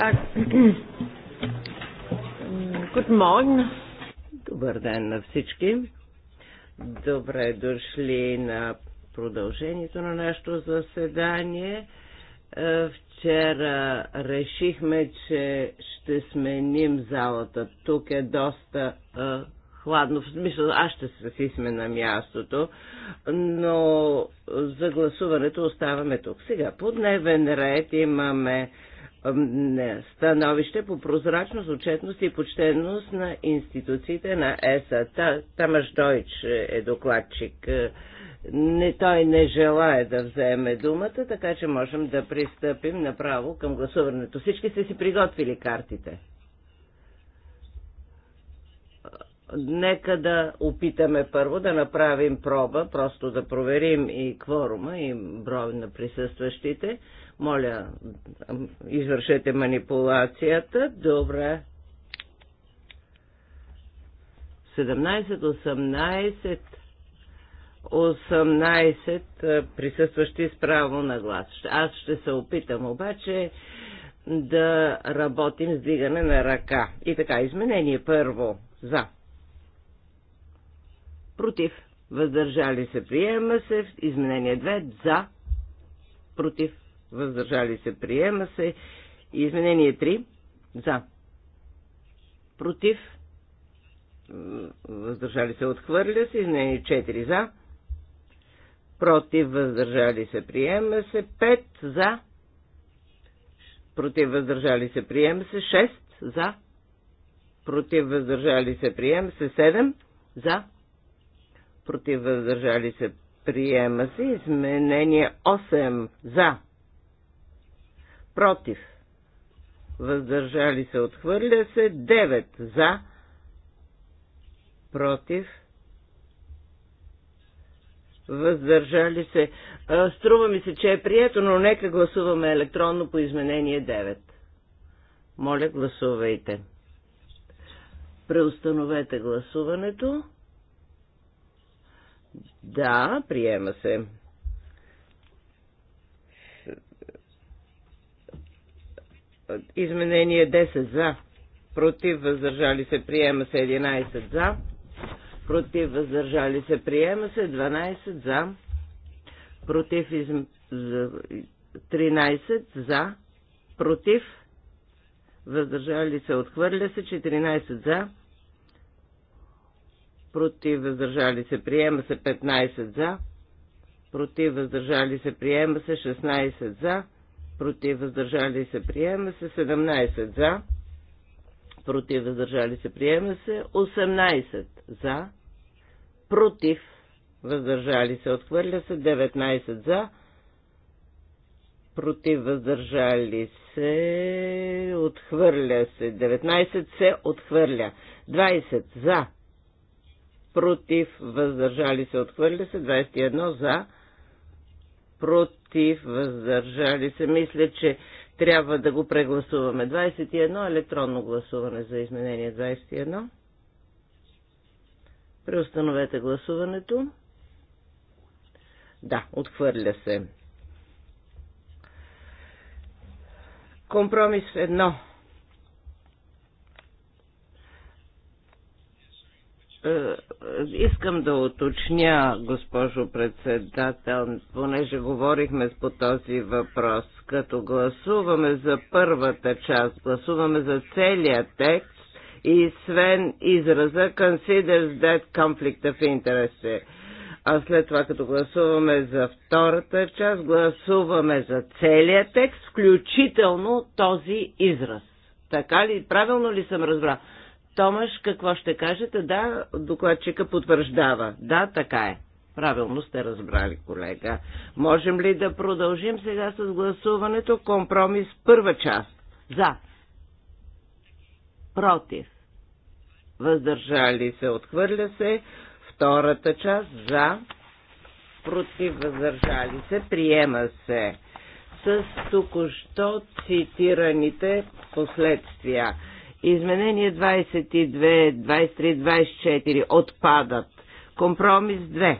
Good morning. Добър ден на всички. Добре дошли на продължението на нашето заседание. Е, вчера решихме, че ще сменим залата. Тук е доста е, хладно, в смисъл аз ще си сме на мястото, но за гласуването оставаме тук. Сега по дневен ред имаме становище по прозрачност, отчетност и почтенност на институциите на ЕСА. Та, Тамаш Дойч е докладчик. Е, не, той не желая да вземе думата, така че можем да пристъпим направо към гласуването. Всички сте си приготвили картите. Нека да опитаме първо да направим проба, просто да проверим и кворума, и брой на присъстващите. Моля, извършете манипулацията. Добре. 17-18 18 присъстващи с право на глас. Аз ще се опитам обаче да работим с дигане на ръка. И така, изменение първо. За. Против. Въздържали се. Приема се. Изменение 2. За. Против въздържали се, приема се. Изменение 3 за, против, въздържали се, отхвърля се. Изменение 4 за, против, въздържали се, приема се. 5 за, против, въздържали се, приема се. 6 за, против, въздържали се, приема се. 7 за, против, въздържали се, приема се. Изменение 8 за, против, въздържали се, отхвърля се, 9 за, против, въздържали се. Струва ми се, че е прието, но нека гласуваме електронно по изменение 9. Моля, гласувайте. Преустановете гласуването. Да, приема се. Изменение 10 за. Против въздържали се приема се 11 за. Против въздържали се приема се 12 за. Против из... 13 за. Против въздържали се отхвърля се 14 за. Против въздържали се приема се 15 за. Против въздържали се приема се 16 за против въздържали се, приема се 17 за, против въздържали се, приема се 18 за, против въздържали се, отхвърля се 19 за, против въздържали се, отхвърля се 19 се отхвърля 20 за, против въздържали се, отхвърля се 21 за, против, въздържали се. Мисля, че трябва да го прегласуваме. 21 електронно гласуване за изменение 21. Преустановете гласуването. Да, отхвърля се. Компромис 1 Е, е, искам да уточня, госпожо председател, понеже говорихме по този въпрос. Като гласуваме за първата част, гласуваме за целият текст и свен израза considers that conflict of interest. Е, а след това, като гласуваме за втората част, гласуваме за целият текст, включително този израз. Така ли? Правилно ли съм разбрал? Томаш, какво ще кажете? Да, докладчика потвърждава. Да, така е. Правилно сте разбрали, колега. Можем ли да продължим сега с гласуването? Компромис първа част. За. Против. Въздържали се. Отхвърля се. Втората част. За. Против. Въздържали се. Приема се. С току-що цитираните последствия. Изменение 22, 23, 24 отпадат. Компромис 2.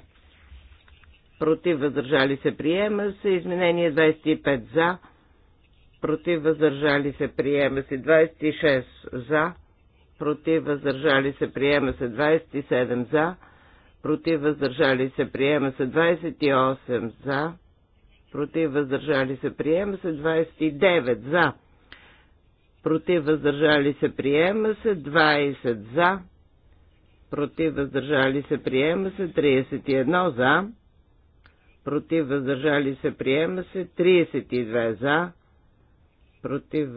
Против въздържали се приема се. Изменение 25 за. Против въздържали се приема се. 26 за. Против въздържали се приема се. 27 за. Против въздържали се приема се. 28 за. Против въздържали се приема се. 29 за против въздържали се приема се 20 за, против въздържали се приема се 31 за, против въздържали се приема се 32 за, против,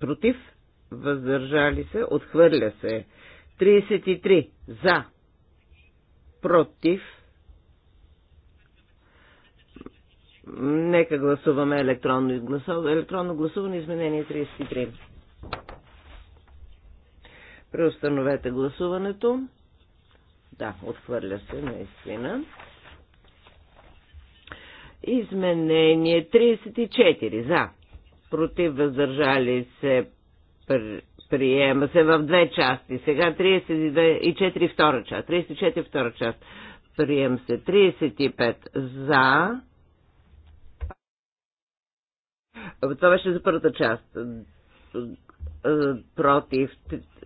против въздържали се, отхвърля се 33 за, против Нека гласуваме електронно, гласуване, електронно гласуване изменение 33. Преустановете гласуването. Да, отхвърля се наистина. Изменение 34 за. Против въздържали се приема се в две части. Сега 32 и 4 втора част. 34 втора част. Прием се 35 за Това беше за първата част. Е, против.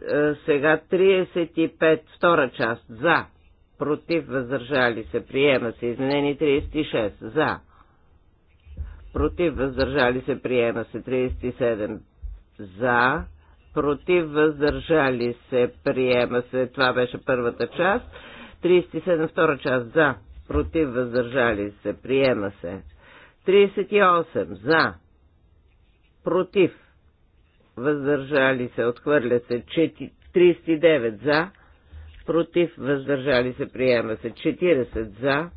Е, сега 35. Втора част. За. Против. Въздържали се. Приема се. Изменени 36. За. Против. Въздържали се. Приема се. 37. За. Против. Въздържали се. Приема се. Това беше първата част. 37. Втора част. За. Против. Въздържали се. Приема се. 38. За против, въздържали се, отхвърля се 39 за, против, въздържали се, приема се 40 за,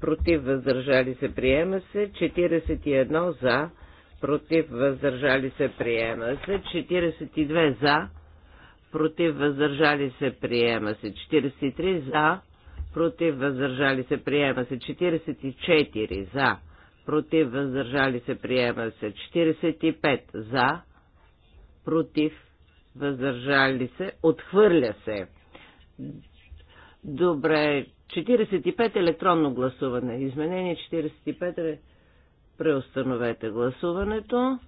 против, въздържали се, приема се 41 за, против, въздържали се, приема се 42 за, против, въздържали се, приема се 43 за, против, въздържали се, приема се 44 за против, въздържали се, приема се. 45 за, против, въздържали се, отхвърля се. Добре, 45 електронно гласуване. Изменение 45 е- Преустановете гласуването.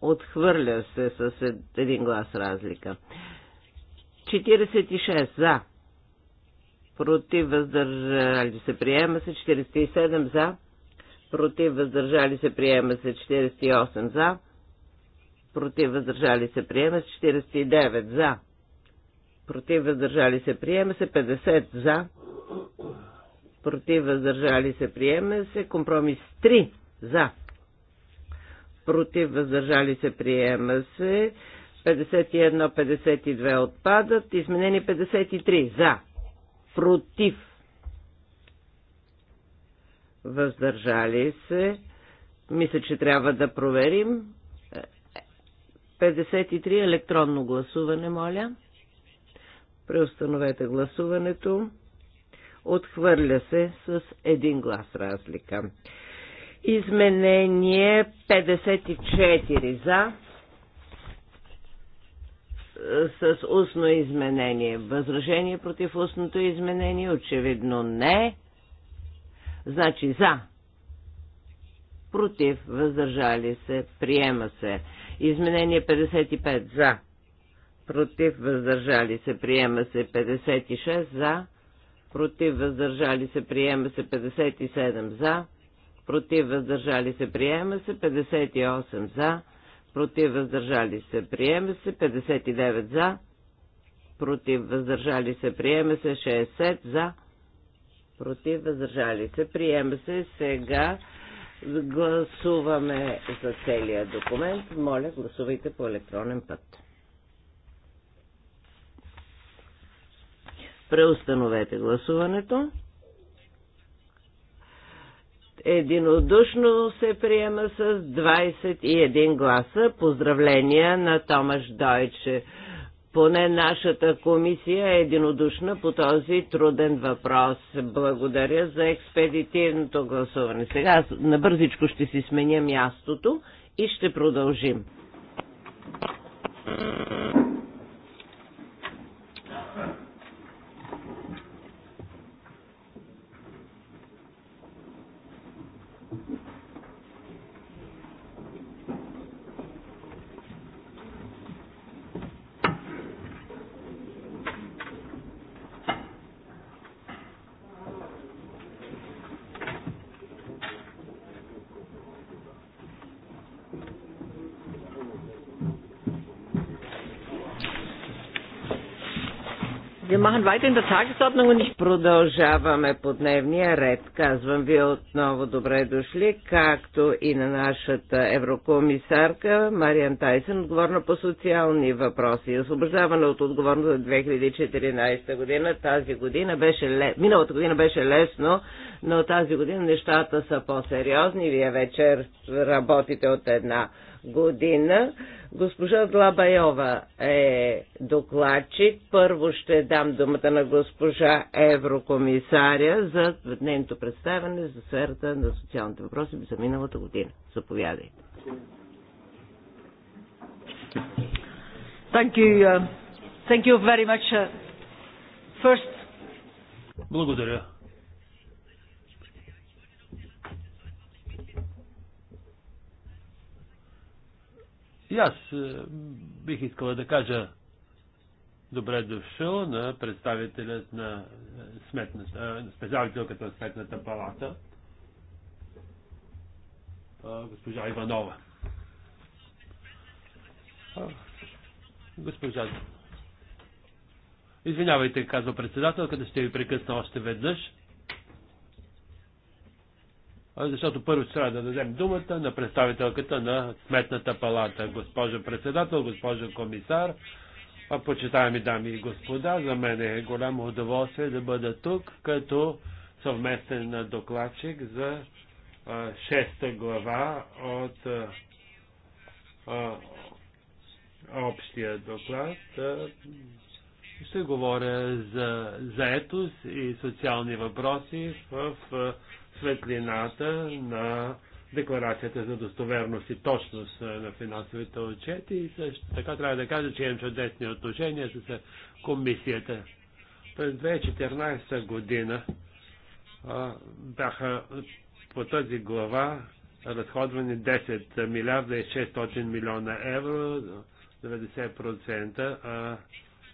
Отхвърля се с един глас разлика. 46 за. Против въздържали се. Приема се. 47 за против въздържали се приема се 48 за, против въздържали се приема се 49 за, против въздържали се приема се 50 за, против въздържали се приема се компромис 3 за, против въздържали се приема се 51-52 отпадат, изменени 53 за, против въздържали се. Мисля, че трябва да проверим. 53 електронно гласуване, моля. Преустановете гласуването. Отхвърля се с един глас разлика. Изменение 54 за с устно изменение. Възражение против устното изменение очевидно не. Значи за, против, въздържали се, приема се. Изменение 55 за, против, въздържали се, приема се 56 за, против, въздържали се, приема се 57 за, против, въздържали се, приема се 58 за, против, въздържали се, приема се 59 за, против, въздържали се, приема се 60 за, против, въздържали се. Приема се. Сега гласуваме за целия документ. Моля, гласувайте по електронен път. Преустановете гласуването. Единодушно се приема с 21 гласа. Поздравления на Томаш Дойче. Поне нашата комисия е единодушна по този труден въпрос. Благодаря за експедитивното гласуване. Сега набързичко ще си сменя мястото и ще продължим. Продължаваме по дневния ред. Казвам ви отново добре дошли, както и на нашата еврокомисарка Мариан Тайсен, отговорна по социални въпроси и освобождаване от отговорност за 2014 година. Тази година беше ле... Миналата година беше лесно, но тази година нещата са по-сериозни. Вие вечер работите от една година Госпожа Длабайова е докладчик. Първо ще дам думата на госпожа Еврокомисаря за нейното представяне за сферата на социалните въпроси за миналата година. Заповядайте. Thank you. Uh, thank you very much. Uh, first... Благодаря. И аз е, бих искала да кажа добре дошъл на представителят на е, сметната, е, специалителката на сметната палата, госпожа Иванова. Госпожа. Извинявайте, казва председателката, ще ви прекъсна още веднъж защото първо трябва да дадем думата на представителката на Сметната палата. Госпожо председател, госпожо комисар, почитаеми дами и господа, за мен е голямо удоволствие да бъда тук като съвместен докладчик за шеста глава от общия доклад. Ще говоря за заетост и социални въпроси в, в светлината на декларацията за достоверност и точност на финансовите отчети и също така трябва да кажа, че имам чудесни отношения с комисията. През 2014 година а, бяха по тази глава разходвани 10 милиарда и 600 милиона евро, 90% а,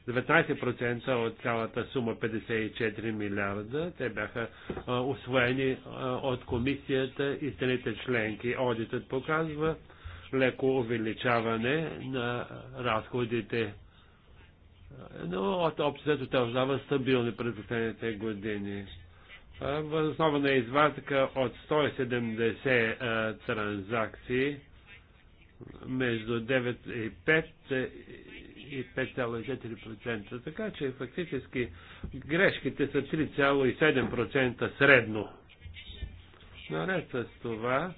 19% от цялата сума 54 милиарда. Те бяха а, освоени а, от комисията и страните членки. Одитът показва леко увеличаване на разходите. Но от общото те стабилни през последните години. Въз основа на извадка от 170 а, транзакции между 9 и 5 и 5,4%. Така че фактически грешките са 3,7% средно. Наред с това,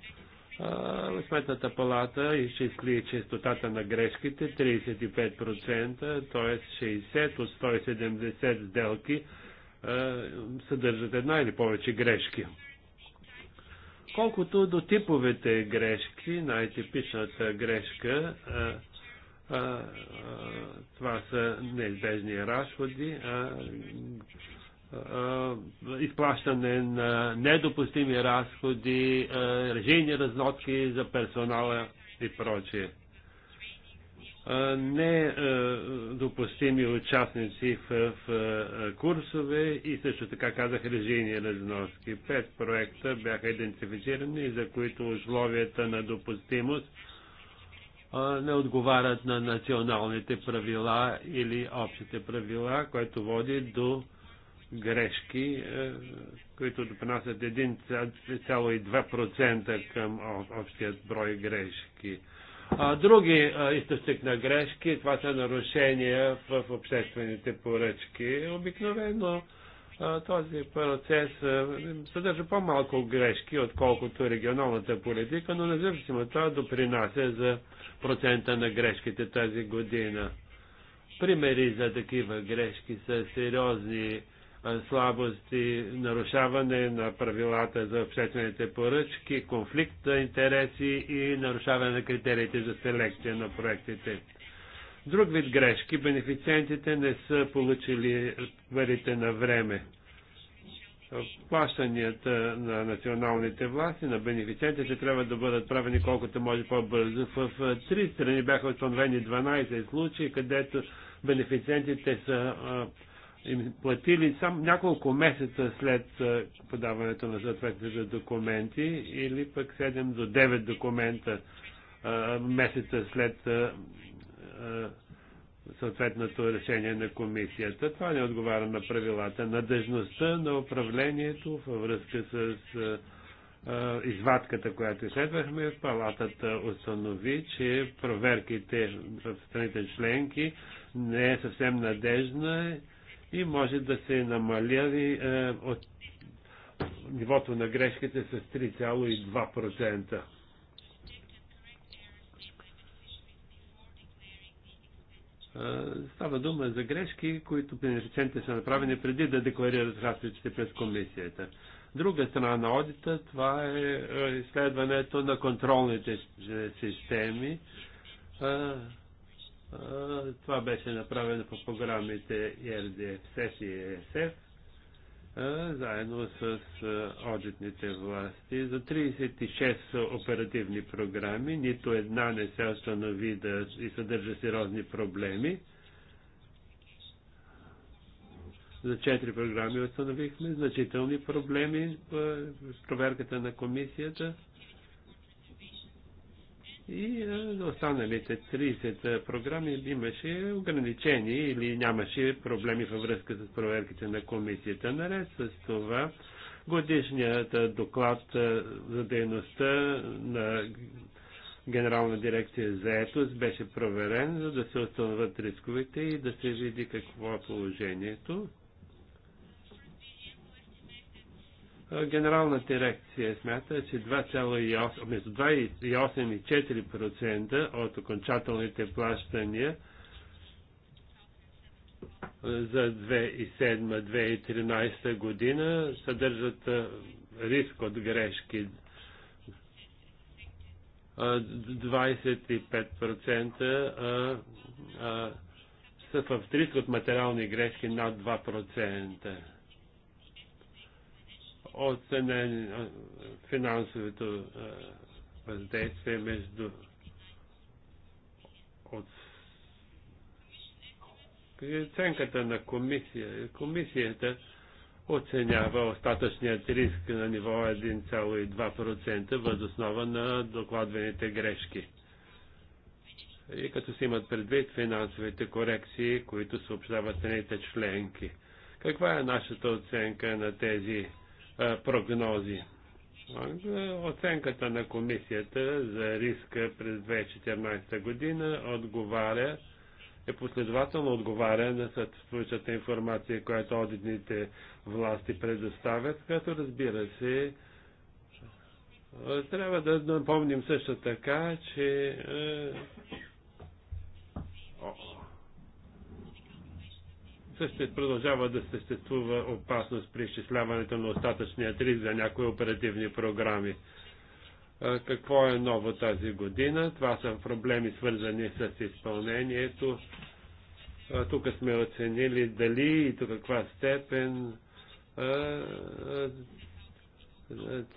Сметната палата изчисли честотата на грешките 35%, т.е. 60 от 170 сделки съдържат една или повече грешки. Колкото до типовете грешки, най-типичната грешка това са неизбежни разходи, изплащане на недопустими разходи, режийни разнотки за персонала и прочие. Недопустими участници в, в курсове и също така казах режийни разноски. Пет проекта бяха идентифицирани, за които условията на допустимост не отговарят на националните правила или общите правила, което води до грешки, е, които допринасят 1,2% към общият брой грешки. А други източник на грешки, това са нарушения в обществените поръчки. Обикновено този процес съдържа по-малко грешки, отколкото регионалната политика, но независимо това допринася за процента на грешките тази година. Примери за такива грешки са сериозни слабости, нарушаване на правилата за обществените поръчки, конфликт на интереси и нарушаване на критериите за селекция на проектите. Друг вид грешки, бенефициентите не са получили парите на време. Плащанията на националните власти, на бенефициентите трябва да бъдат правени колкото може по-бързо. В три страни бяха установени 12 случаи, където бенефициентите са им платили само няколко месеца след подаването на съответните документи или пък 7 до 9 документа месеца след е, съответното решение на комисията. Това не отговаря на правилата. Надежността на управлението във връзка с е, е, извадката, която изследвахме, палатата установи, че проверките в страните членки не е съвсем надежна и може да се намаляви от нивото на грешките с 3,2%. Става дума за грешки, които бенефициентите са направени преди да декларират разходите през комисията. Друга страна на одита, това е изследването на контролните системи. Това беше направено по програмите ERDFS и ESF. Е заедно с одитните власти за 36 оперативни програми. Нито една не се установи да и съдържа сериозни проблеми. За 4 програми установихме значителни проблеми в проверката на комисията. И останалите 30 програми имаше ограничени или нямаше проблеми във връзка с проверките на комисията. Наред с това, годишният доклад за дейността на Генерална дирекция за етост беше проверен, за да се установят рисковете и да се види какво е положението. Генералната дирекция смята, че 2,8, между 2,8 и 4% от окончателните плащания за 2007-2013 година съдържат риск от грешки. 25% са в риск от материални грешки над 2% оценени финансовото въздействие между от оценката на комисия. Комисията оценява остатъчният риск на ниво 1,2% въз основа на докладваните грешки. И като се имат предвид финансовите корекции, които съобщават страните членки. Каква е нашата оценка на тези е, прогнози. Оценката на комисията за риска през 2014 година отговаря, е последователно отговаря на съответната информация, която одитните власти предоставят, като разбира се, е, трябва да напомним също така, че е, също продължава да съществува опасност при изчисляването на остатъчния риск за някои оперативни програми. Какво е ново тази година? Това са проблеми свързани с изпълнението. Тук сме оценили дали и до каква степен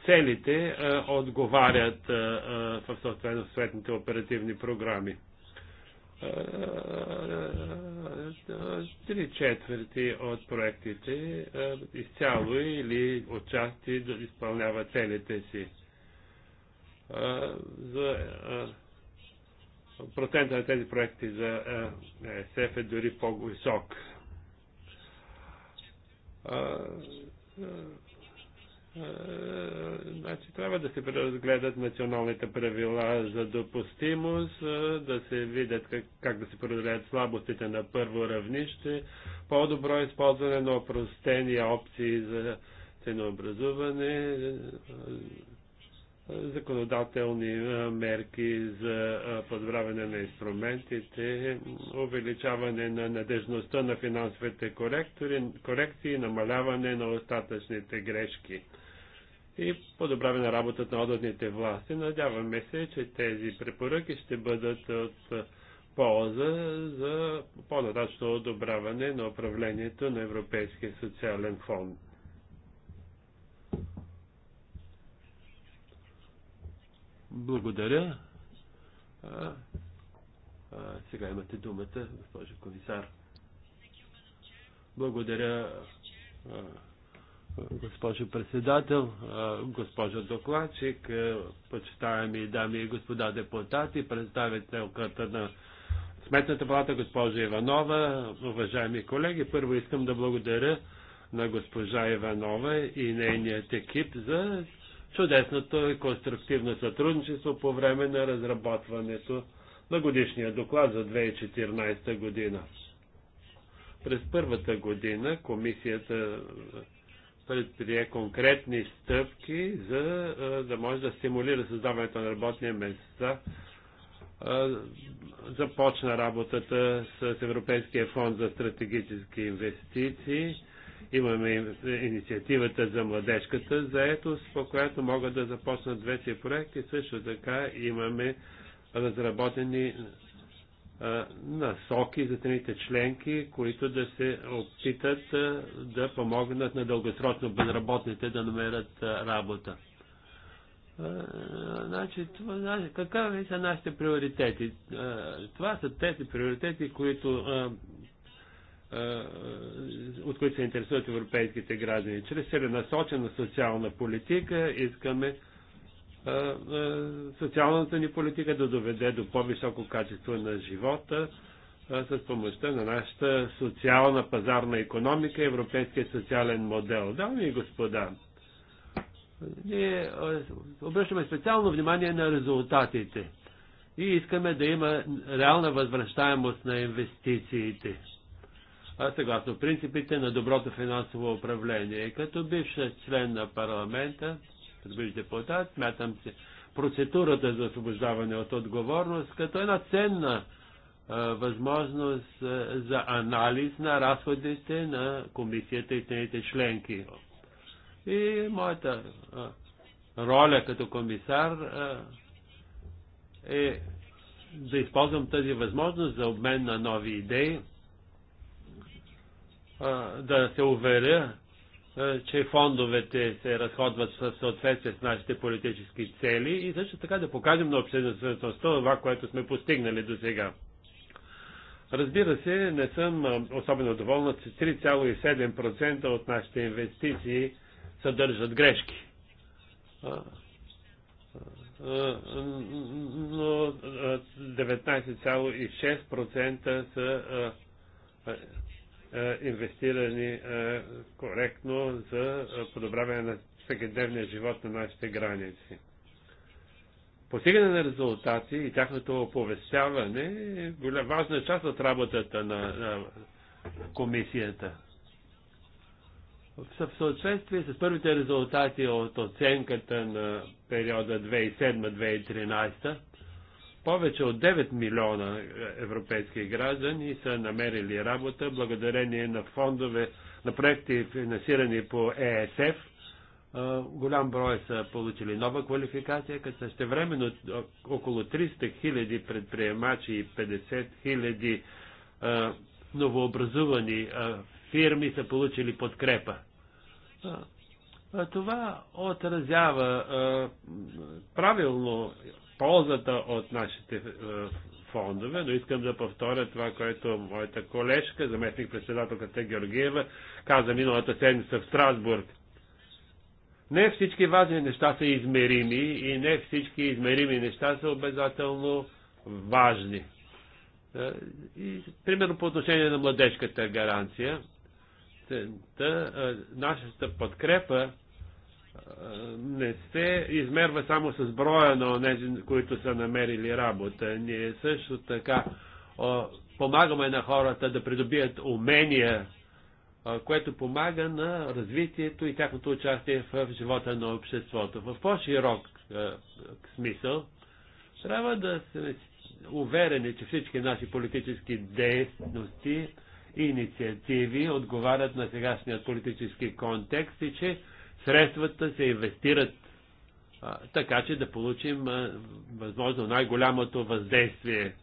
целите отговарят в съответните оперативни програми три четвърти от проектите изцяло или отчасти да изпълнява целите си. За процента на тези проекти за СЕФ е дори по-висок е, значи, трябва да се преразгледат националните правила за допустимост, е, да се видят как, как да се преодолеят слабостите на първо равнище, по-добро използване на опростени опции за ценообразуване, е, законодателни мерки за подбравяне на инструментите, увеличаване на надежността на финансовите корекции, намаляване на остатъчните грешки и подобряване на работата на одотните власти. Надяваме се, че тези препоръки ще бъдат от полза за по-нататъчно одобряване на управлението на Европейския социален фонд. Благодаря. А, а, сега имате думата, госпожо комисар. Благодаря, госпожо председател, госпожо докладчик, почитаеми дами и господа депутати, представителката на Сметната палата, госпожа Иванова, уважаеми колеги, първо искам да благодаря на госпожа Иванова и нейният екип за чудесното и конструктивно сътрудничество по време на разработването на годишния доклад за 2014 година. През първата година комисията предприе конкретни стъпки, за да може да стимулира създаването на работни места. Започна работата с Европейския фонд за стратегически инвестиции. Имаме инициативата за младежката заетост, по която могат да започнат вече проекти. Също така имаме разработени насоки за страните членки, които да се опитат да помогнат на дългосрочно безработните да намерят работа. Значи, това, значи, какви са нашите приоритети? Това са тези приоритети, които, от които се интересуват европейските граждани. Чрез целенасочена социална политика искаме социалната ни политика да доведе до по-високо качество на живота с помощта на нашата социална пазарна економика, европейския социален модел. Дами и господа, ние обръщаме специално внимание на резултатите и искаме да има реална възвръщаемост на инвестициите. А съгласно принципите на доброто финансово управление, като бивш член на парламента, като бивш депутат, смятам се процедурата за освобождаване от отговорност като една ценна а, възможност а, за анализ на разходите на комисията и тените членки. И моята а, роля като комисар а, е да използвам тази възможност за обмен на нови идеи, а, да се уверя, е, че фондовете се разходват в съответствие с нашите политически цели и също така да покажем на обществеността това, което сме постигнали до сега. Разбира се, не съм е, особено доволна, че 3,7% от нашите инвестиции съдържат грешки. Но 19,6% са е, инвестирани е, коректно за е, подобряване на всекидневния живот на нашите граници. Постигане на резултати и тяхното оповестяване е важна част от работата на, комисията. В съответствие с първите резултати от оценката на периода 2007-2013, повече от 9 милиона е, европейски граждани са намерили работа благодарение на фондове, на проекти финансирани по ЕСФ. Голям брой са получили нова квалификация, като същевременно около 300 хиляди предприемачи и 50 хиляди новообразувани фирми са получили подкрепа. Това отразява правилно ползата от нашите е, фондове, но искам да повторя това, което моята колежка, заместник председателката Георгиева, каза миналата седмица в Страсбург. Не всички важни неща са измерими и не всички измерими неща са обязателно важни. Е, и, примерно по отношение на младежката гаранция, та, е, нашата подкрепа е, не се измерва само с броя на тези, които са намерили работа. Ние също така помагаме на хората да придобият умения, което помага на развитието и тяхното участие в живота на обществото. В по-широк смисъл трябва да сме уверени, че всички наши политически дейности и инициативи отговарят на сегашният политически контекст и че средствата се инвестират а, така, че да получим а, възможно най-голямото въздействие.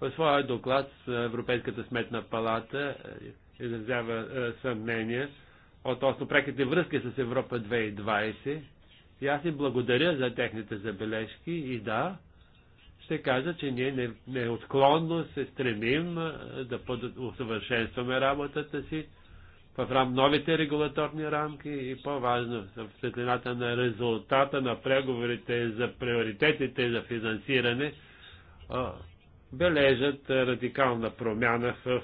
В своя доклад Европейската сметна палата е, изразява е, съмнение относно преките връзки с Европа 2020. И аз им благодаря за техните забележки и да, ще кажа, че ние неотклонно се стремим да усъвършенстваме работата си, в рам, новите регулаторни рамки и по-важно в светлината на резултата на преговорите за приоритетите за финансиране бележат радикална промяна в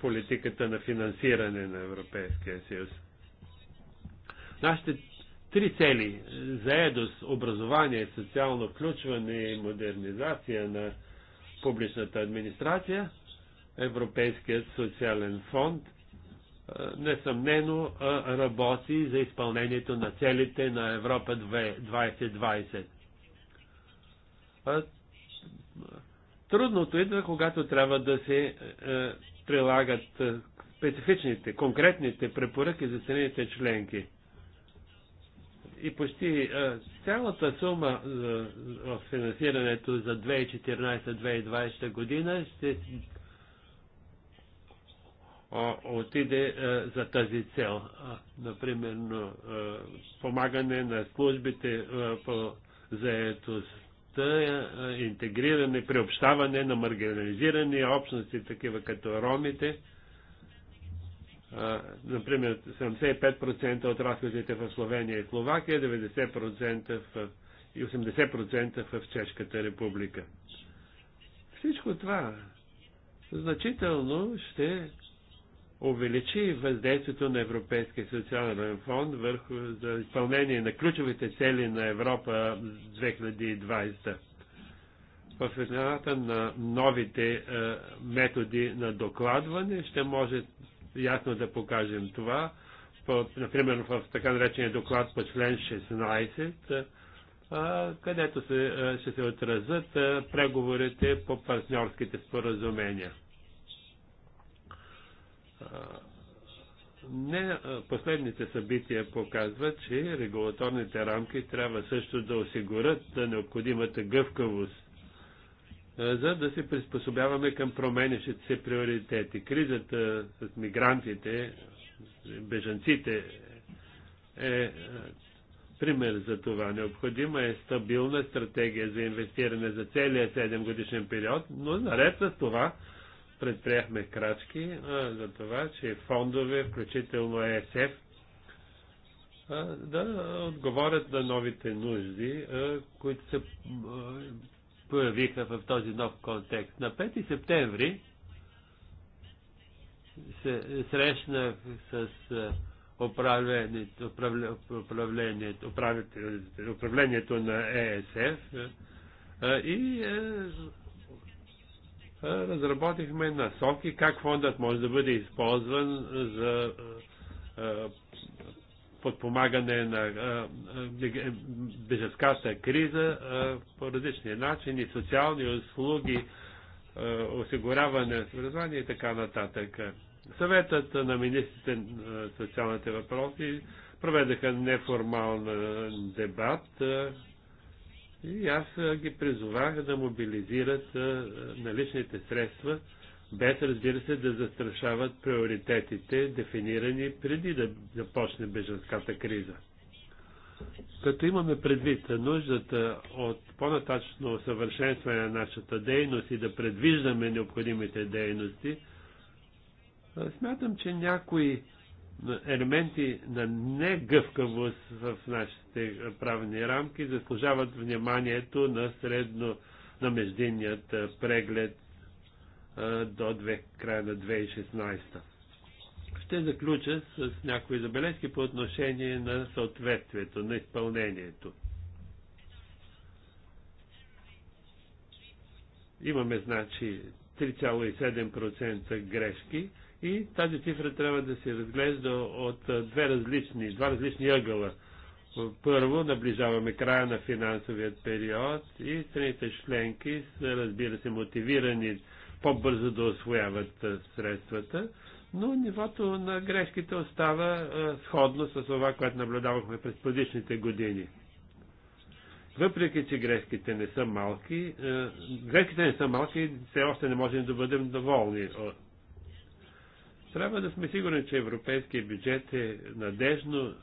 политиката на финансиране на Европейския съюз. Нашите три цели ЕДОС, образование, социално включване и модернизация на публичната администрация, Европейският социален фонд – е, несъмнено е, работи за изпълнението на целите на Европа 2020. Е, трудното идва, когато трябва да се прилагат специфичните, конкретните препоръки за страните членки. И почти цялата сума в финансирането за 2014-2020 година ще отиде за тази цел. Например, помагане на службите по заетостта, интегриране, приобщаване на маргинализирани общности, такива като ромите. Например, 75% от разходите в Словения и Словакия, 90% в, и 80% в Чешката република. Всичко това значително ще увеличи въздействието на Европейския социален фонд върху за изпълнение на ключовите цели на Европа 2020 в светлината на новите е, методи на докладване ще може ясно да покажем това. По, например, в така наречения доклад по член 16, е, където се, е, ще се отразят е, преговорите по партньорските споразумения. Не последните събития показват, че регулаторните рамки трябва също да осигурят необходимата гъвкавост, за да се приспособяваме към променящите се приоритети. Кризата с мигрантите, бежанците е, е пример за това. Необходима е стабилна стратегия за инвестиране за целия 7 годишен период, но наред с това предприехме крачки а, за това, че фондове, включително ЕСФ, да отговорят на новите нужди, а, които се появиха в този нов контекст. На 5 септември се срещнах с управлението, управлението, управлението, управлението на ЕСФ и е, разработихме насоки как фондът може да бъде използван за подпомагане на бежанската криза по различни начини, социални услуги, осигуряване, на образование и така нататък. Съветът на министрите на социалните въпроси проведаха неформален дебат и аз ги призовах да мобилизират наличните средства, без разбира се да застрашават приоритетите, дефинирани преди да започне беженската криза. Като имаме предвид нуждата от по-нататъчно усъвършенстване на нашата дейност и да предвиждаме необходимите дейности, смятам, че някои елементи на негъвкавост в нашите правни рамки заслужават вниманието на средно на междинният преглед до две, края на 2016. Ще заключа с някои забележки по отношение на съответствието, на изпълнението. Имаме, значи, 3,7% грешки, и тази цифра трябва да се разглежда от две различни, два различни ъгъла. Първо, наближаваме края на финансовият период и страните членки са, разбира се, мотивирани по-бързо да освояват средствата, но нивото на грешките остава сходно с това, което наблюдавахме през предишните години. Въпреки, че грешките не са малки, грешките не са малки, все още не можем да бъдем доволни трябва да сме сигурни, че европейския бюджет е надежно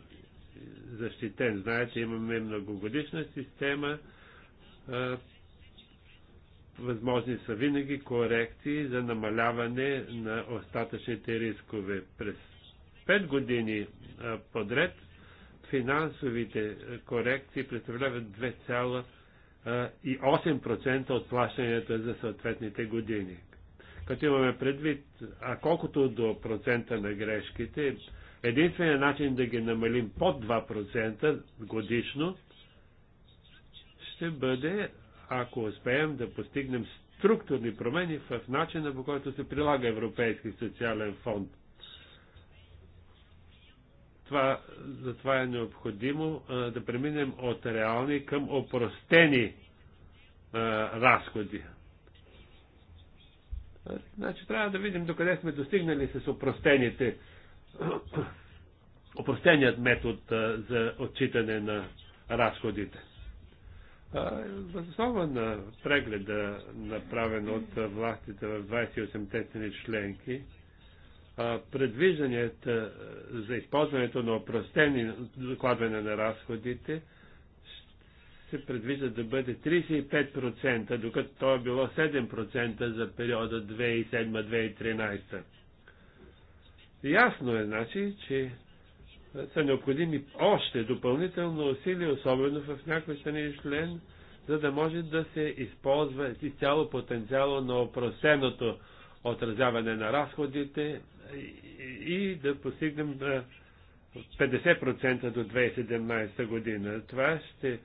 защитен. Знаете, имаме многогодишна система. Възможни са винаги корекции за намаляване на остатъчните рискове. През 5 години подред финансовите корекции представляват 2,8% от плащанията за съответните години като имаме предвид, а колкото до процента на грешките, единственият начин да ги намалим под 2% годишно ще бъде, ако успеем да постигнем структурни промени в начина по който се прилага Европейски социален фонд. Това, затова е необходимо а, да преминем от реални към опростени а, разходи. Значи трябва да видим докъде сме достигнали с опростените, опростеният метод за отчитане на разходите. Възоснова на прегледа, направен от властите в 28-те членки, предвижданията за използването на опростени докладване на разходите се предвижда да бъде 35%, докато то е било 7% за периода 2007-2013. Ясно е, значи, че са необходими още допълнително усилия, особено в някои страни член, за да може да се използва изцяло потенциало на опростеното отразяване на разходите и да постигнем 50% до 2017 година. Това ще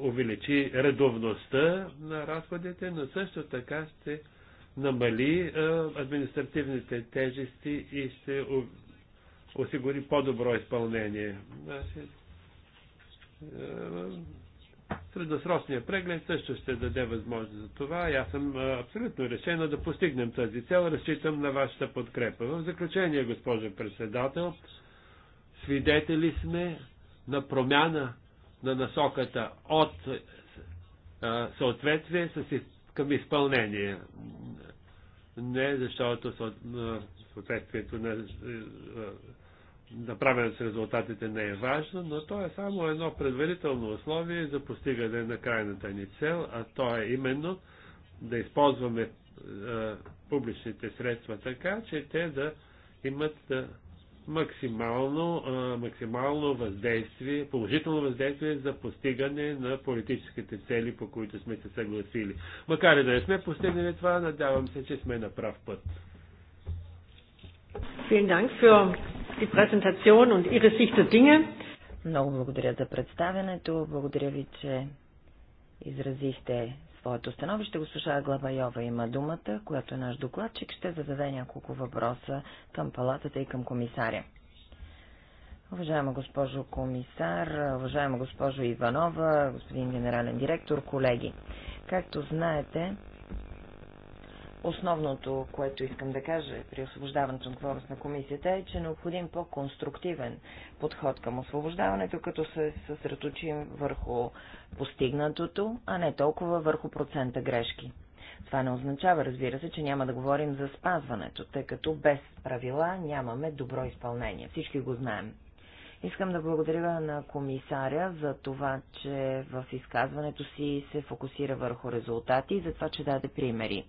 увеличи редовността на разходите, но също така ще намали административните тежести и ще осигури по-добро изпълнение. Значи, средосрочният преглед също ще даде възможност за това и аз съм абсолютно решена да постигнем тази цел. Разчитам на вашата подкрепа. В заключение, госпожо председател, свидетели сме на промяна на насоката от съответствие с, към изпълнение. Не защото съответствието на направено с резултатите не е важно, но то е само едно предварително условие за постигане на крайната ни цел, а то е именно да използваме публичните средства така, че те да имат максимално, максимално въздействие, положително въздействие за постигане на политическите цели, по които сме се съгласили. Макар и да не сме постигнали това, надявам се, че сме на прав път. Много благодаря за представянето. Благодаря ви, че изразихте своето становище. Госпожа Йова има думата, която е наш докладчик. Ще зададе няколко въпроса към палатата и към комисаря. Уважаема госпожо комисар, уважаема госпожо Иванова, господин генерален директор, колеги. Както знаете, Основното, което искам да кажа при освобождаването на отговорност на комисията е, че е необходим по-конструктивен подход към освобождаването, като се съсредоточим върху постигнатото, а не толкова върху процента грешки. Това не означава, разбира се, че няма да говорим за спазването, тъй като без правила нямаме добро изпълнение. Всички го знаем. Искам да благодаря на комисаря за това, че в изказването си се фокусира върху резултати и за това, че даде примери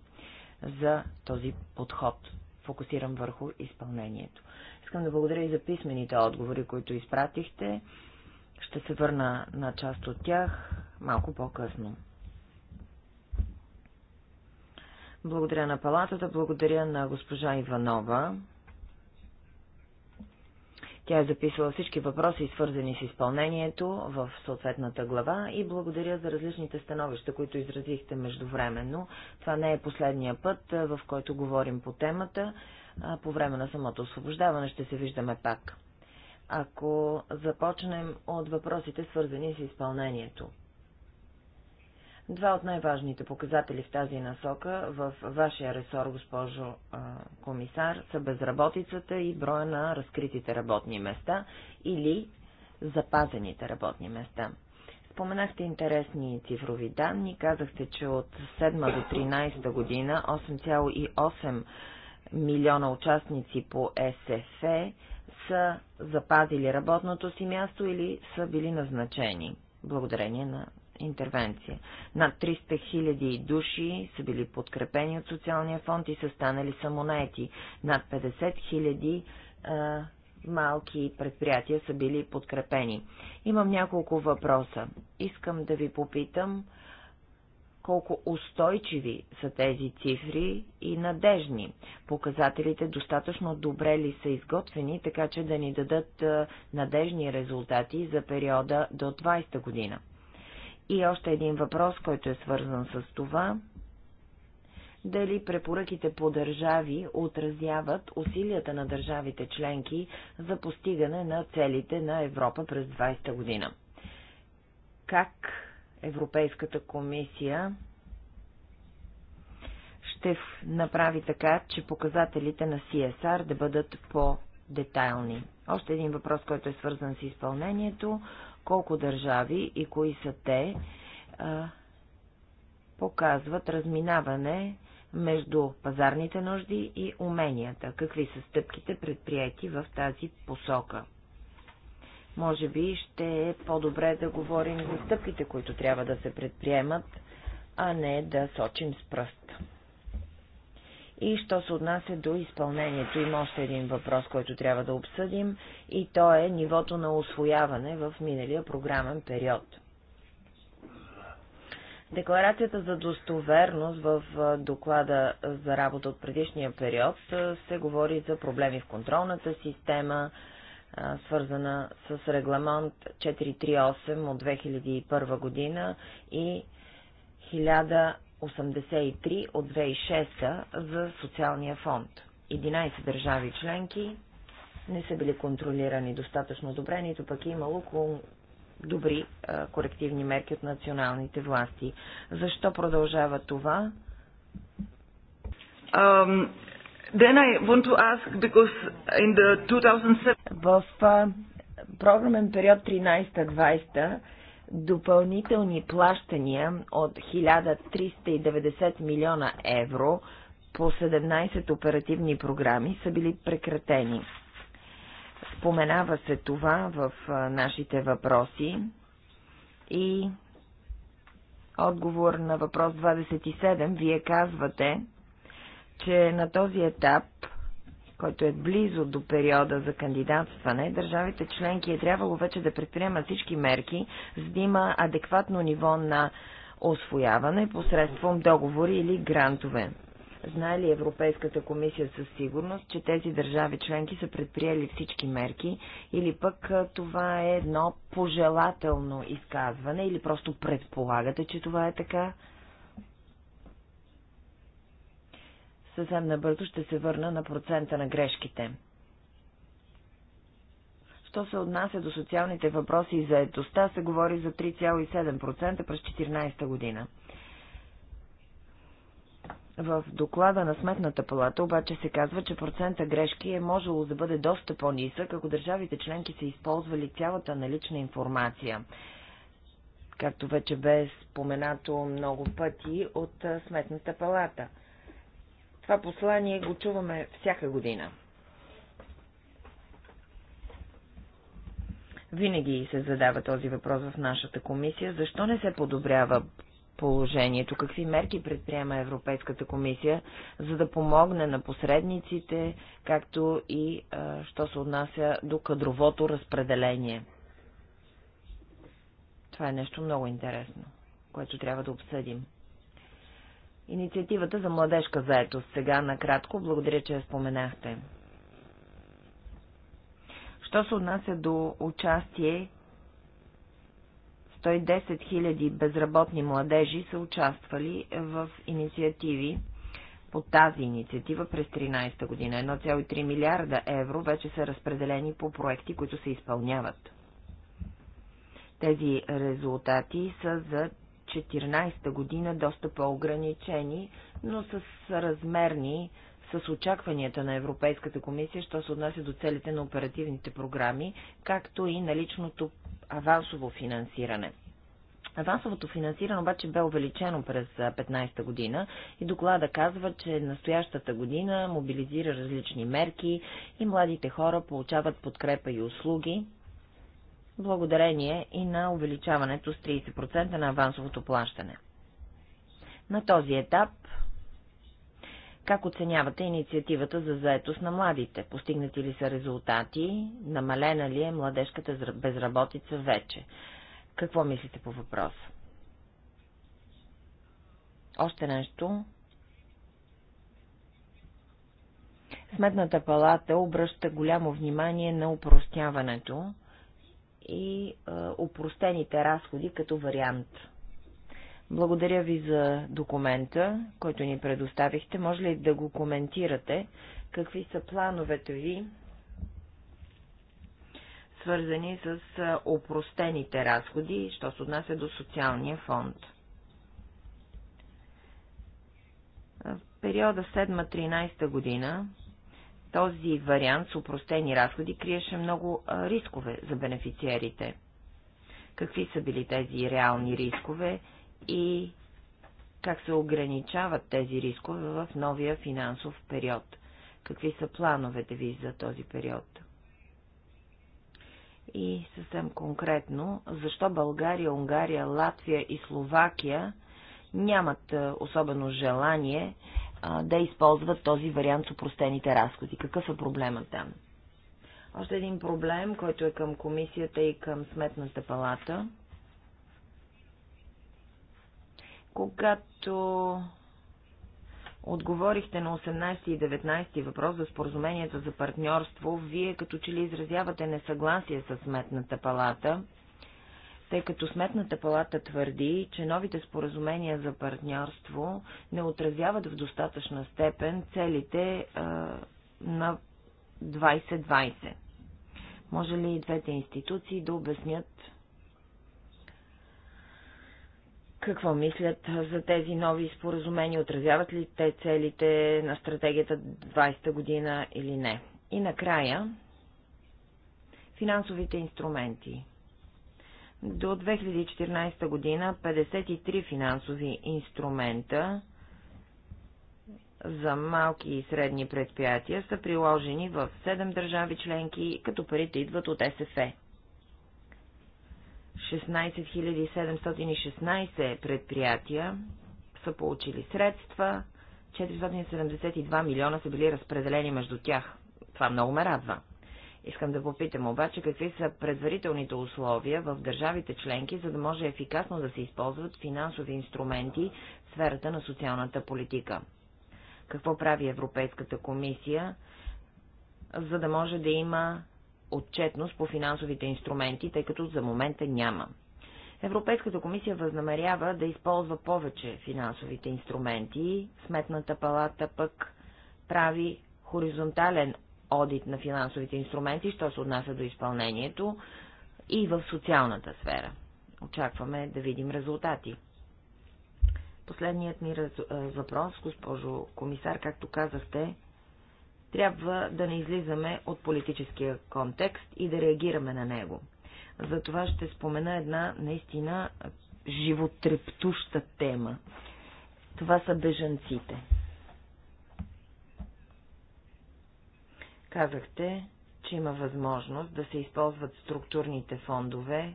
за този подход, Фокусирам върху изпълнението. Искам да благодаря и за писмените отговори, които изпратихте. Ще се върна на част от тях малко по-късно. Благодаря на палатата, благодаря на госпожа Иванова. Тя е записвала всички въпроси, свързани с изпълнението в съответната глава и благодаря за различните становища, които изразихте междувременно. Това не е последния път, в който говорим по темата. По време на самото освобождаване ще се виждаме пак. Ако започнем от въпросите, свързани с изпълнението. Два от най-важните показатели в тази насока в вашия ресор, госпожо комисар, са безработицата и броя на разкритите работни места или запазените работни места. Споменахте интересни цифрови данни. Казахте, че от 7 до 13 година 8,8 милиона участници по СФЕ са запазили работното си място или са били назначени благодарение на интервенция. Над 300 000 души са били подкрепени от социалния фонд и са станали самонети. Над 50 000 малки предприятия са били подкрепени. Имам няколко въпроса. Искам да ви попитам колко устойчиви са тези цифри и надежни. Показателите достатъчно добре ли са изготвени, така че да ни дадат надежни резултати за периода до 20 година. И още един въпрос, който е свързан с това. Дали препоръките по държави отразяват усилията на държавите членки за постигане на целите на Европа през 20-та година? Как Европейската комисия ще направи така, че показателите на CSR да бъдат по-детайлни. Още един въпрос, който е свързан с изпълнението колко държави и кои са те, показват разминаване между пазарните нужди и уменията. Какви са стъпките предприяти в тази посока? Може би ще е по-добре да говорим за стъпките, които трябва да се предприемат, а не да сочим с пръст. И що се отнася до изпълнението, има още един въпрос, който трябва да обсъдим, и то е нивото на освояване в миналия програмен период. Декларацията за достоверност в доклада за работа от предишния период се говори за проблеми в контролната система, свързана с регламент 438 от 2001 година и 83 от 2006 за социалния фонд. 11 държави членки не са били контролирани достатъчно добре, нито пък е имало добри корективни мерки от националните власти. Защо продължава това? Um, then I want to ask because in the 2007... В а, програмен период 13-20 допълнителни плащания от 1390 милиона евро по 17 оперативни програми са били прекратени. Споменава се това в нашите въпроси и отговор на въпрос 27 вие казвате, че на този етап който е близо до периода за кандидатстване, държавите членки е трябвало вече да предприемат всички мерки, за да има адекватно ниво на освояване посредством договори или грантове. Знае ли Европейската комисия със сигурност, че тези държави членки са предприели всички мерки или пък това е едно пожелателно изказване или просто предполагате, че това е така? Съвсем набързо ще се върна на процента на грешките. Що се отнася до социалните въпроси и заедостта, се говори за 3,7% през 2014 година. В доклада на Сметната палата обаче се казва, че процента грешки е можело да бъде доста по-нисък, ако държавите членки са използвали цялата налична информация. Както вече бе споменато много пъти от Сметната палата – това послание го чуваме всяка година. Винаги се задава този въпрос в нашата комисия. Защо не се подобрява положението? Какви мерки предприема Европейската комисия, за да помогне на посредниците, както и а, що се отнася до кадровото разпределение? Това е нещо много интересно, което трябва да обсъдим. Инициативата за младежка заетост сега накратко. Благодаря, че я споменахте. Що се отнася до участие, 110 000 безработни младежи са участвали в инициативи по тази инициатива през 13-та година. 1,3 милиарда евро вече са разпределени по проекти, които се изпълняват. Тези резултати са за 2014 година доста по-ограничени, но с размерни с очакванията на Европейската комисия, що се отнася до целите на оперативните програми, както и наличното авансово финансиране. Авансовото финансиране обаче бе увеличено през 15-та година и доклада казва, че настоящата година мобилизира различни мерки и младите хора получават подкрепа и услуги, благодарение и на увеличаването с 30% на авансовото плащане. На този етап, как оценявате инициативата за заетост на младите? Постигнати ли са резултати? Намалена ли е младежката безработица вече? Какво мислите по въпроса? Още нещо. Сметната палата обръща голямо внимание на упростяването и опростените разходи като вариант. Благодаря ви за документа, който ни предоставихте. Може ли да го коментирате? Какви са плановете ви, свързани с опростените разходи, що се отнася до социалния фонд? В периода 7-13 година този вариант с упростени разходи криеше много рискове за бенефициерите. Какви са били тези реални рискове и как се ограничават тези рискове в новия финансов период? Какви са плановете ви за този период? И съвсем конкретно, защо България, Унгария, Латвия и Словакия нямат особено желание а, да използват този вариант с упростените разходи. Какъв е проблема там? Още един проблем, който е към комисията и към сметната палата. Когато отговорихте на 18 и 19 въпрос за споразумението за партньорство, вие като че ли изразявате несъгласие с сметната палата – тъй като Сметната палата твърди, че новите споразумения за партньорство не отразяват в достатъчна степен целите а, на 2020. Може ли и двете институции да обяснят какво мислят за тези нови споразумения, отразяват ли те целите на стратегията 20 та година или не? И накрая, финансовите инструменти. До 2014 година 53 финансови инструмента за малки и средни предприятия са приложени в 7 държави членки, като парите идват от СФЕ. 16716 предприятия са получили средства, 472 милиона са били разпределени между тях. Това много ме радва. Искам да попитам обаче какви са предварителните условия в държавите членки, за да може ефикасно да се използват финансови инструменти в сферата на социалната политика. Какво прави Европейската комисия, за да може да има отчетност по финансовите инструменти, тъй като за момента няма. Европейската комисия възнамерява да използва повече финансовите инструменти, Сметната палата пък прави хоризонтален одит на финансовите инструменти, що се отнася до изпълнението и в социалната сфера. Очакваме да видим резултати. Последният ми раз... въпрос, госпожо комисар, както казахте, трябва да не излизаме от политическия контекст и да реагираме на него. Затова ще спомена една наистина животрептуща тема. Това са бежанците. Казахте, че има възможност да се използват структурните фондове,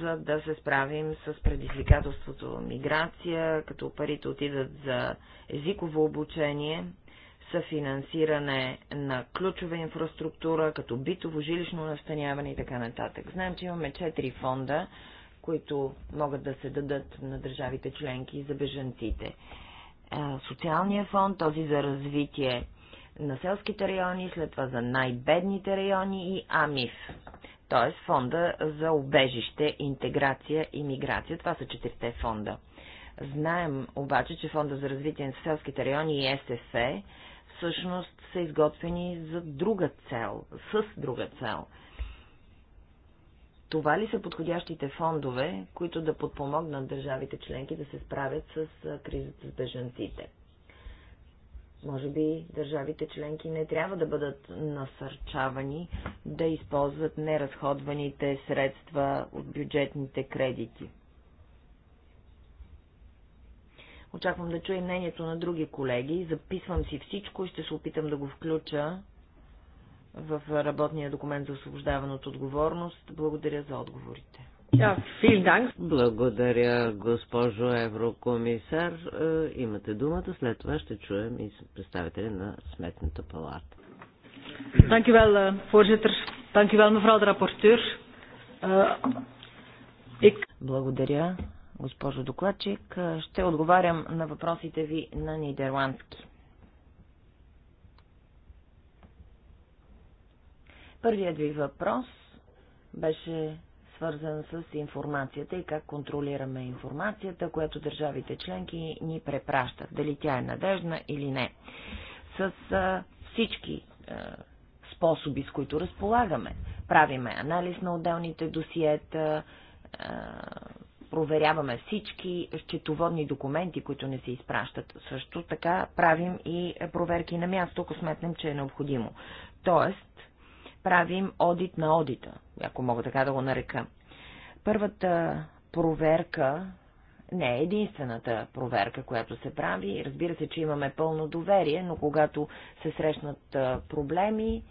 за да се справим с предизвикателството миграция, като парите отидат за езиково обучение, съфинансиране на ключова инфраструктура, като битово, жилищно настаняване и така нататък. Знаем, че имаме четири фонда, които могат да се дадат на държавите членки за бежанците. Е, Социалния фонд, този за развитие на селските райони, след това за най-бедните райони и АМИФ, т.е. фонда за убежище, интеграция и миграция. Това са четирите фонда. Знаем обаче, че фонда за развитие на селските райони и СФЕ всъщност са изготвени за друга цел, с друга цел. Това ли са подходящите фондове, които да подпомогнат държавите членки да се справят с кризата с бежанците? Може би държавите членки не трябва да бъдат насърчавани да използват неразходваните средства от бюджетните кредити. Очаквам да чуя мнението на други колеги. Записвам си всичко и ще се опитам да го включа в работния документ за освобождаване от отговорност. Благодаря за отговорите. Благодаря, госпожо еврокомисар. Е, имате думата. След това ще чуем и представителя на Сметната палата. Eh, eh, Благодаря, госпожо докладчик. Е, ще отговарям на въпросите ви на нидерландски. Първият ви въпрос беше свързан с информацията и как контролираме информацията, която държавите членки ни препращат, дали тя е надежна или не. С всички способи, с които разполагаме. Правиме анализ на отделните досиета, проверяваме всички счетоводни документи, които не се изпращат. Също така правим и проверки на място, ако сметнем, че е необходимо. Тоест, правим одит на одита, ако мога така да го нарека. Първата проверка не е единствената проверка, която се прави. Разбира се, че имаме пълно доверие, но когато се срещнат проблеми,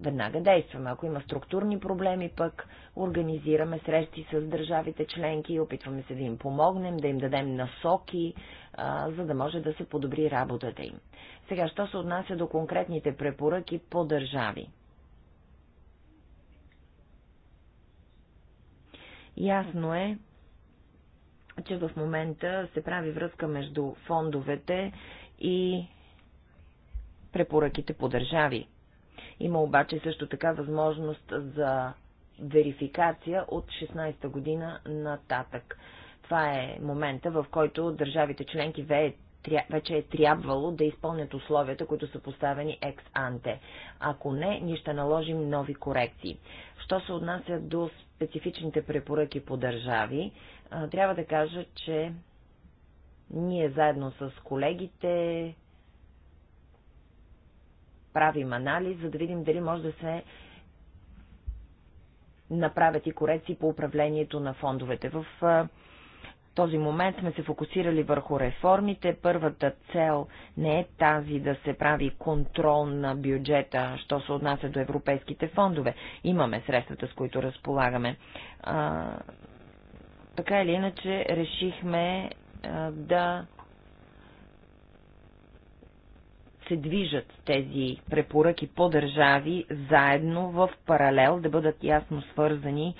веднага действаме. Ако има структурни проблеми, пък организираме срещи с държавите членки, опитваме се да им помогнем, да им дадем насоки, а, за да може да се подобри работата им. Сега, що се отнася до конкретните препоръки по държави? Ясно е, че в момента се прави връзка между фондовете и препоръките по държави. Има обаче също така възможност за верификация от 16-та година нататък. Това е момента, в който държавите членки веят вече е трябвало да изпълнят условията, които са поставени екс-анте. Ако не, ние ще наложим нови корекции. Що се отнася до специфичните препоръки по държави, трябва да кажа, че ние заедно с колегите правим анализ, за да видим дали може да се направят и корекции по управлението на фондовете. В този момент сме се фокусирали върху реформите. Първата цел не е тази да се прави контрол на бюджета, що се отнася до европейските фондове. Имаме средствата, с които разполагаме. А, така или иначе, решихме а, да се движат тези препоръки по държави заедно в паралел, да бъдат ясно свързани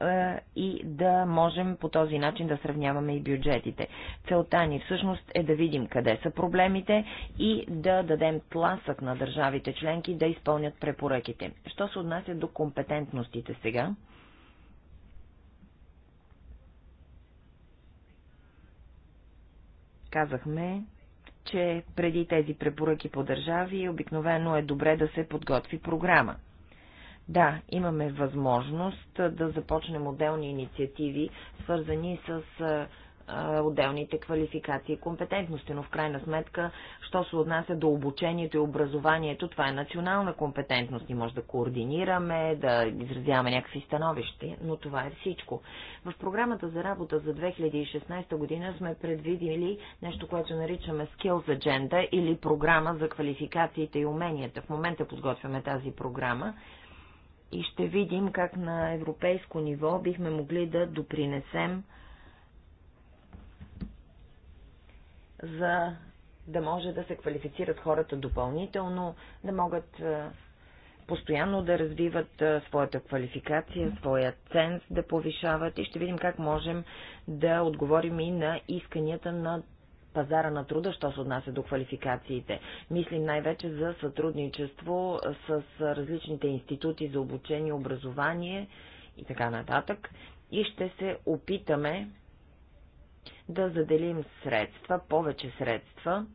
е, и да можем по този начин да сравняваме и бюджетите. Целта ни всъщност е да видим къде са проблемите и да дадем тласък на държавите членки да изпълнят препоръките. Що се отнася до компетентностите сега? Казахме, че преди тези препоръки по държави обикновено е добре да се подготви програма – да, имаме възможност да започнем отделни инициативи, свързани с отделните квалификации и компетентности, но в крайна сметка, що се отнася до обучението и образованието, това е национална компетентност и може да координираме, да изразяваме някакви становища, но това е всичко. В програмата за работа за 2016 година сме предвидили нещо, което наричаме Skills Agenda или програма за квалификациите и уменията. В момента подготвяме тази програма и ще видим как на европейско ниво бихме могли да допринесем за да може да се квалифицират хората допълнително, да могат постоянно да развиват своята квалификация, своя ценз да повишават и ще видим как можем да отговорим и на исканията на пазара на труда, що се отнася до квалификациите. Мислим най-вече за сътрудничество с различните институти за обучение, образование и така нататък. И ще се опитаме да заделим средства, повече средства,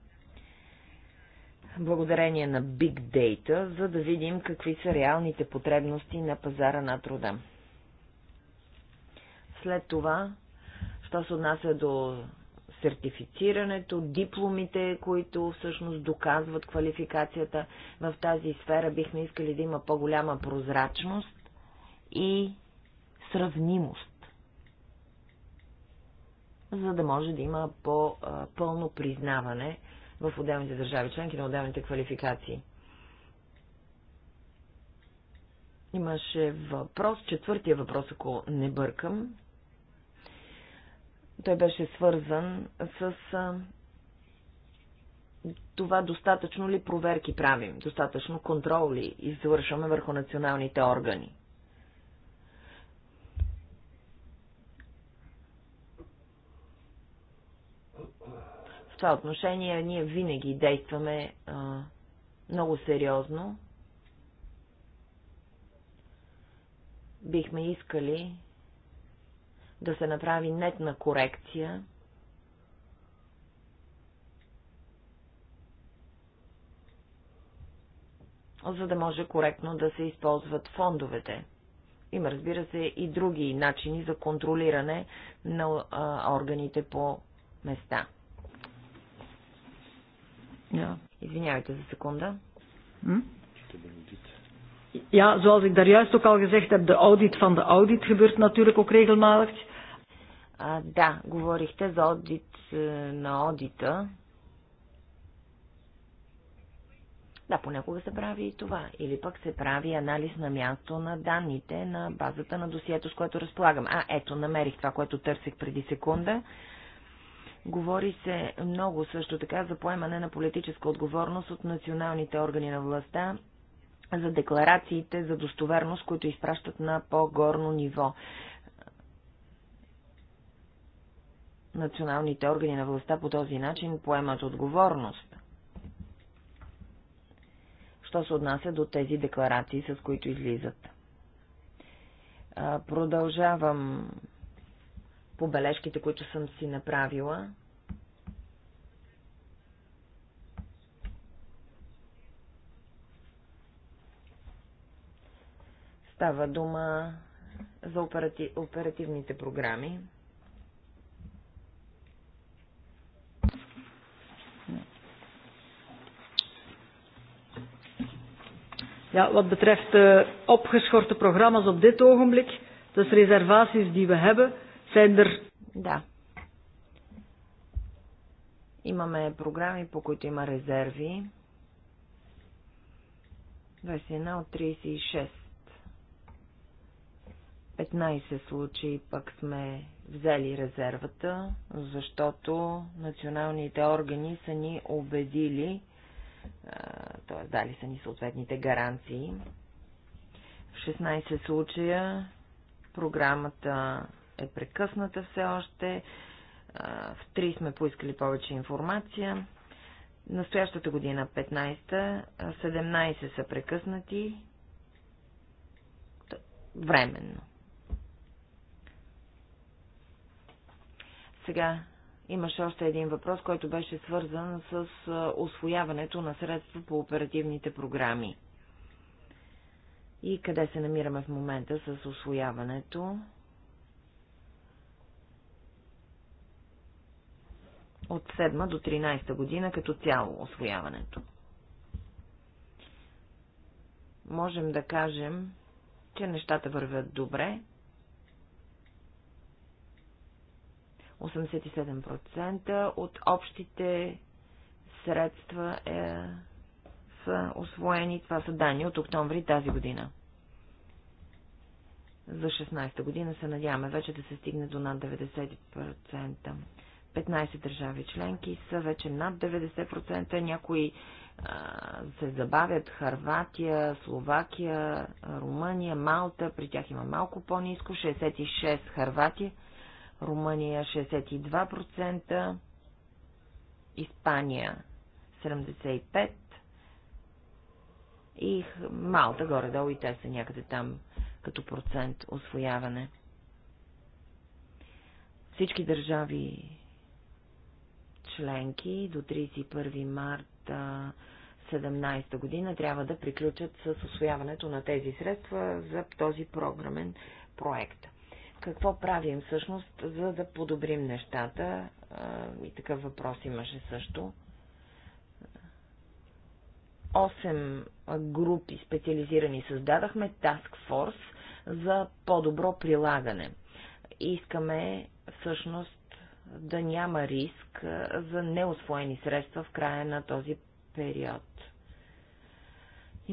благодарение на Big Data, за да видим какви са реалните потребности на пазара на труда. След това, що се отнася до сертифицирането, дипломите, които всъщност доказват квалификацията в тази сфера. Бихме искали да има по-голяма прозрачност и сравнимост, за да може да има по-пълно признаване в отделните държави, членки на отделните квалификации. Имаше въпрос, четвъртия въпрос, ако не бъркам. Той беше свързан с това достатъчно ли проверки правим, достатъчно контрол ли извършваме върху националните органи. В това отношение ние винаги действаме а, много сериозно. Бихме искали да се направи нетна корекция за да може коректно да се използват фондовете. Има, разбира се, и други начини за контролиране на а, органите по места. Yeah. Извинявайте за секунда. Hmm? Ja, zoals ik daar juist ook al gezegd heb, de audit van de audit gebeurt natuurlijk ook regelmatig. А, да, говорихте за одит е, на одита. Да, понякога се прави и това. Или пък се прави анализ на място на данните на базата на досието, с което разполагам. А, ето, намерих това, което търсих преди секунда. Говори се много също така за поемане на политическа отговорност от националните органи на властта за декларациите за достоверност, които изпращат на по-горно ниво. националните органи на властта по този начин поемат отговорност. Що се отнася до тези декларации, с които излизат? Продължавам побележките, които съм си направила. Става дума за оперативните програми. Ja, wat betreft de opgeschorte programma's op dit ogenblik, dus reservaties die we hebben, zijn er. Да. Имаме програми, по които има резерви. 21 от 36. 15 случаи пък сме взели резервата, защото националните органи са ни убедили, т.е. дали са ни съответните гаранции. В 16 случая програмата е прекъсната все още, в 3 сме поискали повече информация. Настоящата година, 15-та, 17 са прекъснати временно. Сега Имаше още един въпрос, който беше свързан с освояването на средства по оперативните програми. И къде се намираме в момента с освояването? От 7 до 13 година като цяло освояването. Можем да кажем, че нещата вървят добре, 87% от общите средства е, са освоени. Това са данни от октомври тази година. За 16-та година се надяваме вече да се стигне до над 90%. 15 държави членки са вече над 90%, някои а, се забавят Харватия, Словакия, Румъния, Малта, при тях има малко по-низко, 66 Харватия, Румъния 62%, Испания 75% и Малта горе-долу и те са някъде там като процент освояване. Всички държави членки до 31 марта 2017 година трябва да приключат с освояването на тези средства за този програмен проект какво правим всъщност, за да подобрим нещата. И такъв въпрос имаше също. Осем групи специализирани създадахме Task Force за по-добро прилагане. Искаме всъщност да няма риск за неосвоени средства в края на този период.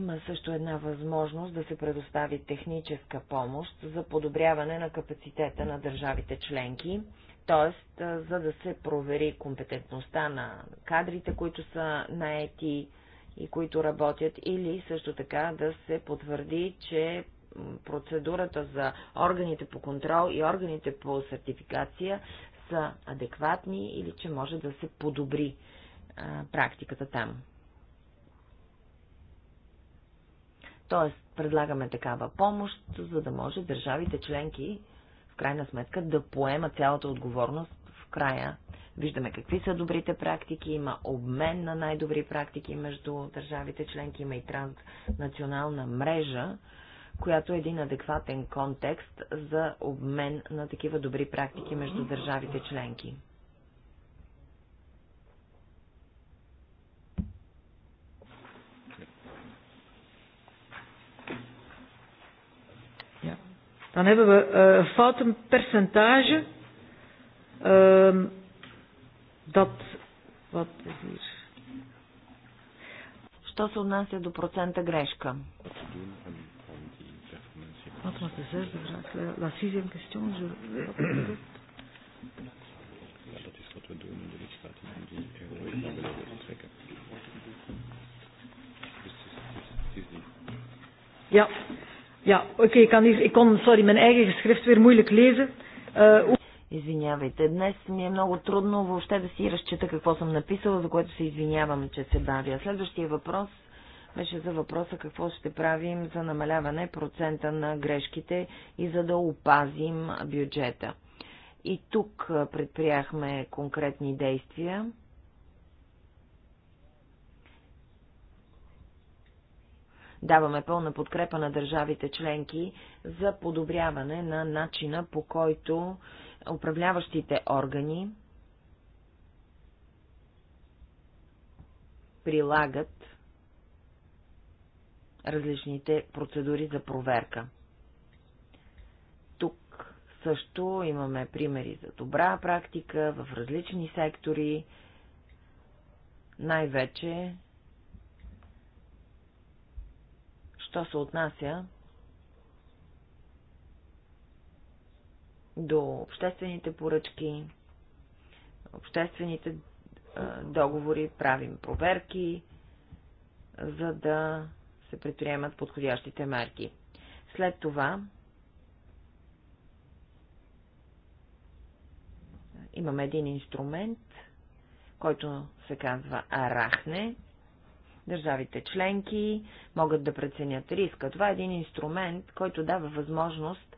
Има също една възможност да се предостави техническа помощ за подобряване на капацитета на държавите членки, т.е. за да се провери компетентността на кадрите, които са наети и които работят, или също така да се потвърди, че процедурата за органите по контрол и органите по сертификация са адекватни или че може да се подобри а, практиката там. Тоест, предлагаме такава помощ, за да може държавите членки, в крайна сметка, да поема цялата отговорност в края. Виждаме какви са добрите практики, има обмен на най-добри практики между държавите членки, има и транснационална мрежа, която е един адекватен контекст за обмен на такива добри практики между държавите членки. Dan hebben we uh, een foutenpercentage. Uh, dat, wat is hier? Що се отнася до процента грешка? Wat was de zesde vraag? La sixième question, Ja, dat is wat we doen in de lidstaten om die euro naar beneden te trekken. Ja, Ja, oké, okay, ik, kan hier, ik kon sorry, mijn eigen geschrift weer moeilijk lezen. Uh, Извинявайте, днес ми е много трудно въобще да си разчита какво съм написала, за което се извинявам, че се бавя. Следващия въпрос беше за въпроса какво ще правим за намаляване процента на грешките и за да опазим бюджета. И тук предприяхме конкретни действия. Даваме пълна подкрепа на държавите членки за подобряване на начина по който управляващите органи прилагат различните процедури за проверка. Тук също имаме примери за добра практика в различни сектори, най-вече Що се отнася до обществените поръчки, обществените е, договори, правим проверки, за да се предприемат подходящите марки. След това имаме един инструмент, който се казва Арахне. Държавите членки могат да преценят риска. Това е един инструмент, който дава възможност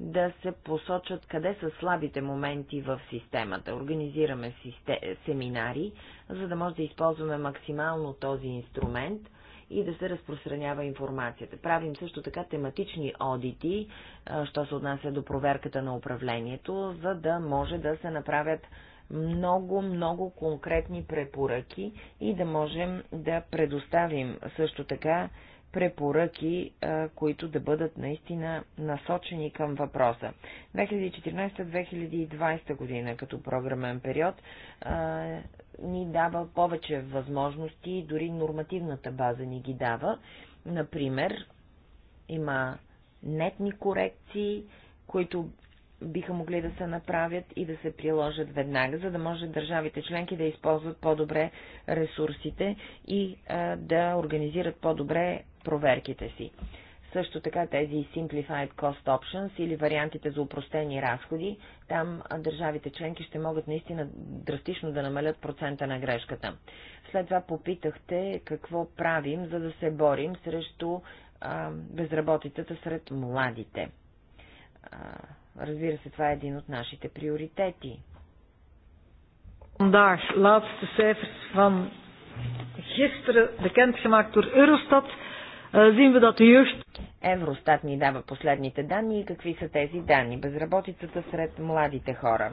да се посочат къде са слабите моменти в системата. Организираме семинари, за да може да използваме максимално този инструмент и да се разпространява информацията. Правим също така тематични одити, що се отнася до проверката на управлението, за да може да се направят много, много конкретни препоръки и да можем да предоставим също така препоръки, които да бъдат наистина насочени към въпроса. 2014-2020 година като програмен период ни дава повече възможности, дори нормативната база ни ги дава. Например, има нетни корекции, които биха могли да се направят и да се приложат веднага, за да може държавите членки да използват по-добре ресурсите и а, да организират по-добре проверките си. Също така тези Simplified Cost Options или вариантите за упростени разходи, там държавите членки ще могат наистина драстично да намалят процента на грешката. След това попитахте какво правим, за да се борим срещу а, безработицата сред младите. А, Разбира се, това е един от нашите приоритети. Vandaag laatste cijfers van gisteren bekendgemaakt door Eurostat eh, zien we dat de jeugd. Евростат ни дава последните данни и какви са тези данни. Безработицата сред младите хора.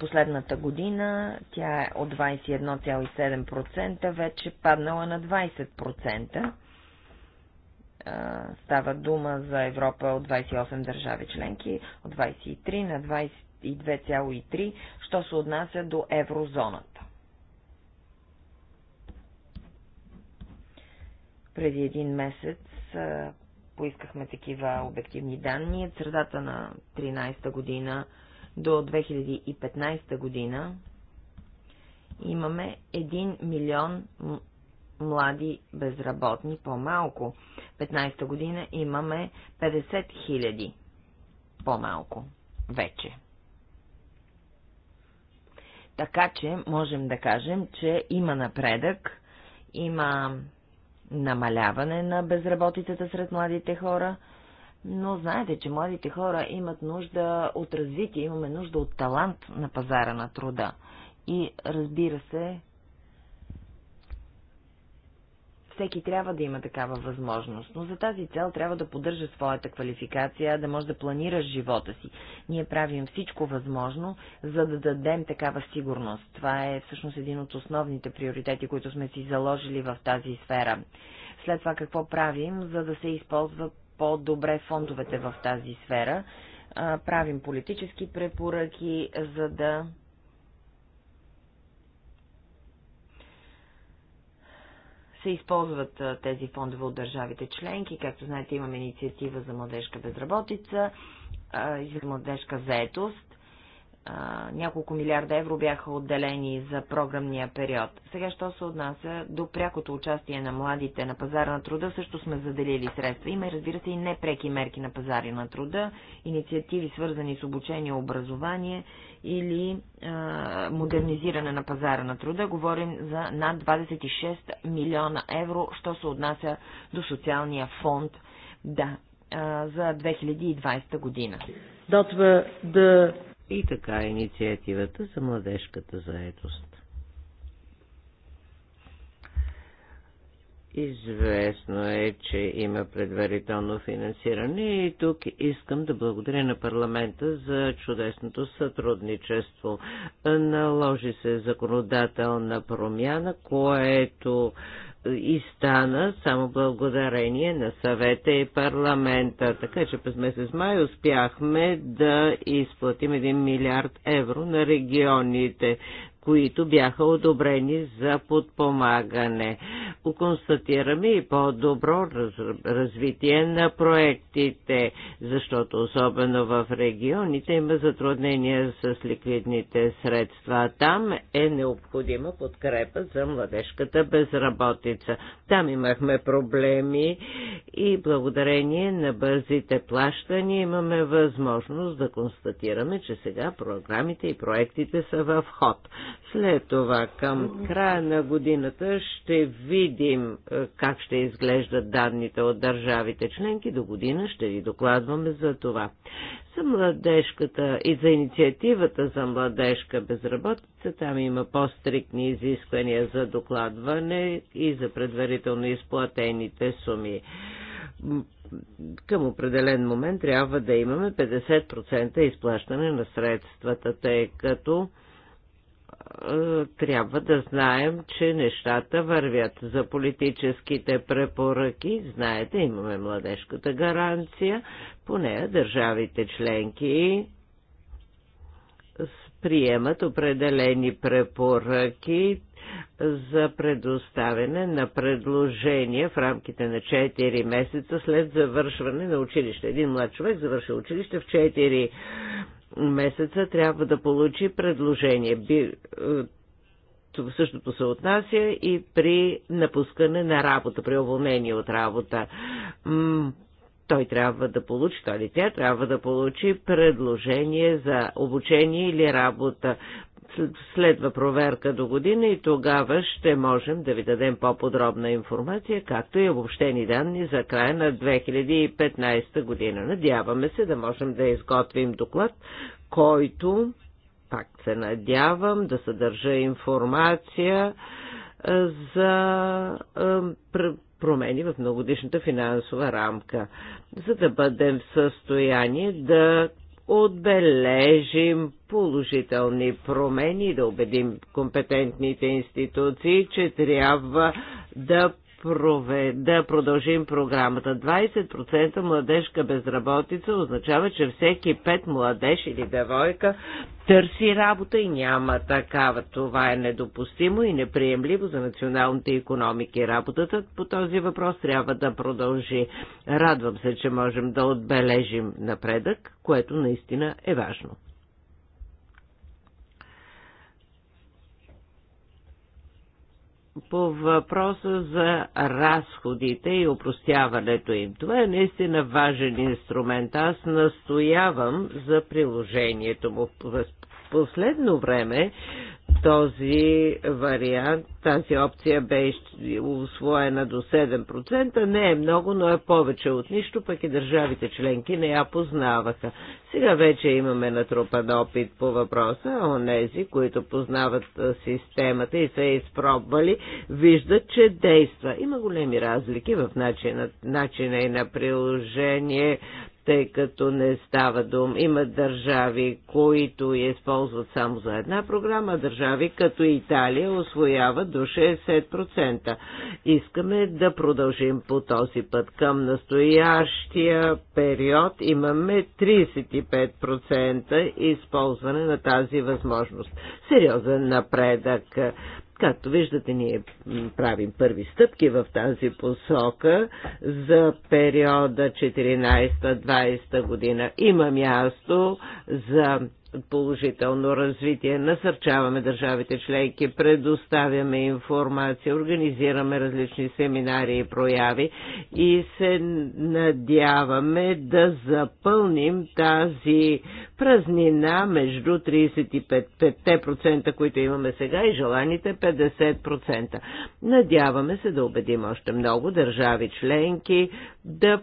Последната година тя е от 21,7% вече паднала на 20% става дума за Европа от 28 държави членки, от 23 на 22,3, що се отнася до еврозоната. Преди един месец поискахме такива обективни данни. От средата на 13 година до 2015 година имаме 1 милион млади безработни по-малко. 15-та година имаме 50 000 по-малко вече. Така че можем да кажем, че има напредък, има намаляване на безработицата сред младите хора, но знаете, че младите хора имат нужда от развитие, имаме нужда от талант на пазара на труда. И разбира се, всеки трябва да има такава възможност, но за тази цел трябва да поддържа своята квалификация, да може да планираш живота си. Ние правим всичко възможно, за да дадем такава сигурност. Това е всъщност един от основните приоритети, които сме си заложили в тази сфера. След това какво правим, за да се използва по-добре фондовете в тази сфера? Правим политически препоръки, за да се използват тези фондове от държавите членки. Както знаете, имаме инициатива за младежка безработица и за младежка заетост. Няколко милиарда евро бяха отделени за програмния период. Сега, що се отнася до прякото участие на младите на пазара на труда, също сме заделили средства. Има, разбира се, и непреки мерки на пазари на труда, инициативи свързани с обучение, и образование или а, модернизиране на пазара на труда. Говорим за над 26 милиона евро, що се отнася до социалния фонд да, а, за 2020 година. Дотва да... И така инициативата за младежката заедост. Известно е, че има предварително финансиране и тук искам да благодаря на парламента за чудесното сътрудничество. Наложи се законодателна промяна, което и стана само благодарение на съвета и парламента. Така че през месец май успяхме да изплатим 1 милиард евро на регионите които бяха одобрени за подпомагане. Оконстатираме и по-добро развитие на проектите, защото особено в регионите има затруднения с ликвидните средства. Там е необходима подкрепа за младежката безработица. Там имахме проблеми и благодарение на бързите плащания имаме възможност да констатираме, че сега програмите и проектите са в ход. След това към края на годината ще видим е, как ще изглеждат данните от държавите членки. До година ще ви докладваме за това. За младежката и за инициативата за младежка безработица там има по-стрикни изисквания за докладване и за предварително изплатените суми към определен момент трябва да имаме 50% изплащане на средствата, тъй като е, трябва да знаем, че нещата вървят. За политическите препоръки, знаете, имаме младежката гаранция, поне държавите членки приемат определени препоръки за предоставяне на предложения в рамките на 4 месеца след завършване на училище. Един млад човек завърши училище в 4 месеца трябва да получи предложение. Би, е, същото се отнася и при напускане на работа, при уволнение от работа. Той трябва да получи, той или тя трябва да получи предложение за обучение или работа. Следва проверка до година и тогава ще можем да ви дадем по-подробна информация, както и обобщени данни за края на 2015 година. Надяваме се да можем да изготвим доклад, който, пак се надявам, да съдържа информация е, за е, промени в многодишната финансова рамка, за да бъдем в състояние да отбележим положителни промени да убедим компетентните институции, че трябва да да продължим програмата. 20% младежка безработица означава, че всеки пет младеж или девойка търси работа и няма такава. Това е недопустимо и неприемливо за националните економики. Работата по този въпрос трябва да продължи. Радвам се, че можем да отбележим напредък, което наистина е важно. по въпроса за разходите и опростяването им. Това е наистина важен инструмент. Аз настоявам за приложението му последно време този вариант, тази опция бе освоена до 7%. Не е много, но е повече от нищо, пък и държавите членки не я познаваха. Сега вече имаме натрупан опит по въпроса, а онези, които познават системата и са изпробвали, виждат, че действа. Има големи разлики в начина, начина и на приложение тъй като не става дум. Има държави, които я използват само за една програма, държави като Италия освояват до 60%. Искаме да продължим по този път. Към настоящия период имаме 35% използване на тази възможност. Сериозен напредък. Както виждате, ние правим първи стъпки в тази посока за периода 14-20 година. Има място за положително развитие. Насърчаваме държавите членки, предоставяме информация, организираме различни семинари и прояви и се надяваме да запълним тази празнина между 35% които имаме сега и желаните 50%. Надяваме се да убедим още много държави членки да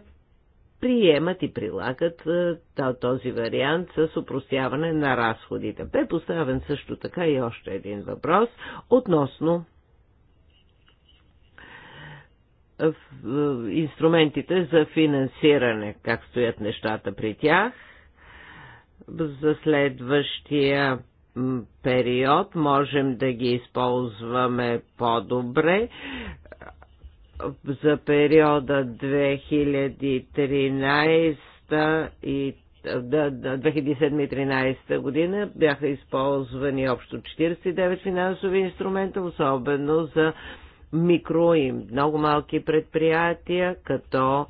приемат и прилагат е, този вариант с упростяване на разходите. Бе поставен също така и още един въпрос относно е, е, инструментите за финансиране, как стоят нещата при тях. За следващия период можем да ги използваме по-добре за периода 2013 и 2013 година бяха използвани общо 49 финансови инструмента, особено за микро и много малки предприятия, като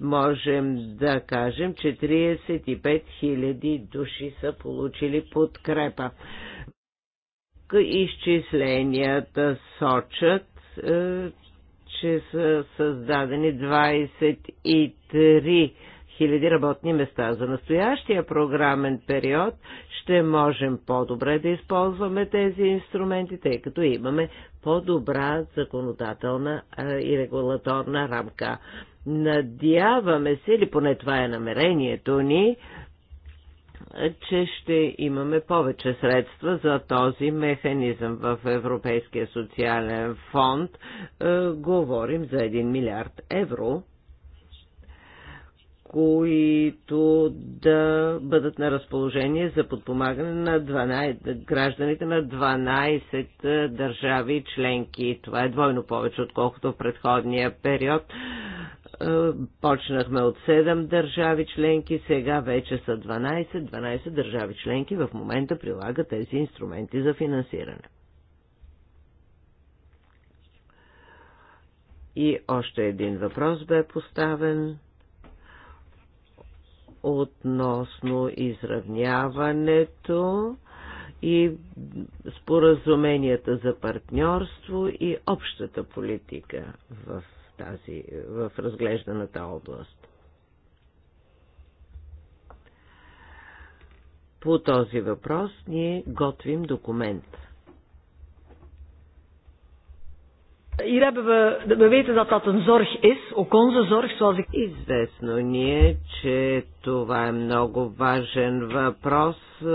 можем да кажем 45 000 души са получили подкрепа. Изчисленията сочат, е, че са създадени 23 хиляди работни места. За настоящия програмен период ще можем по-добре да използваме тези инструменти, тъй като имаме по-добра законодателна и регулаторна рамка. Надяваме се, или поне това е намерението ни, че ще имаме повече средства за този механизъм в Европейския социален фонд. Е, говорим за 1 милиард евро които да бъдат на разположение за подпомагане на 12, гражданите на 12 е, държави членки. Това е двойно повече, отколкото в предходния период. Е, почнахме от 7 държави членки, сега вече са 12. 12 държави членки в момента прилагат тези инструменти за финансиране. И още един въпрос бе поставен относно изравняването и споразуменията за партньорство и общата политика в, тази, в разглежданата област. По този въпрос ние готвим документ. hier hebben we, we weten dat dat een zorg is, ook onze zorg, zoals ik... Известно ни е, че това е много важен въпрос е,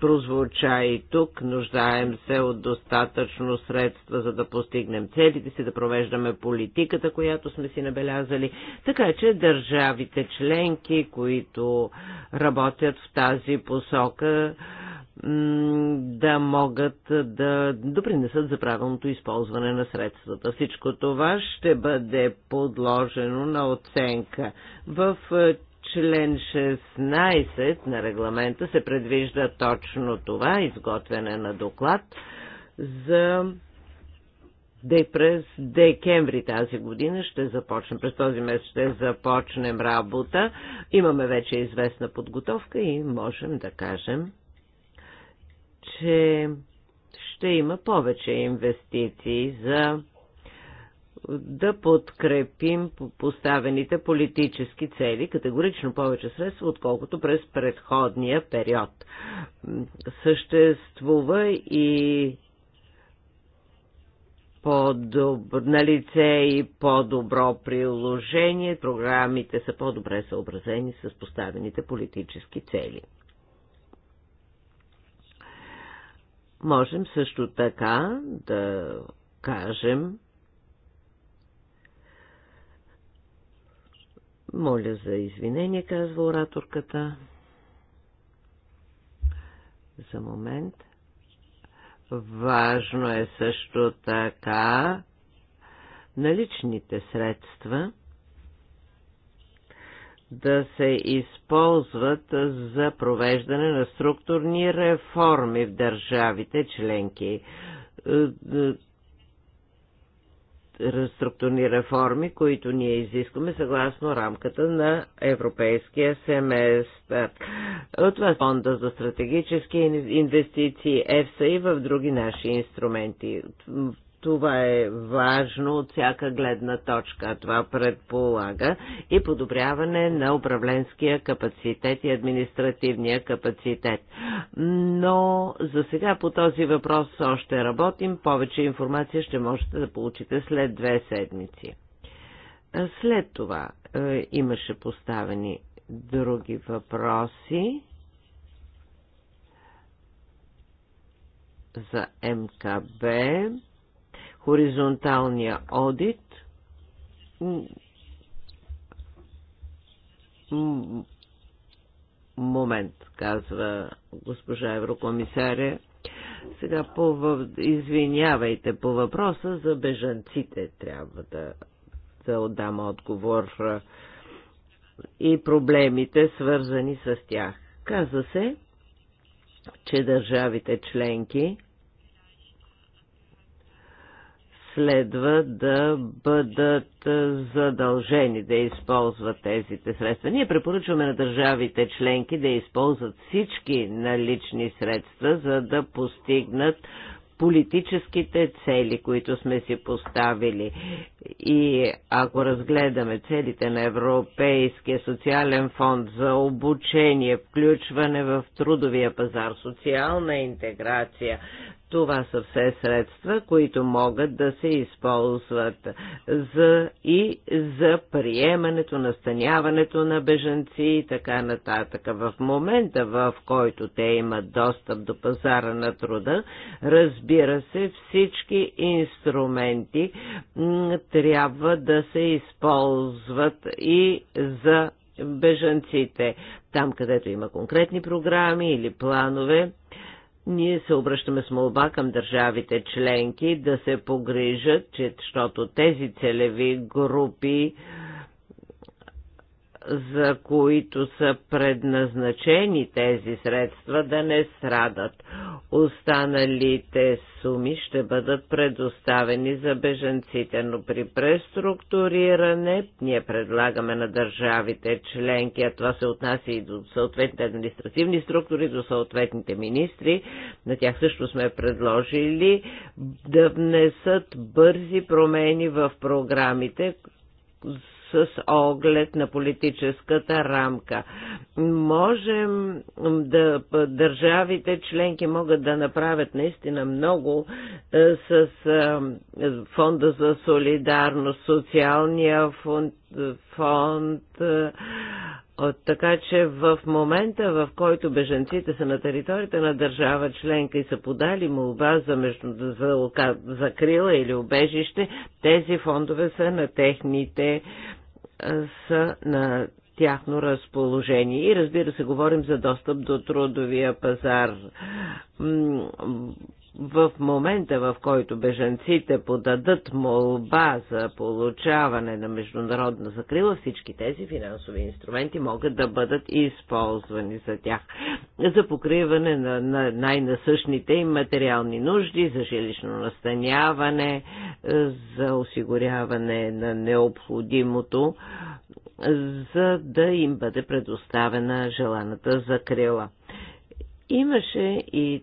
прозвуча и тук. Нуждаем се от достатъчно средства, за да постигнем целите си, да провеждаме политиката, която сме си набелязали. Така че държавите членки, които работят в тази посока, да могат да допринесат за правилното използване на средствата. Всичко това ще бъде подложено на оценка. В е, член 16 на регламента се предвижда точно това изготвяне на доклад за де през декември тази година ще започнем, през този месец ще започнем работа. Имаме вече известна подготовка и можем да кажем, че ще има повече инвестиции за да подкрепим поставените политически цели, категорично повече средства, отколкото през предходния период. Съществува и на лице и по-добро приложение, програмите са по-добре съобразени с поставените политически цели. Можем също така да кажем, моля за извинение, казва ораторката, за момент. Важно е също така наличните средства да се използват за провеждане на структурни реформи в държавите членки. Е, е, структурни реформи, които ние изискваме съгласно рамката на европейския семестър. От това фонда за стратегически инвестиции, ЕФСА и в други наши инструменти това е важно от всяка гледна точка. Това предполага и подобряване на управленския капацитет и административния капацитет. Но за сега по този въпрос още работим. Повече информация ще можете да получите след две седмици. След това е, имаше поставени други въпроси за МКБ хоризонталния одит момент, казва госпожа Еврокомисаря. Сега по, извинявайте по въпроса за бежанците трябва да, да отдам отговор и проблемите свързани с тях. Каза се, че държавите членки следва да бъдат задължени да използват тези средства. Ние препоръчваме на държавите членки да използват всички налични средства, за да постигнат политическите цели, които сме си поставили. И ако разгледаме целите на Европейския социален фонд за обучение, включване в трудовия пазар, социална интеграция, това са все средства, които могат да се използват за и за приемането, настаняването на бежанци и така нататък. В момента, в който те имат достъп до пазара на труда, разбира се, всички инструменти трябва да се използват и за бежанците. Там, където има конкретни програми или планове, ние се обръщаме с молба към държавите членки да се погрижат, че, защото тези целеви групи за които са предназначени тези средства, да не страдат. Останалите суми ще бъдат предоставени за беженците, но при преструктуриране ние предлагаме на държавите членки, а това се отнася и до съответните административни структури, до съответните министри, на тях също сме предложили да внесат бързи промени в програмите, с оглед на политическата рамка. Можем да държавите членки могат да направят наистина много е, с е, фонда за солидарност, социалния фонд, фонд е, от, така че в момента, в който беженците са на територията на държава членка и са подали молба за, между, за закрила или убежище, тези фондове са на техните са на тяхно разположение. И разбира се, говорим за достъп до трудовия пазар в момента, в който бежанците подадат молба за получаване на международна закрила, всички тези финансови инструменти могат да бъдат използвани за тях, за покриване на, на най-насъщните им материални нужди, за жилищно настаняване, за осигуряване на необходимото, за да им бъде предоставена желаната закрила. Имаше и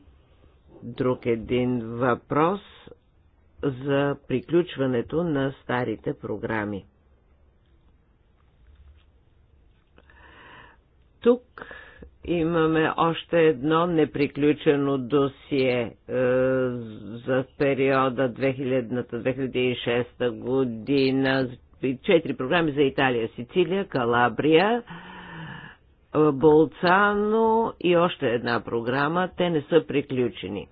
друг един въпрос за приключването на старите програми. Тук имаме още едно неприключено досие е, за периода 2000-2006 година. Четири програми за Италия, Сицилия, Калабрия. Е, е, Болцано и още една програма. Те не са приключени.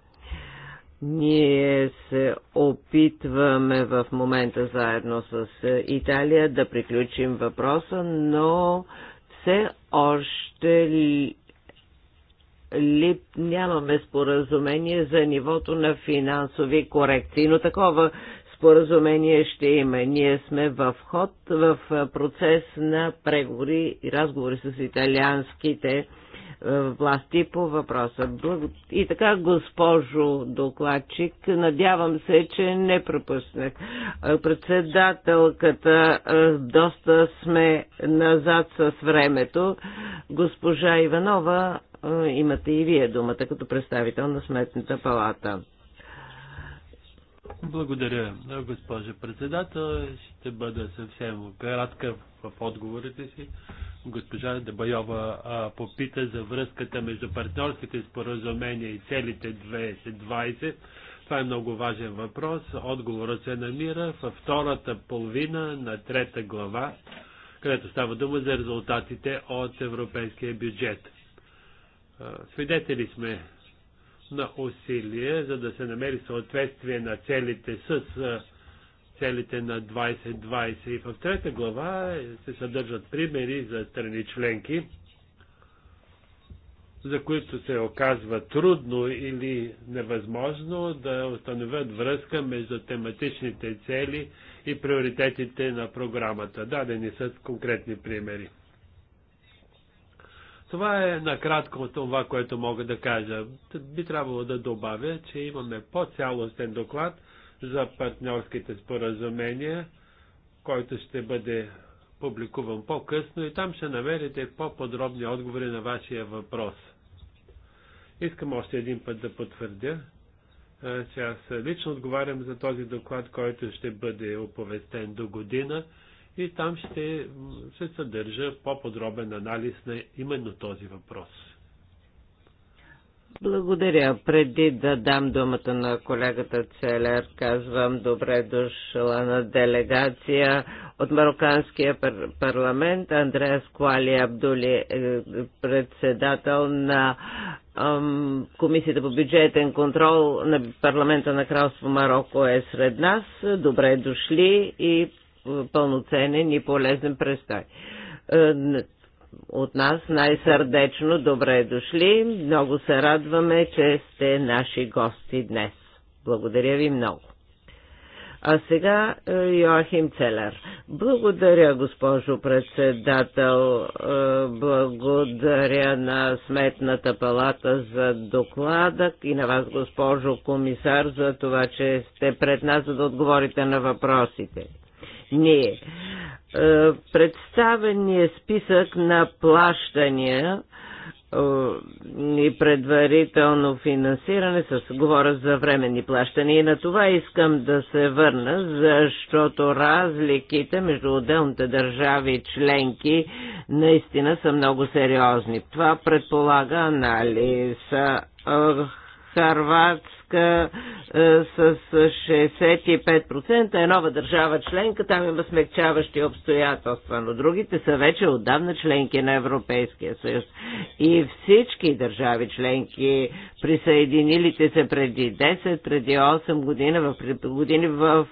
Ние се опитваме в момента заедно с е, Италия да приключим въпроса, но все още ли, ли нямаме споразумение за нивото на финансови корекции, но такова споразумение ще има. Ние сме в ход, в процес на преговори и разговори с италианските е, власти по въпроса. И така, госпожо докладчик, надявам се, че не пропуснах. Е, председателката, е, доста сме назад с времето. Госпожа Иванова, имате и вие думата като представител на Сметната палата. Благодаря, госпожа председател. Ще бъда съвсем кратка в отговорите си. Госпожа Дебайова а, попита за връзката между партньорските споразумения и целите 2020. Това е много важен въпрос. Отговорът се намира във втората половина на трета глава, където става дума за резултатите от европейския бюджет. Свидетели сме на усилие, за да се намери съответствие на целите с целите на 2020. И в трета глава се съдържат примери за страни членки, за които се оказва трудно или невъзможно да установят връзка между тематичните цели и приоритетите на програмата. Дадени са конкретни примери. Това е накратко това, което мога да кажа. Би трябвало да добавя, че имаме по-цялостен доклад за партньорските споразумения, който ще бъде публикуван по-късно и там ще намерите по-подробни отговори на вашия въпрос. Искам още един път да потвърдя, че аз лично отговарям за този доклад, който ще бъде оповестен до година и там ще се съдържа по-подробен анализ на именно този въпрос. Благодаря. Преди да дам думата на колегата Целер, казвам добре дошла на делегация от Марокканския пар- парламент. Андреас Куали Абдули, е председател на ам, Комисията по бюджетен контрол на парламента на Кралство Марокко е сред нас. Добре дошли и пълноценен и полезен престой. Е, от нас най-сърдечно добре дошли. Много се радваме, че сте наши гости днес. Благодаря ви много. А сега е, Йоахим Целер. Благодаря, госпожо председател. Е, благодаря на Сметната палата за доклада и на вас, госпожо комисар, за това, че сте пред нас, за да отговорите на въпросите ние. Представен е списък на плащания е, и предварително финансиране, с говоря за временни плащания. И на това искам да се върна, защото разликите между отделните държави и членки наистина са много сериозни. Това предполага анализ. Е, Харватс връзка е, с 65%. Е, е нова държава членка, там има смягчаващи обстоятелства, но другите са вече отдавна членки на Европейския съюз. И всички държави членки, присъединилите се преди 10, преди 8 години, в, години в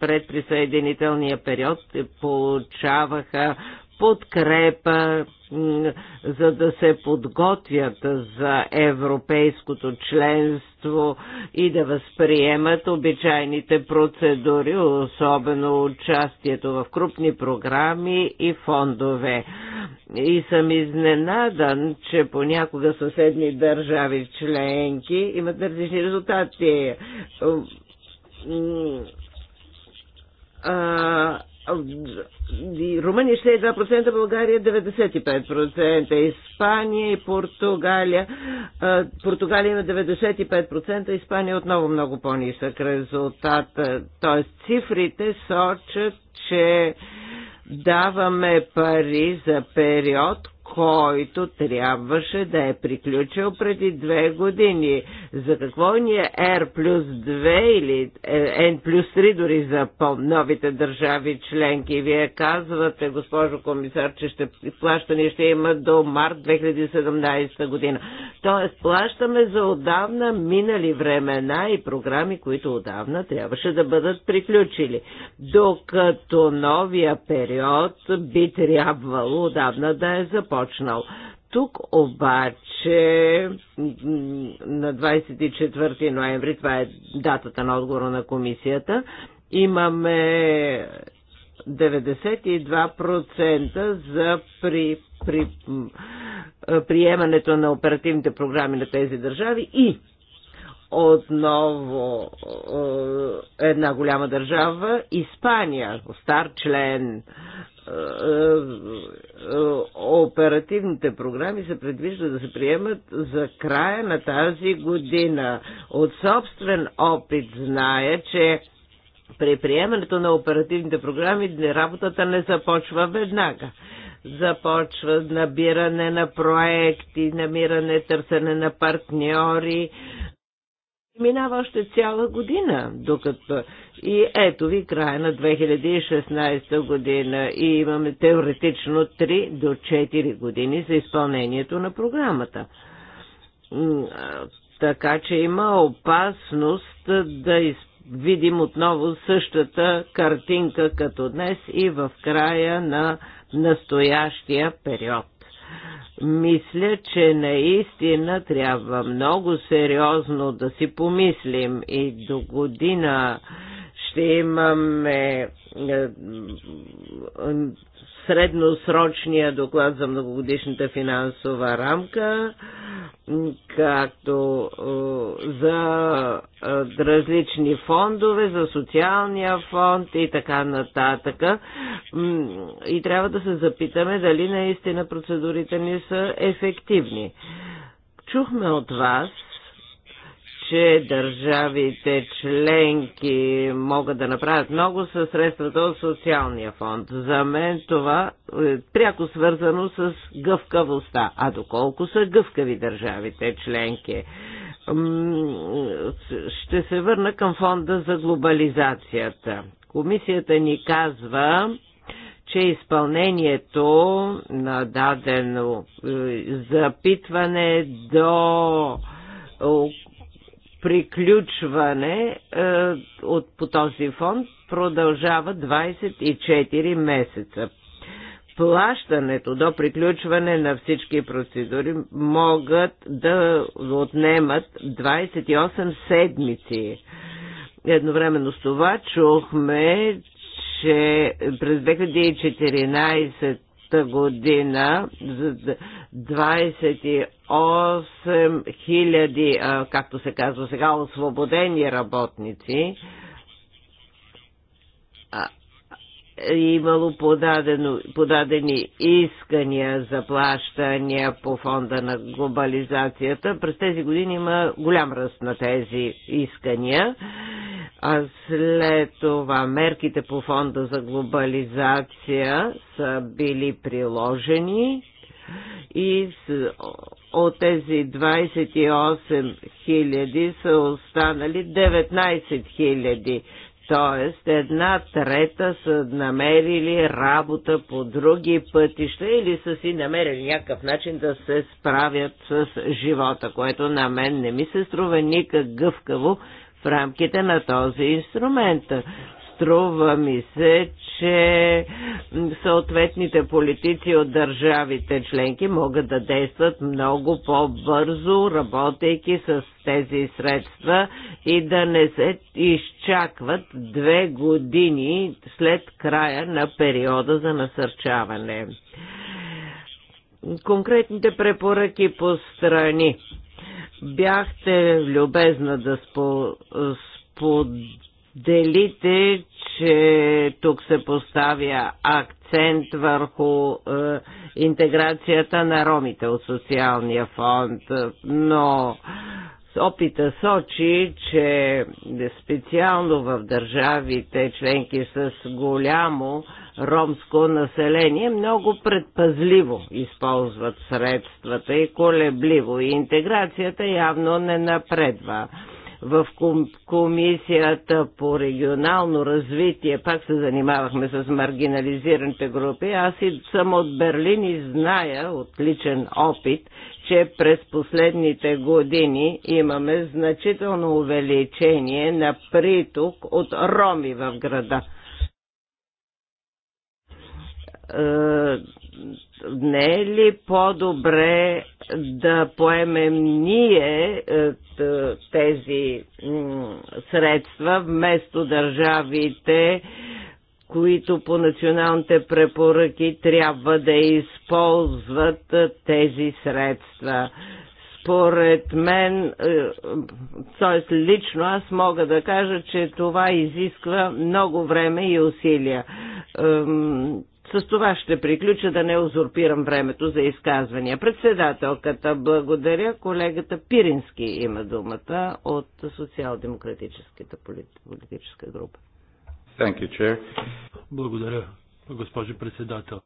предприсъединителния период, получаваха подкрепа, за да се подготвят за европейското членство и да възприемат обичайните процедури, особено участието в крупни програми и фондове. И съм изненадан, че понякога съседни държави членки имат различни резултати. А, Румъния 62%, е България 95%, Испания и Португалия. Португалия има 95%, Испания е отново много по-нисък резултат. Тоест цифрите сочат, че даваме пари за период, който трябваше да е приключил преди две години. За какво ни е R плюс 2 или е, N плюс 3 дори за новите държави членки? Вие казвате, госпожо комисар, че ще плащане ще има до март 2017 година. Тоест, плащаме за отдавна минали времена и програми, които отдавна трябваше да бъдат приключили. Докато новия период би трябвало отдавна да е започнал започнал. Тук обаче на 24 ноември, това е датата на отговора на комисията, имаме 92% за при, при, приемането на оперативните програми на тези държави и отново е, една голяма държава, Испания, стар член оперативните програми се предвижда да се приемат за края на тази година. От собствен опит зная, че при приемането на оперативните програми работата не започва веднага. Започва набиране на проекти, намиране, търсене на партньори, минава още цяла година, докато и ето ви края на 2016 година и имаме теоретично 3 до 4 години за изпълнението на програмата. Така че има опасност да видим отново същата картинка като днес и в края на настоящия период. Мисля, че наистина трябва много сериозно да си помислим и до година ще имаме е, средносрочния доклад за многогодишната финансова рамка, както е, за е, различни фондове, за социалния фонд и така нататък. И трябва да се запитаме дали наистина процедурите ни са ефективни. Чухме от вас, че държавите членки могат да направят много със средствата от социалния фонд. За мен това е пряко свързано с гъвкавостта. А доколко са гъвкави държавите членки? Ще се върна към фонда за глобализацията. Комисията ни казва, че изпълнението на дадено е, запитване до приключване е, от, по този фонд продължава 24 месеца. Плащането до приключване на всички процедури могат да отнемат 28 седмици. Едновременно с това чухме, че през 2014 година за 28 000, както се казва сега, освободени работници имало подадено, подадени искания за плащания по фонда на глобализацията. През тези години има голям ръст на тези искания. А след това мерките по фонда за глобализация са били приложени и от тези 28 хиляди са останали 19 000. Тоест, една трета са намерили работа по други пътища или са си намерили някакъв начин да се справят с живота, което на мен не ми се струва никак гъвкаво в рамките на този инструмент. Струва ми се, че съответните политици от държавите членки могат да действат много по-бързо, работейки с тези средства и да не се изчакват две години след края на периода за насърчаване. Конкретните препоръки по страни. Бяхте любезна да спо, спо, Делите, че тук се поставя акцент върху е, интеграцията на ромите от социалния фонд, но опита сочи, че специално в държавите членки с голямо ромско население много предпазливо използват средствата и колебливо. И интеграцията явно не напредва. В комисията по регионално развитие пак се занимавахме с маргинализираните групи. Аз и съм от Берлин и зная от личен опит, че през последните години имаме значително увеличение на приток от роми в града е, не е ли по-добре да поемем ние е, тези средства вместо държавите, които по националните препоръки трябва да използват е, тези средства? според мен, е, т.е. лично аз мога да кажа, че това изисква много време и усилия. С това ще приключа да не узурпирам времето за изказвания. Председателката благодаря. Колегата Пирински има думата от социал-демократическата политическа група. Thank you, chair. Благодаря, госпожо председател.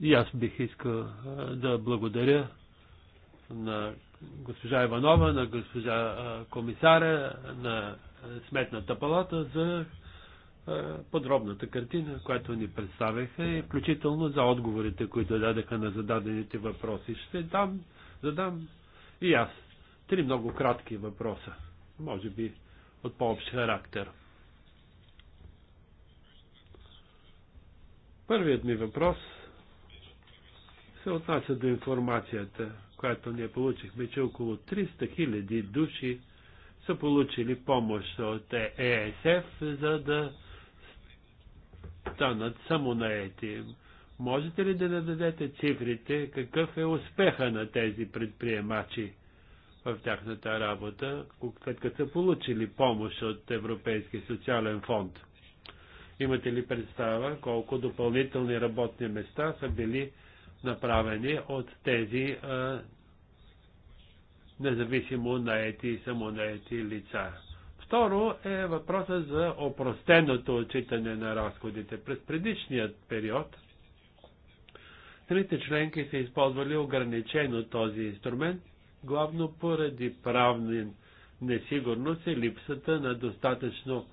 И аз бих искал да благодаря на госпожа Иванова, на госпожа комисаря, на Сметната палата за е, подробната картина, която ни представяха, и включително за отговорите, които дадаха на зададените въпроси. Ще дам, задам и аз три много кратки въпроса, може би от по-общ характер. Първият ми въпрос се отнася до информацията, която ние получихме, че около 300 000 души са получили помощ от ЕСФ, е за да станат самонаети, Можете ли да нададете цифрите, какъв е успеха на тези предприемачи в тяхната работа, след като са получили помощ от Европейския социален фонд? Имате ли представа колко допълнителни работни места са били направени от тези а, независимо наети и самонаети лица? Второ е въпроса за опростеното отчитане на разходите. През предишният период трите членки са използвали ограничено този инструмент, главно поради правни несигурност и липсата на достатъчно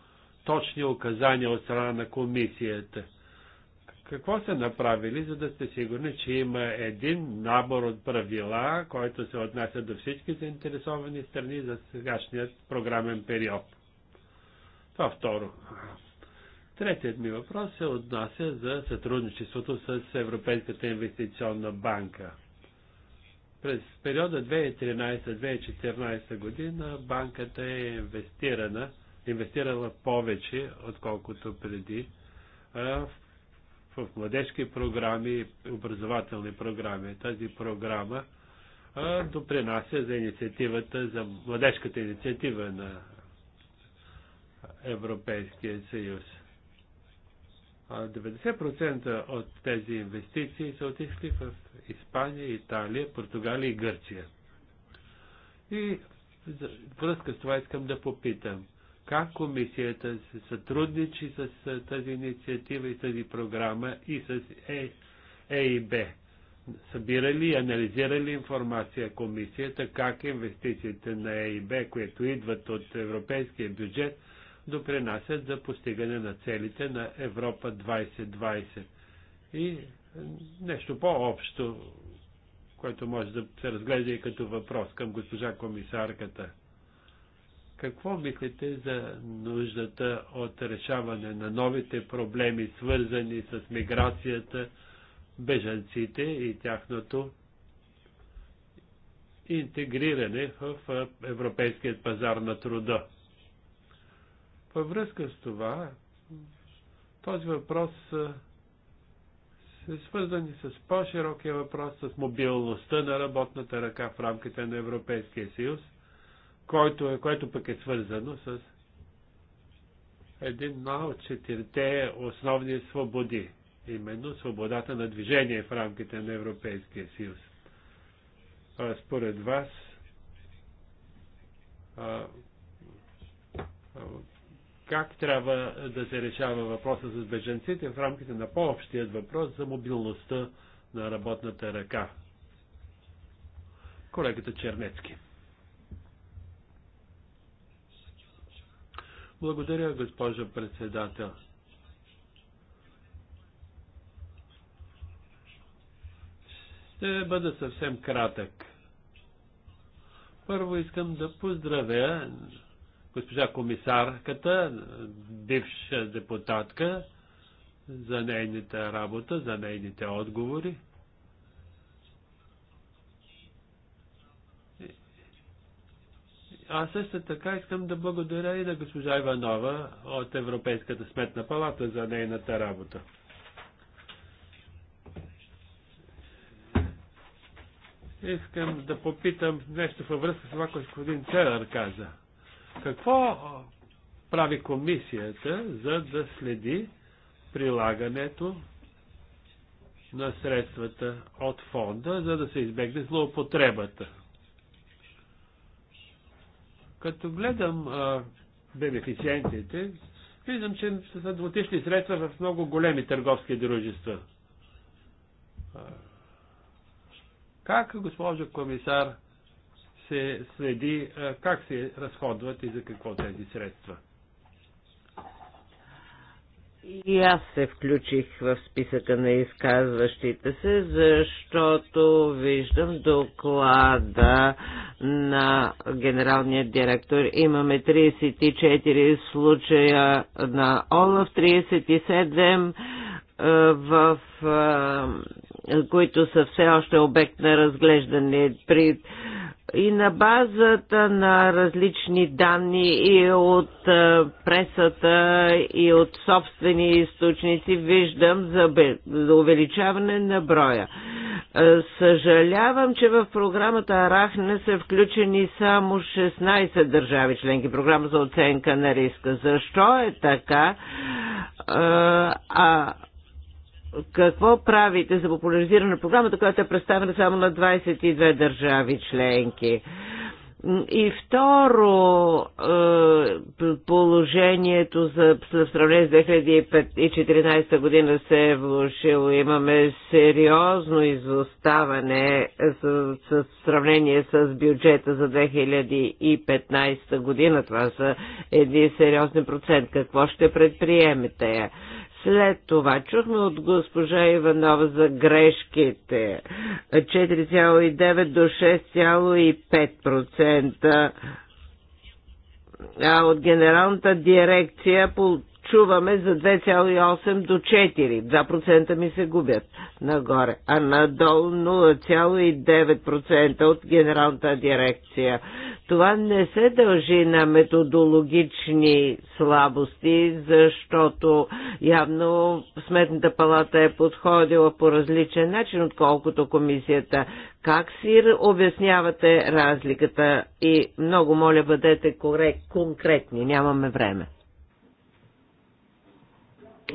точни указания от страна на комисията – какво са направили, за да сте сигурни, че има един набор от правила, който се отнася до всички заинтересовани страни за сегашният програмен период? Това второ. Третият ми въпрос се отнася за сътрудничеството с Европейската инвестиционна банка. През периода 2013-2014 година банката е инвестирана, инвестирала повече, отколкото преди, в в младежки програми, образователни програми. Тази програма а, допринася за инициативата, за младежката инициатива на Европейския съюз. 90% от тези инвестиции са отишли в Испания, Италия, Португалия и Гърция. И връзка с това искам да попитам как комисията се сътрудничи с тази инициатива и тази програма и с Е, е и Б. Събирали и анализирали информация комисията как инвестициите на Е и Б, които идват от европейския бюджет, допринасят за постигане на целите на Европа 2020. И нещо по-общо, което може да се разглежда и като въпрос към госпожа комисарката – какво мислите за нуждата от решаване на новите проблеми, свързани с миграцията, бежанците и тяхното интегриране в европейският пазар на труда? Във връзка с това, този въпрос е свързан с по-широкия въпрос с мобилността на работната ръка в рамките на Европейския съюз – който, е което пък е свързано с една от четирите основни свободи, именно свободата на движение в рамките на Европейския съюз. Според вас, как трябва да се решава въпроса с беженците в рамките на по-общият въпрос за мобилността на работната ръка? Колегата Чернецки. Благодаря, госпожо председател. Ще бъда съвсем кратък. Първо искам да поздравя госпожа комисарката, бивша депутатка, за нейната работа, за нейните отговори. Аз също така искам да благодаря и на госпожа Иванова от Европейската сметна палата за нейната работа. Искам да попитам нещо във връзка с това, което господин Целър каза. Какво прави комисията, за да следи прилагането на средствата от фонда, за да се избегне злоупотребата? Като гледам а, бенефициентите, виждам, че са отишли средства в много големи търговски дружества. А, как, госпожо комисар, се следи а, как се разходват и за какво тези средства? И аз се включих в списъка на изказващите се, защото виждам доклада на генералния директор. Имаме 34 случая на ОЛАВ, 37 е, в е, които са все още обект на разглеждане при и на базата на различни данни и от е, пресата и от собствени източници виждам за увеличаване на броя. Е, съжалявам, че в програмата Арахне са включени само 16 държави членки, програма за оценка на риска. Защо е така? Е, а, какво правите за популяризиране на програмата, която е представена само на 22 държави членки? И второ, е, положението за, в сравнение с 2014 година се е влушило. Имаме сериозно изоставане с, с сравнение с бюджета за 2015 година. Това са едни сериозни процент. Какво ще предприемете? След това чухме от госпожа Иванова за грешките 4,9 до 6,5%. А от генералната дирекция чуваме за 2,8 до 4. 2% ми се губят нагоре, а надолу 0,9% от генералната дирекция. Това не се дължи на методологични слабости, защото явно Сметната палата е подходила по различен начин, отколкото комисията. Как си обяснявате разликата? И много моля, бъдете корект, конкретни, нямаме време.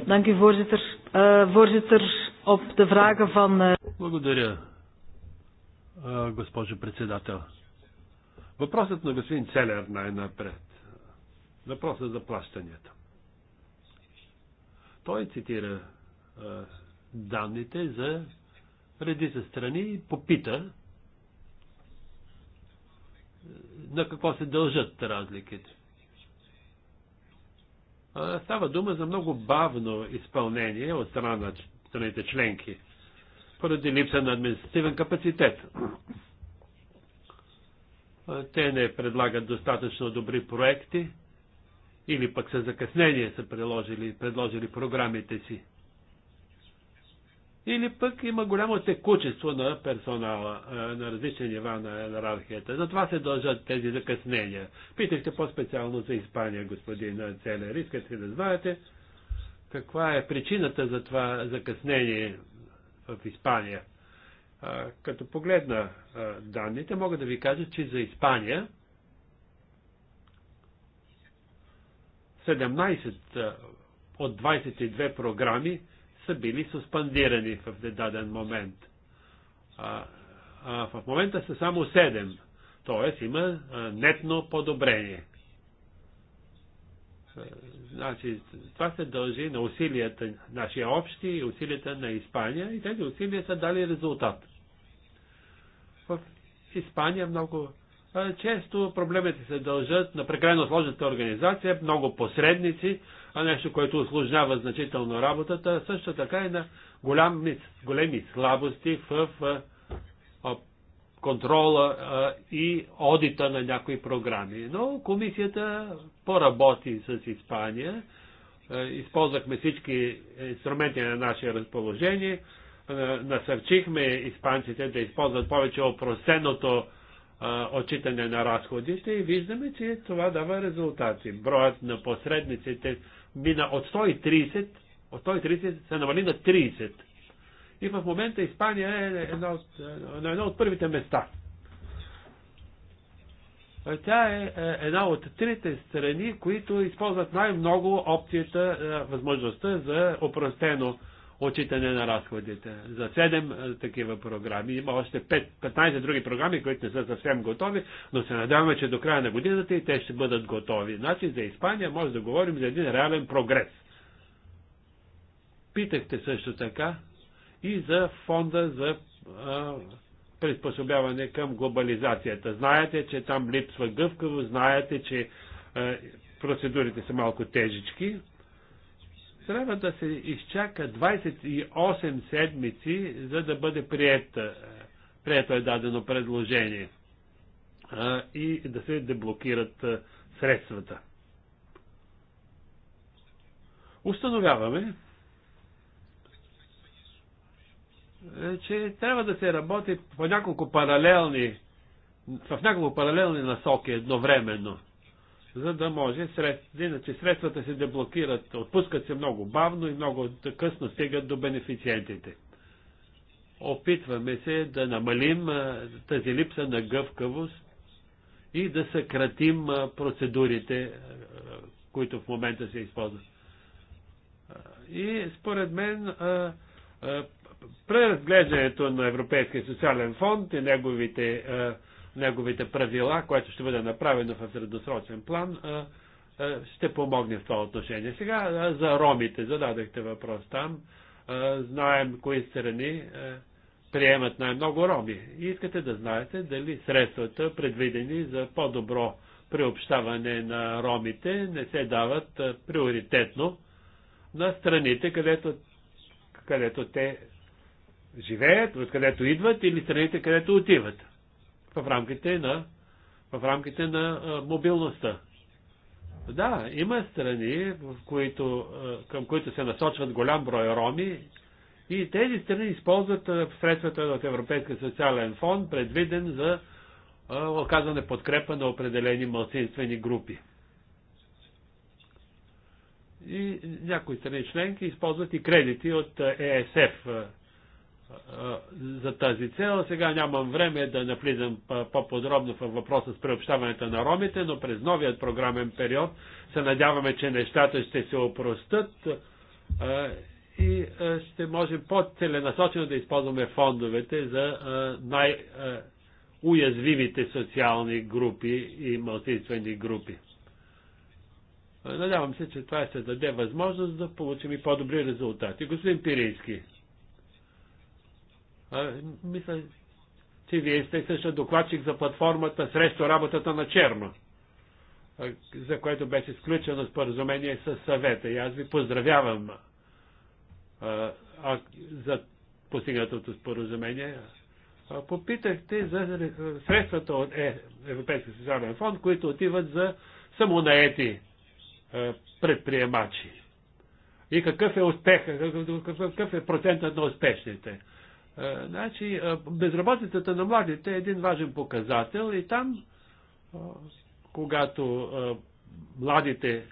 Dank u, voorzitter. Uh, voorzitter, op de vragen van... Uh... Благодаря, uh, госпожо председател. Въпросът на господин Целер най-напред. Въпросът за плащанията. Той цитира uh, данните за редица страни и попита на какво се дължат разликите. Става дума за много бавно изпълнение от страна на страните членки, поради липса на административен капацитет. Те не предлагат достатъчно добри проекти или пък със закъснение са предложили програмите си или пък има голямо текучество на персонала на различни нива на иерархията. това се дължат тези закъснения. Питахте по-специално за Испания, господин Целер. Искате да знаете каква е причината за това закъснение в Испания. Като погледна данните, мога да ви кажа, че за Испания 17 от 22 програми са били суспендирани в даден момент. А, а в момента са само 7, т.е. има нетно подобрение. Значи, това се дължи на усилията, нашия общи и усилията на Испания и тези усилия са дали резултат. В Испания много често проблемите се дължат на прекалено сложната организация, много посредници, нещо, което осложнява значително работата, също така и на големи, големи слабости в контрола и одита на някои програми. Но комисията поработи с Испания. Използвахме всички инструменти на наше разположение. Насърчихме испанците да използват повече опростеното отчитане на разходите и виждаме, че това дава резултати. Броят на посредниците мина от 130, от 130 се намали на 30. И в момента Испания е едно от, на едно от първите места. Тя е, е една от трите страни, които използват най-много опцията, е, възможността за опростено отчитане на разходите. За 7 такива програми. Има още 5, 15 други програми, които не са съвсем готови, но се надяваме, че до края на годината и те ще бъдат готови. Значи за Испания може да говорим за един реален прогрес. Питахте също така и за фонда за приспособяване към глобализацията. Знаете, че там липсва гъвкаво, знаете, че процедурите са малко тежички, трябва да се изчака 28 седмици, за да бъде прието, е, прието е дадено предложение а, е, и да се деблокират а, е, средствата. Установяваме, че трябва да се работи по няколко паралелни, в няколко паралелни насоки едновременно за да може средствата, иначе средствата се деблокират, отпускат се много бавно и много късно стигат до бенефициентите. Опитваме се да намалим тази липса на гъвкавост и да съкратим процедурите, които в момента се използват. И според мен преразглеждането на Европейския социален фонд и неговите неговите правила, което ще бъде направено в средосрочен план, ще помогне в това отношение. Сега за ромите зададахте въпрос там. Знаем кои страни приемат най-много роми. И искате да знаете дали средствата, предвидени за по-добро приобщаване на ромите, не се дават приоритетно на страните, където, където те живеят, откъдето идват или страните, където отиват в рамките на, в рамките на а, мобилността. Да, има страни, в които, а, към които се насочват голям брой роми и тези страни използват а, средствата от Европейския социален фонд, предвиден за а, оказване подкрепа на определени малцинствени групи. И някои страни членки използват и кредити от ЕСФ, за тази цел. Сега нямам време да навлизам по-подробно в въпроса с преобщаването на ромите, но през новият програмен период се надяваме, че нещата ще се опростат и ще можем по-целенасочено да използваме фондовете за най-уязвимите социални групи и малцинствени групи. Надявам се, че това ще даде възможност да получим и по-добри резултати. Господин Пирински. Мисля, че вие сте също докладчик за платформата срещу работата на черно, за което беше сключено споразумение с съвета. И аз ви поздравявам за постигнатото споразумение. Попитахте за средствата от е, Европейския социален фонд, които отиват за самонаети предприемачи. И какъв е успех, какъв е процентът на успешните. Е, значи, е, безработицата на младите е един важен показател и там, е, когато младите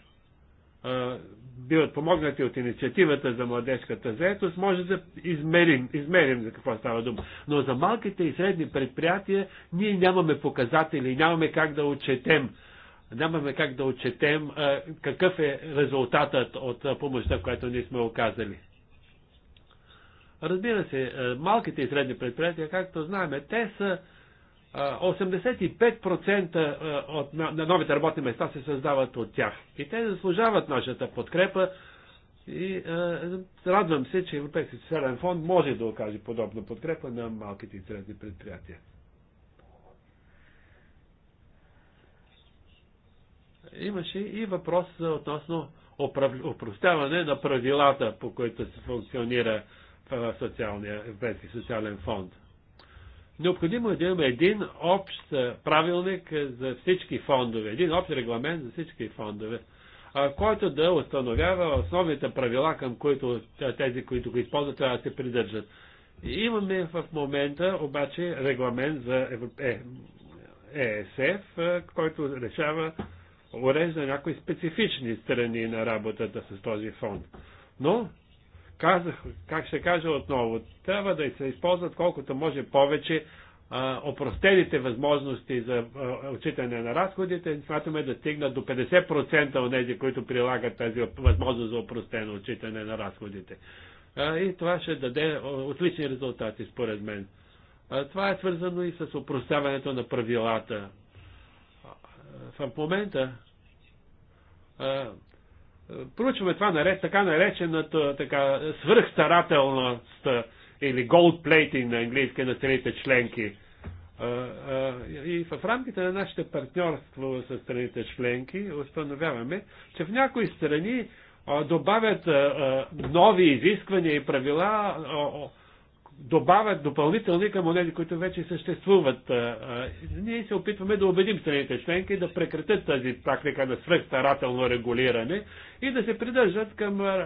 биват помогнати от инициативата за младежката заетост, може да измерим, измерим за какво става дума. Но за малките и средни предприятия ние нямаме показатели, нямаме как да отчетем нямаме как да отчетем какъв е резултатът от помощта, която ние сме оказали. Разбира се, е, малките и средни предприятия, както знаем, те са 85% е, е, от на новите работни места се създават от тях. И те заслужават нашата подкрепа и радвам се, че Европейския социален фонд може да окаже подобна подкрепа на малките и средни предприятия. Имаше и въпрос относно упростяване на правилата, по които се функционира в Европейски социален фонд. Необходимо е да имаме един общ правилник за всички фондове, един общ регламент за всички фондове, който да установява основните правила, към които тези, които го използват, трябва да се придържат. Имаме в момента обаче регламент за ЕСФ, е, е който решава, урежда някои специфични страни на работата с този фонд. Но Казах, как ще кажа отново, трябва да се използват колкото може повече а, опростените възможности за а, отчитане на разходите. Смятаме да стигнат до 50% от тези, които прилагат тази възможност за опростено отчитане на разходите. А, и това ще даде отлични резултати, според мен. А, това е свързано и с опростяването на правилата. В момента проучваме това наред, така наречената така, свръхстарателност или gold plating на английски на страните членки. И в рамките на нашите партньорство с страните членки установяваме, че в някои страни добавят нови изисквания и правила добавят допълнителни към онези, които вече съществуват. Ние се опитваме да убедим страните членки да прекратят тази практика на свръхстарателно регулиране и да се придържат към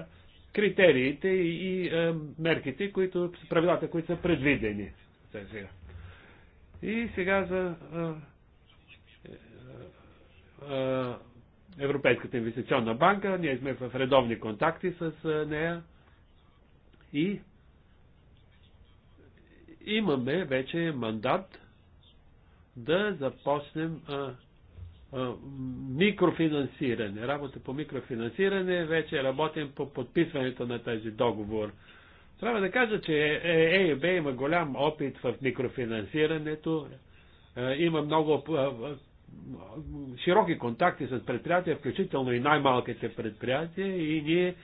критериите и мерките, които, правилата, които са предвидени. И сега за Европейската инвестиционна банка. Ние сме в редовни контакти с нея и имаме вече мандат да започнем а, а, микрофинансиране. Работа по микрофинансиране, вече работим по подписването на тази договор. Трябва да кажа, че ЕБ е има голям опит в микрофинансирането, има много широки контакти с предприятия, включително и най-малките предприятия и ние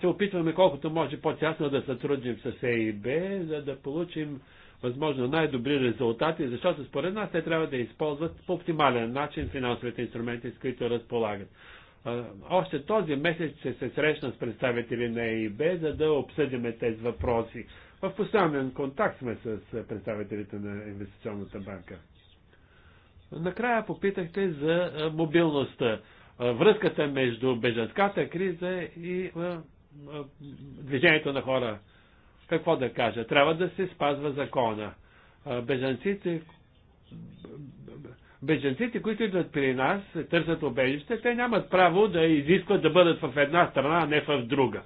се опитваме колкото може по-тясно да сътрудим с ЕИБ, за да получим възможно най-добри резултати, защото според нас те трябва да използват по оптимален начин финансовите инструменти, с които разполагат. Още този месец ще се срещна с представители на ЕИБ, за да обсъдиме тези въпроси. В постоянен контакт сме с представителите на Инвестиционната банка. Накрая попитахте за мобилността връзката между бежанската криза и движението на хора. Какво да кажа? Трябва да се спазва закона. Бежанците, бежанците, които идват при нас, търсят обежище, те нямат право да изискват да бъдат в една страна, а не в друга.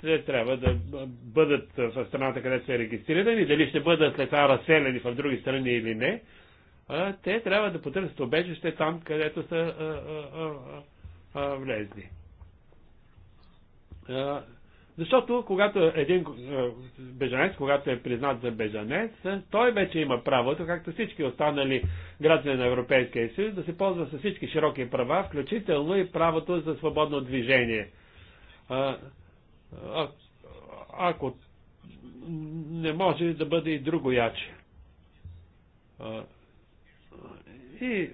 Те трябва да бъдат в страната, където са регистрирани, дали ще бъдат след това разселени в други страни или не, те трябва да потърсят обежище там, където са влезли. Защото когато един бежанец, когато е признат за бежанец, той вече има правото, както всички останали граждани на Европейския съюз, да се ползва с всички широки права, включително и правото за свободно движение. А, а, ако не може да бъде и друго яче. И е,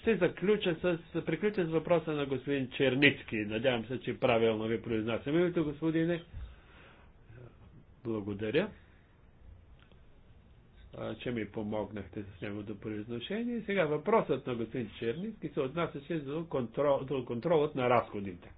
ще заключа с, приключа с въпроса на господин Черницки. Надявам се, че правилно ви произнасям името, господине. Благодаря, че ми помогнахте с неговото произношение. И сега въпросът на господин Черницки се отнасяше до, контрол, до контролът на разходите.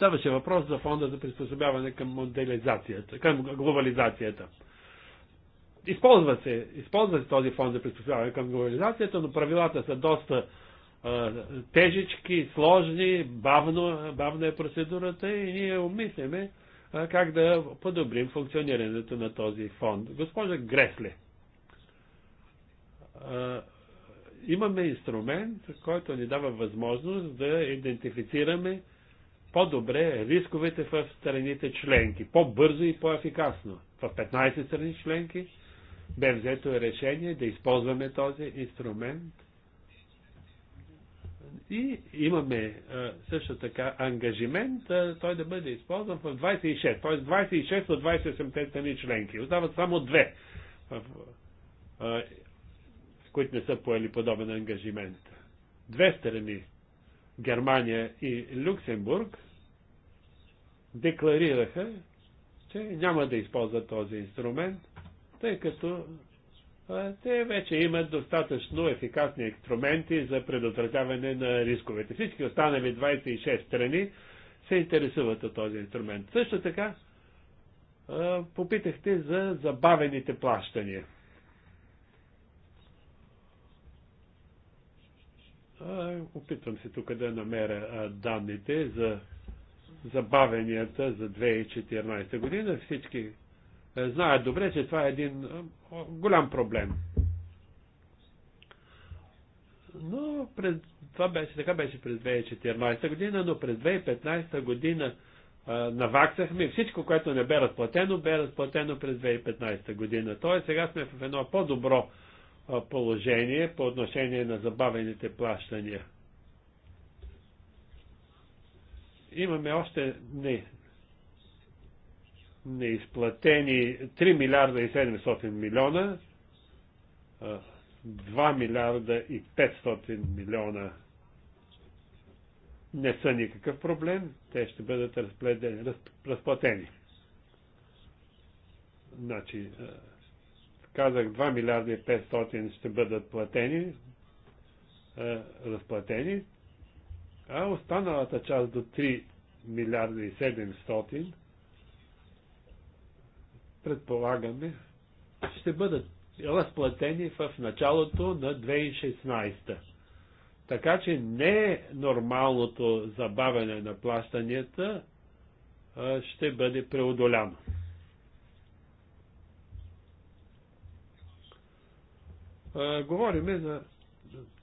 Ставаше въпрос за фонда за приспособяване към моделизацията, към глобализацията. Използва се, използва се този фонд за приспособяване към глобализацията, но правилата са доста а, тежички, сложни, бавно, бавна е процедурата и ние обмисляме а, как да подобрим функционирането на този фонд. Госпожа Гресле, имаме инструмент, който ни дава възможност да идентифицираме по-добре рисковете в страните членки, по-бързо и по-ефикасно. В 15 страни членки бе взето решение да използваме този инструмент и имаме е, също така ангажимент е, той да бъде използван в 26, т.е. 26 от 28 страни членки. Остават само две, е, които не са поели подобен ангажимент. Две страни Германия и Люксембург декларираха, че няма да използват този инструмент, тъй като те вече имат достатъчно ефикасни инструменти за предотвратяване на рисковете. Всички останали 26 страни се интересуват от този инструмент. Също така, попитахте за забавените плащания. Опитвам се тук да намеря данните за забавенията за 2014 година. Всички знаят добре, че това е един голям проблем. Но през, това беше, така беше през 2014 година, но през 2015 година наваксахме всичко, което не бе разплатено, бе разплатено през 2015 година. Тоест сега сме в едно по-добро положение по отношение на забавените плащания. Имаме още не, неизплатени 3 милиарда и 700 милиона, 2 милиарда и 500 милиона не са никакъв проблем, те ще бъдат разплатени. Значи, Казах 2 милиарда и 500 ще бъдат платени, разплатени, а останалата част до 3 милиарда и 700 предполагаме ще бъдат разплатени в началото на 2016. Така че не е нормалното забавяне на плащанията ще бъде преодоляно. говориме за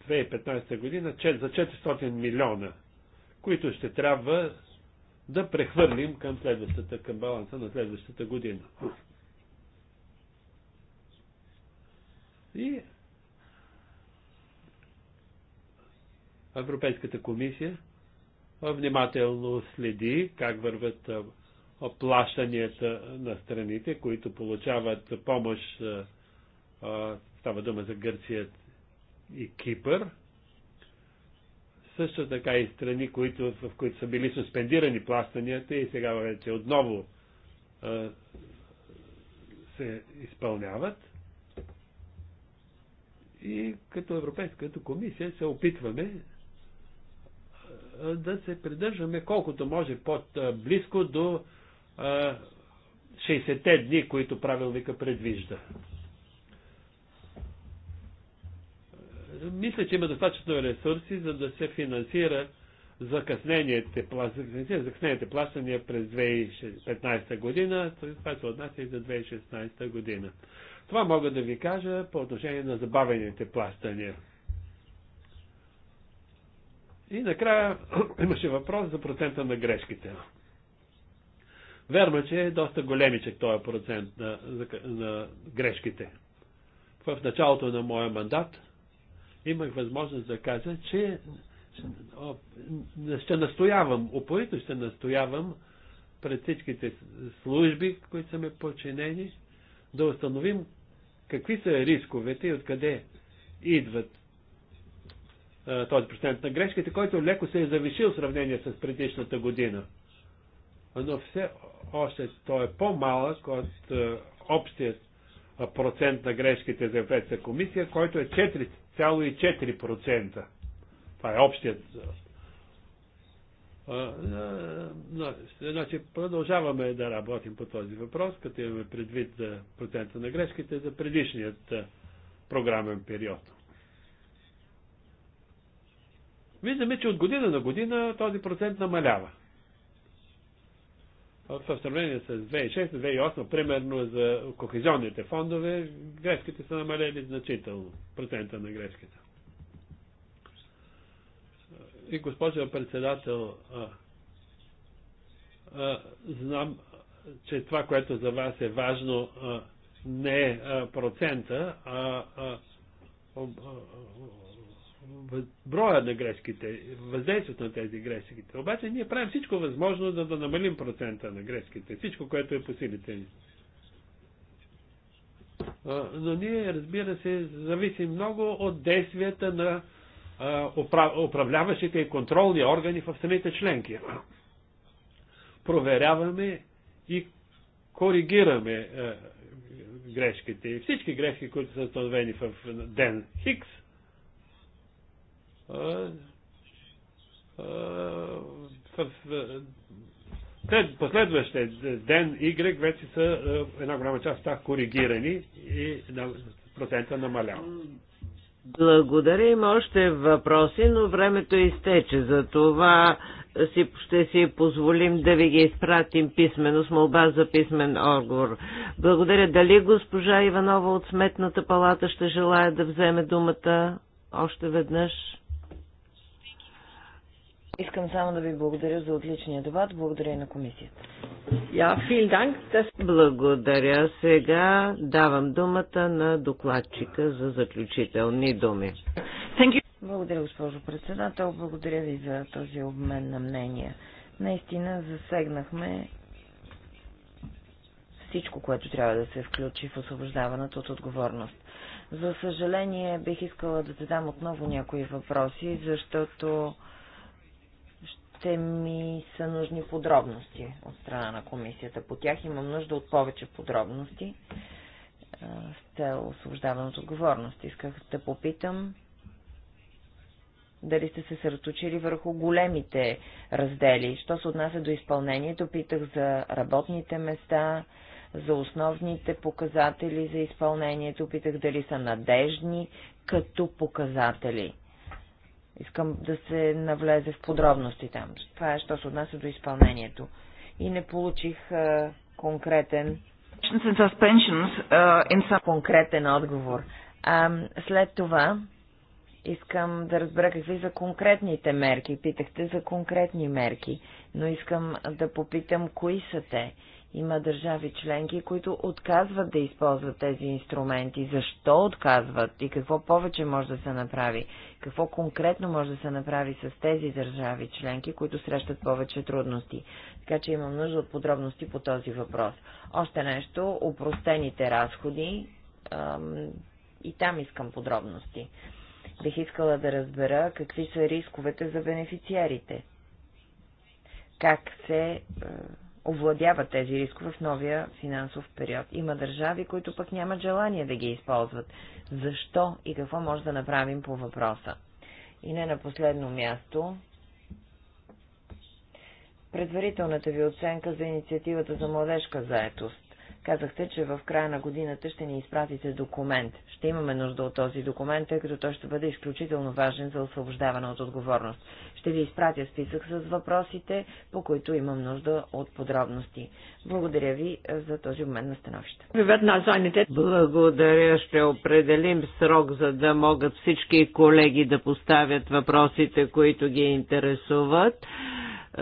2015 година за 400 милиона, които ще трябва да прехвърлим към следващата, към баланса на следващата година. И Европейската комисия внимателно следи как върват плащанията на страните, които получават помощ Става дума за Гърция и Кипър. Също така и страни, които, в които са били суспендирани плащанията и сега вече отново а, се изпълняват. И като Европейската комисия се опитваме да се придържаме колкото може по-близко до 60-те дни, които правилника предвижда. мисля, че има достатъчно ресурси, за да се финансира закъснените, закъснените плащания през 2015 година, това се отнася и за 2016 година. Това мога да ви кажа по отношение на забавените плащания. И накрая имаше въпрос за процента на грешките. Верно, че е доста големичък този процент на, на грешките. В началото на моя мандат имах възможност да кажа, че ще настоявам, упорито ще настоявам пред всичките служби, които са ме подчинени, да установим какви са рисковете и откъде идват този процент на грешките, който леко се е завишил в сравнение с предишната година. Но все още той е по-малък от общият процент на грешките за Европейската комисия, който е 4 6,4%. Това е общият. Значи продължаваме да работим по този въпрос, като имаме предвид за процента на грешките за предишният програмен период. Виждаме, че от година на година този процент намалява в сравнение с 2006-2008, примерно за кохезионните фондове, грешките са намалели значително, процента на грешките. И госпожа председател, а, а, знам, че това, което за вас е важно, а, не е процента, а, а, а, а броя на грешките, въздействието на тези грешките. Обаче ние правим всичко възможно, за да намалим процента на грешките. Всичко, което е по силите ни. Но ние, разбира се, зависим много от действията на управляващите и контролни органи в самите членки. Проверяваме и коригираме грешките. И всички грешки, които са установени в ден Хикс, е, е, е, след последващия ден Y вече са една голяма част тях коригирани и процента намалява. Благодаря. Има още въпроси, но времето изтече. За това си, ще си позволим да ви ги изпратим писменно с молба за писмен отговор. Благодаря. Дали госпожа Иванова от Сметната палата ще желая да вземе думата още веднъж? Искам само да ви благодаря за отличния дебат. Благодаря и на комисията. Я, филдан, Благодаря. Сега давам думата на докладчика за заключителни думи. Благодаря, госпожо председател. Благодаря ви за този обмен на мнения. Наистина засегнахме всичко, което трябва да се включи в освобождаването от отговорност. За съжаление, бих искала да задам отново някои въпроси, защото ще ми са нужни подробности от страна на комисията. По тях имам нужда от повече подробности е, с цел освобождаване от отговорност. Исках да попитам дали сте се съсредоточили върху големите раздели. Що се отнася до изпълнението, питах за работните места, за основните показатели за изпълнението, питах дали са надежни като показатели. Искам да се навлезе в подробности там. Това е, що се отнася до изпълнението. И не получих а, конкретен uh, конкретен отговор. А, след това искам да разбера какви са конкретните мерки. Питахте за конкретни мерки, но искам да попитам кои са те има държави членки, които отказват да използват тези инструменти. Защо отказват и какво повече може да се направи? Какво конкретно може да се направи с тези държави членки, които срещат повече трудности? Така че имам нужда от подробности по този въпрос. Още нещо, упростените разходи. И там искам подробности. Бих искала да разбера какви са рисковете за бенефициарите. Как се овладяват тези рискове в новия финансов период. Има държави, които пък нямат желание да ги използват. Защо и какво може да направим по въпроса? И не на последно място, предварителната ви оценка за инициативата за младежка заетост. Казахте, че в края на годината ще ни изпратите документ. Ще имаме нужда от този документ, тъй като той ще бъде изключително важен за освобождаване от отговорност. Ще ви изпратя списък с въпросите, по които имам нужда от подробности. Благодаря ви за този момент на становище. Благодаря. Ще определим срок, за да могат всички колеги да поставят въпросите, които ги интересуват. Е,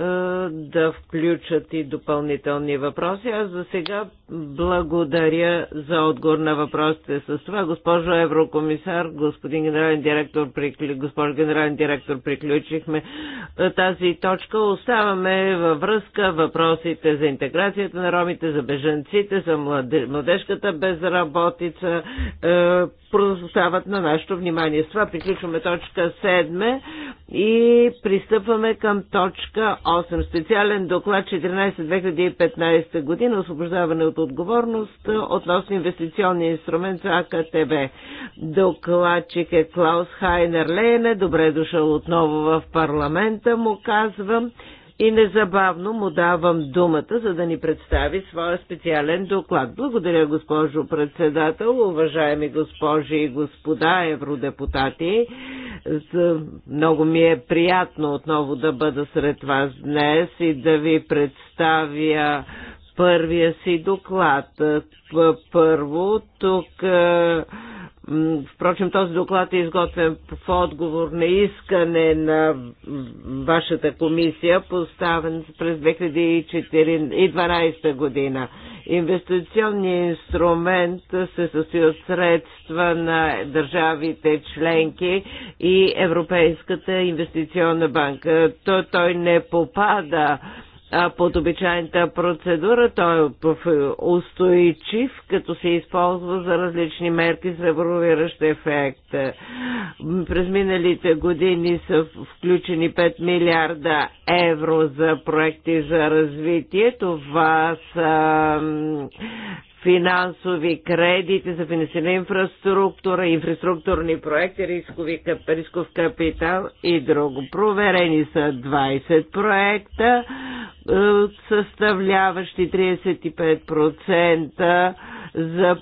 да включат и допълнителни въпроси. Аз за сега благодаря за отговор на въпросите с това. Госпожо Еврокомисар, господин генерален директор, госпожо генерален директор, приключихме е, тази точка. Оставаме във връзка въпросите за интеграцията на ромите, за беженците, за младежката безработица, е, Продължават на нашето внимание. С това приключваме точка 7 и пристъпваме към точка 8. Специален доклад 14-2015 година освобождаване от отговорност относно инвестиционния инструмент за АКТБ. Докладчик е Клаус Хайнер Лейне. Добре е дошъл отново в парламента, му казвам и незабавно му давам думата, за да ни представи своя специален доклад. Благодаря, госпожо председател, уважаеми госпожи и господа евродепутати. Много ми е приятно отново да бъда сред вас днес и да ви представя първия си доклад. Първо, тук е, Впрочем, този доклад е изготвен в отговор на искане на вашата комисия, поставен през 2012 година. Инвестиционният инструмент се състои от средства на държавите членки и Европейската инвестиционна банка. той не попада под обичайната процедура. Той е устойчив, като се използва за различни мерки с ревровиращ ефект. През миналите години са включени 5 милиарда евро за проекти за развитие. Това са финансови кредити за финансирана инфраструктура, инфраструктурни проекти, рискови, рисков капитал и друго. Проверени са 20 проекта, е, съставляващи 35% за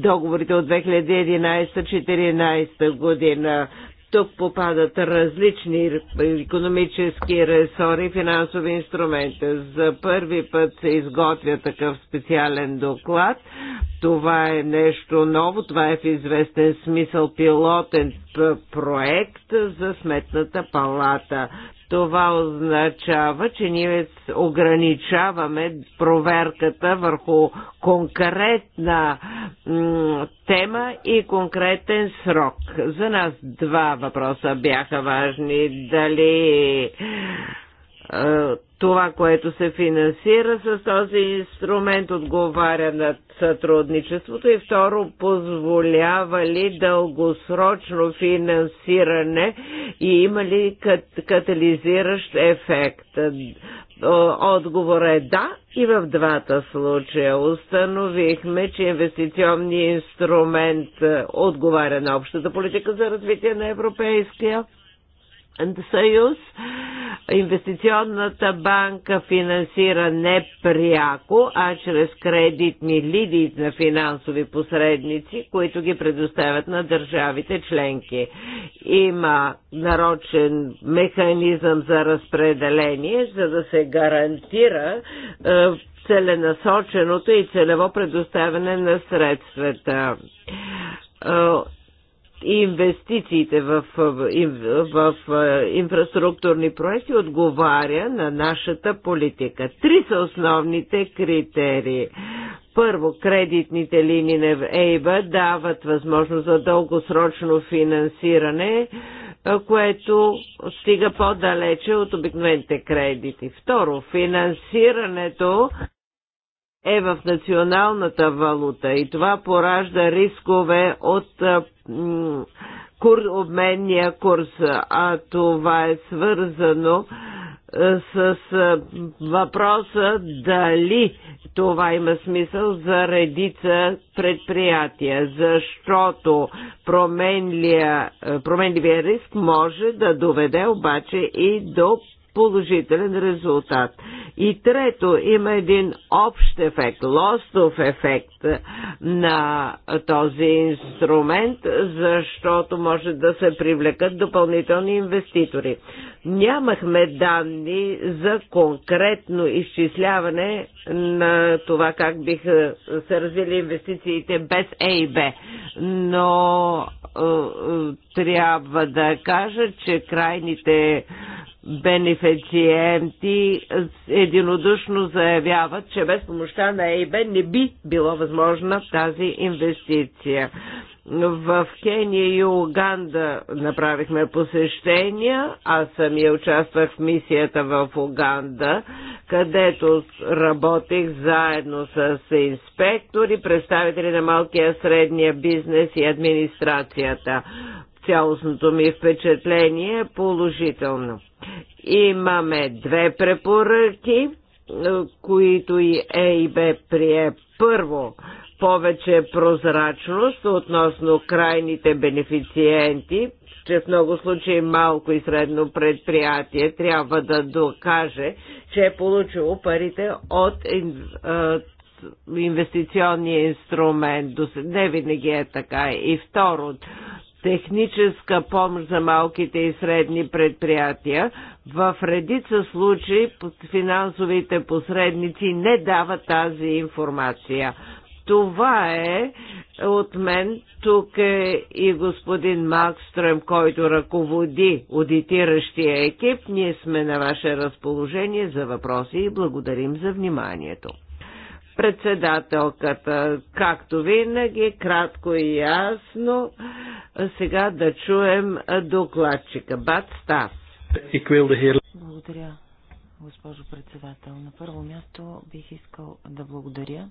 договорите от 2011-2014 година. Тук попадат различни економически ресори, финансови инструменти. За първи път се изготвя такъв специален доклад. Това е нещо ново, това е в известен смисъл пилотен проект за сметната палата. Това означава, че ние ограничаваме проверката върху конкретна тема и конкретен срок. За нас два въпроса бяха важни. Дали това, което се финансира с този инструмент, отговаря на сътрудничеството и второ, позволява ли дългосрочно финансиране и има ли кат- катализиращ ефект? Отговор е да и в двата случая. Установихме, че инвестиционният инструмент е, отговаря на общата политика за развитие на европейския съюз. Инвестиционната банка финансира не пряко, а чрез кредитни лиди на финансови посредници, които ги предоставят на държавите членки. Има нарочен механизъм за разпределение, за да се гарантира е, целенасоченото и целево предоставяне на средствата е, инвестициите в, в, в, в инфраструктурни проекти отговаря на нашата политика. Три са основните критерии. Първо, кредитните линии на ЕИБА дават възможност за дългосрочно финансиране, което стига по-далече от обикновените кредити. Второ, финансирането е в националната валута и това поражда рискове от кур, обменния курс, а това е свързано с въпроса дали това има смисъл за редица предприятия, защото променливия риск може да доведе обаче и до положителен резултат. И трето, има един общ ефект, лостов ефект на този инструмент, защото може да се привлекат допълнителни инвеститори. Нямахме данни за конкретно изчисляване на това как биха се развили инвестициите без ЕИБ, но е, е, трябва да кажа, че крайните бенефициенти единодушно заявяват, че без помощта на ЕИБ не би било възможна тази инвестиция. В Кения и Уганда направихме посещения. Аз самия участвах в мисията в Уганда, където работих заедно с инспектори, представители на малкия средния бизнес и администрацията Цялостното ми впечатление е положително. Имаме две препоръки, е, които и ЕИБ прие първо повече прозрачност относно крайните бенефициенти, че в много случаи малко и средно предприятие трябва да докаже, че е получило парите от е, инвестиционния инструмент. Не винаги е така. И второ, техническа помощ за малките и средни предприятия, в редица случаи финансовите посредници не дават тази информация. Това е от мен. Тук е и господин Макстрем, който ръководи аудитиращия екип. Ние сме на ваше разположение за въпроси и благодарим за вниманието. Председателката, както винаги, кратко и ясно, сега да чуем докладчика. Бат Стас. Благодаря, госпожо председател. На първо място бих искал да благодаря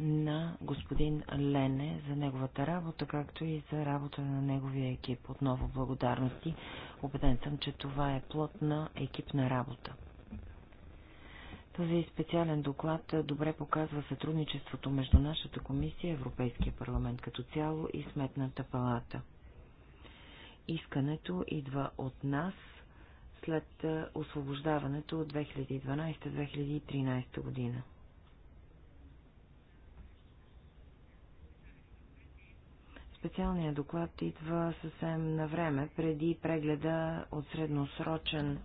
на господин Лене за неговата работа, както и за работа на неговия екип. Отново благодарности. Обеден съм, че това е плод на екипна работа. Този специален доклад добре показва сътрудничеството между нашата комисия, Европейския парламент като цяло и Сметната палата. Искането идва от нас след освобождаването от 2012-2013 година. Специалният доклад идва съвсем на време, преди прегледа от средносрочен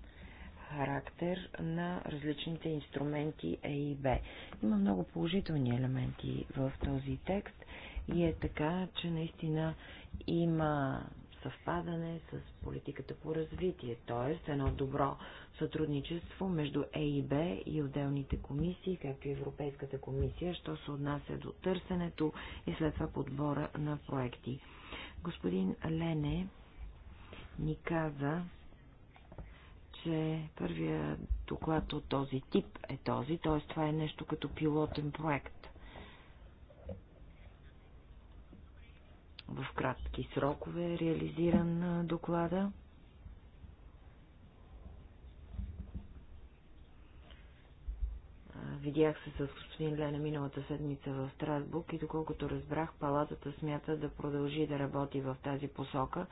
характер на различните инструменти Е и Б. Има много положителни елементи в този текст и е така, че наистина има съвпадане с политиката по развитие, т.е. едно добро сътрудничество между Е и Б и отделните комисии, както и Европейската комисия, що се отнася до търсенето и след това подбора на проекти. Господин Лене ни каза, че първия доклад от този тип е този, т.е. това е нещо като пилотен проект. В кратки срокове е реализиран доклада. Видях се с господин Лена миналата седмица в Страсбург и доколкото разбрах, палатата смята да продължи да работи в тази посока,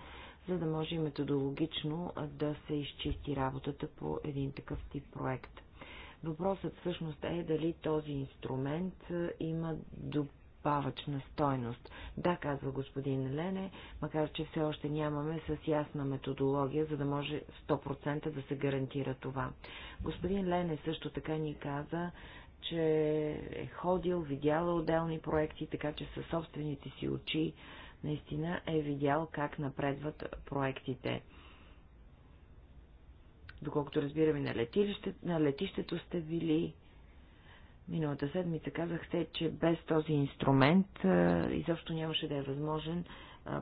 за да може методологично да се изчисти работата по един такъв тип проект. Въпросът всъщност е дали този инструмент има добавъчна стойност. Да, казва господин Лене, макар че все още нямаме с ясна методология, за да може 100% да се гарантира това. Господин Лене също така ни каза, че е ходил, видяла отделни проекти, така че със собствените си очи наистина е видял как напредват проектите. Доколкото разбираме на, летище, на летището сте били, миналата седмица казахте, че без този инструмент изобщо нямаше да е възможен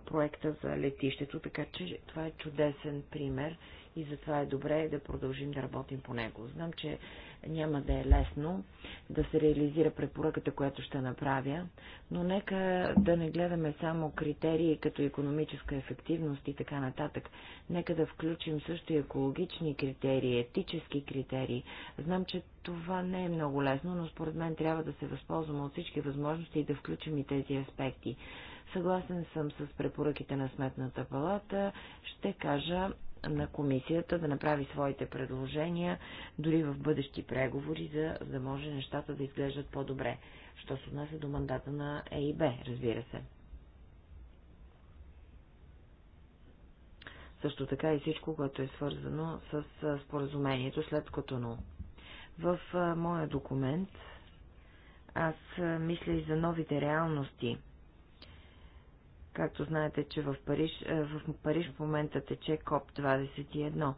проекта за летището, така че това е чудесен пример и затова е добре да продължим да работим по него. Знам, че няма да е лесно да се реализира препоръката, която ще направя, но нека да не гледаме само критерии като економическа ефективност и така нататък. Нека да включим също и екологични критерии, етически критерии. Знам, че това не е много лесно, но според мен трябва да се възползваме от всички възможности и да включим и тези аспекти. Съгласен съм с препоръките на Сметната палата. Ще кажа на комисията да направи своите предложения, дори в бъдещи преговори, за да може нещата да изглеждат по-добре. Що се отнася до мандата на ЕИБ, разбира се. Също така и всичко, което е свързано с споразумението след но В моя документ аз мисля и за новите реалности – Както знаете, че в Париж, е, в Париж в момента тече КОП-21.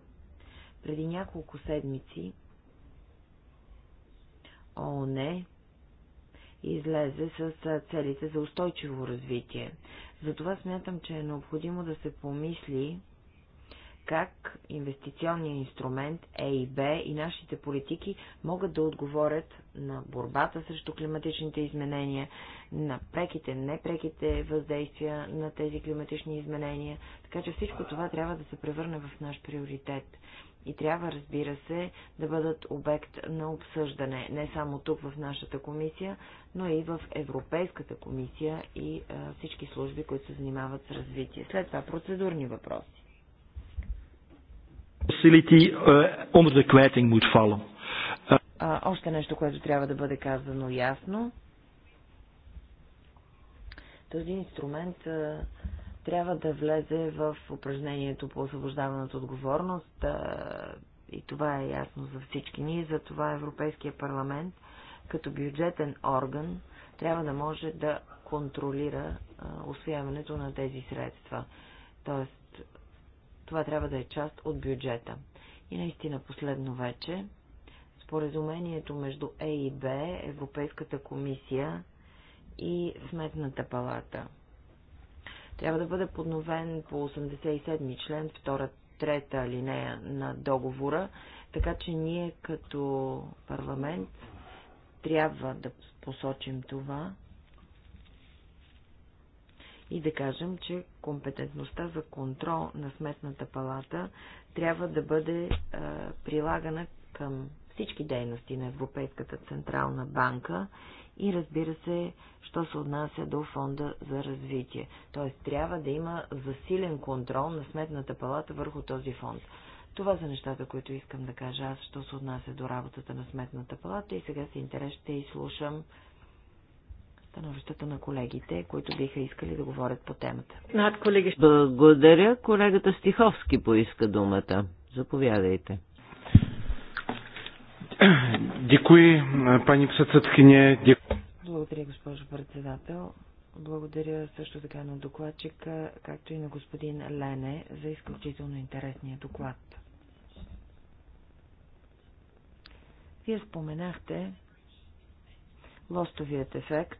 Преди няколко седмици ООН излезе с е, целите за устойчиво развитие. Затова смятам, че е необходимо да се помисли как инвестиционният инструмент ЕИБ и нашите политики могат да отговорят на борбата срещу климатичните изменения, на преките, непреките въздействия на тези климатични изменения. Така че всичко това трябва да се превърне в наш приоритет. И трябва, разбира се, да бъдат обект на обсъждане, не само тук в нашата комисия, но и в Европейската комисия и а, всички служби, които се занимават с развитие. След това процедурни въпроси facility eh, onder de kwijting moet vallen. Още нещо, което трябва да бъде казано ясно. Този инструмент е, трябва да влезе в упражнението по освобождаване от отговорност е, и това е ясно за всички ние, за това Европейския парламент като бюджетен орган трябва да може да контролира а, е, освояването на тези средства. Тоест, това трябва да е част от бюджета. И наистина последно вече, споразумението между Е и Б, Европейската комисия и Сметната палата. Трябва да бъде подновен по 87 член, втора, трета линея на договора, така че ние като парламент трябва да посочим това и да кажем, че компетентността за контрол на сметната палата трябва да бъде а, е, прилагана към всички дейности на Европейската централна банка и разбира се, що се отнася до фонда за развитие. Т.е. трябва да има засилен контрол на сметната палата върху този фонд. Това са нещата, които искам да кажа аз, що се отнася до работата на сметната палата и сега с интерес ще изслушам становищата на колегите, които биха искали да говорят по темата. Над колеги... Благодаря. Колегата Стиховски поиска думата. Заповядайте. Дякую, пани председкиня. Благодаря, госпожо председател. Благодаря също така на докладчика, както и на господин Лене за изключително интересния доклад. Вие споменахте лостовият ефект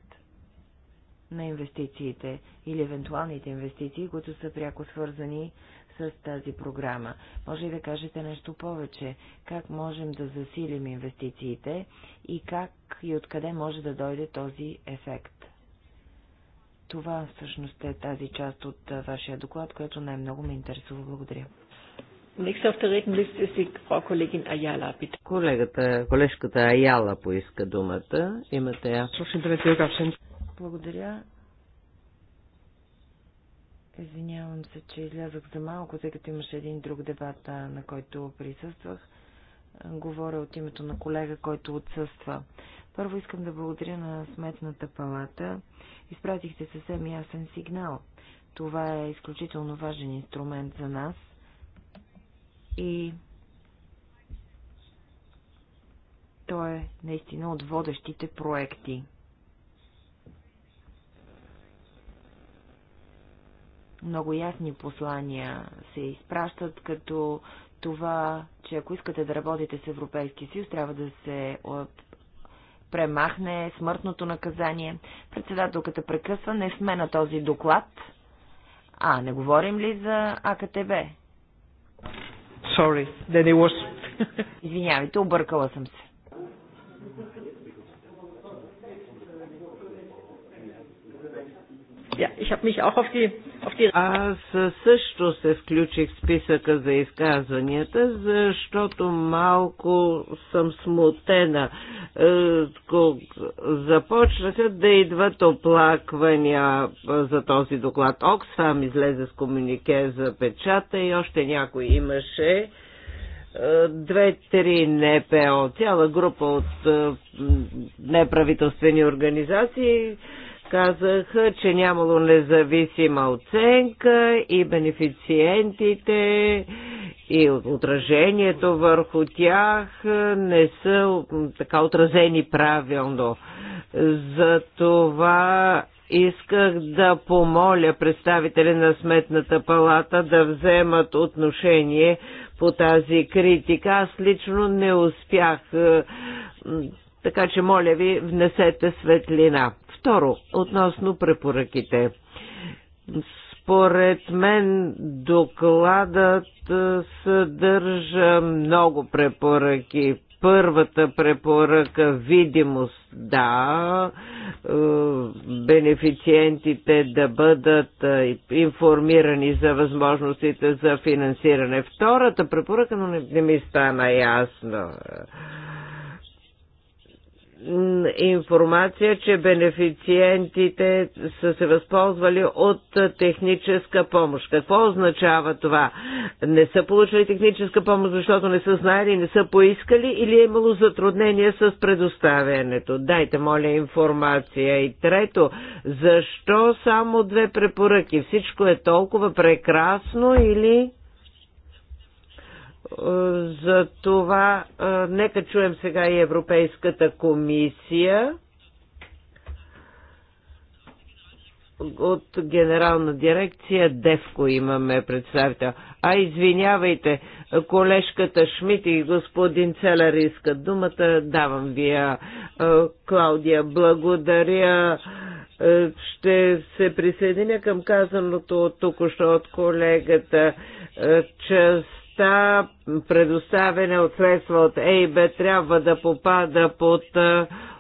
на инвестициите или евентуалните инвестиции, които са пряко свързани с тази програма. Може ли да кажете нещо повече? Как можем да засилим инвестициите и как и откъде може да дойде този ефект? Това всъщност е тази част от вашия доклад, която най-много ме интересува. Благодаря. Колегата, колежката Аяла поиска думата. Имате я. Благодаря. Извинявам се, че излязах за малко, тъй като имаше един друг дебат, на който присъствах. Говоря от името на колега, който отсъства. Първо искам да благодаря на Сметната палата. Изпратихте съвсем ясен сигнал. Това е изключително важен инструмент за нас. И той е наистина от водещите проекти. Много ясни послания се изпращат, като това, че ако искате да работите с Европейския съюз, трябва да се премахне смъртното наказание. Председателката прекъсва, не сме на този доклад. А, не говорим ли за АКТБ? Sorry, then it was... Извинявайте, объркала съм се. Аз също се включих в списъка за изказванията, защото малко съм смутена. Е, започнаха да идват оплаквания е, за този доклад. Оксфам излезе с комунике за печата и още някой имаше е, две-три НПО, цяла група от неправителствени организации казах, че нямало независима оценка и бенефициентите и отражението върху тях не са така отразени правилно. Затова исках да помоля представители на Сметната палата да вземат отношение по тази критика. Аз лично не успях, така че моля ви, внесете светлина. Второ, относно препоръките. Според мен докладът съдържа много препоръки. Първата препоръка видимост, да, бенефициентите да бъдат информирани за възможностите за финансиране. Втората препоръка, но не, ми стана ясно информация, че бенефициентите са се възползвали от техническа помощ. Какво означава това? Не са получили техническа помощ, защото не са знаели, не са поискали или е имало затруднение с предоставянето? Дайте, моля, информация. И трето, защо само две препоръки? Всичко е толкова прекрасно или... За това нека чуем сега и Европейската комисия от генерална дирекция Девко имаме представител. А извинявайте, колежката Шмидт и господин Целер искат думата. Давам ви Клаудия. Благодаря. Ще се присъединя към казаното от що от колегата. Част та предоставена от средства от ЕИБ, трябва да попада под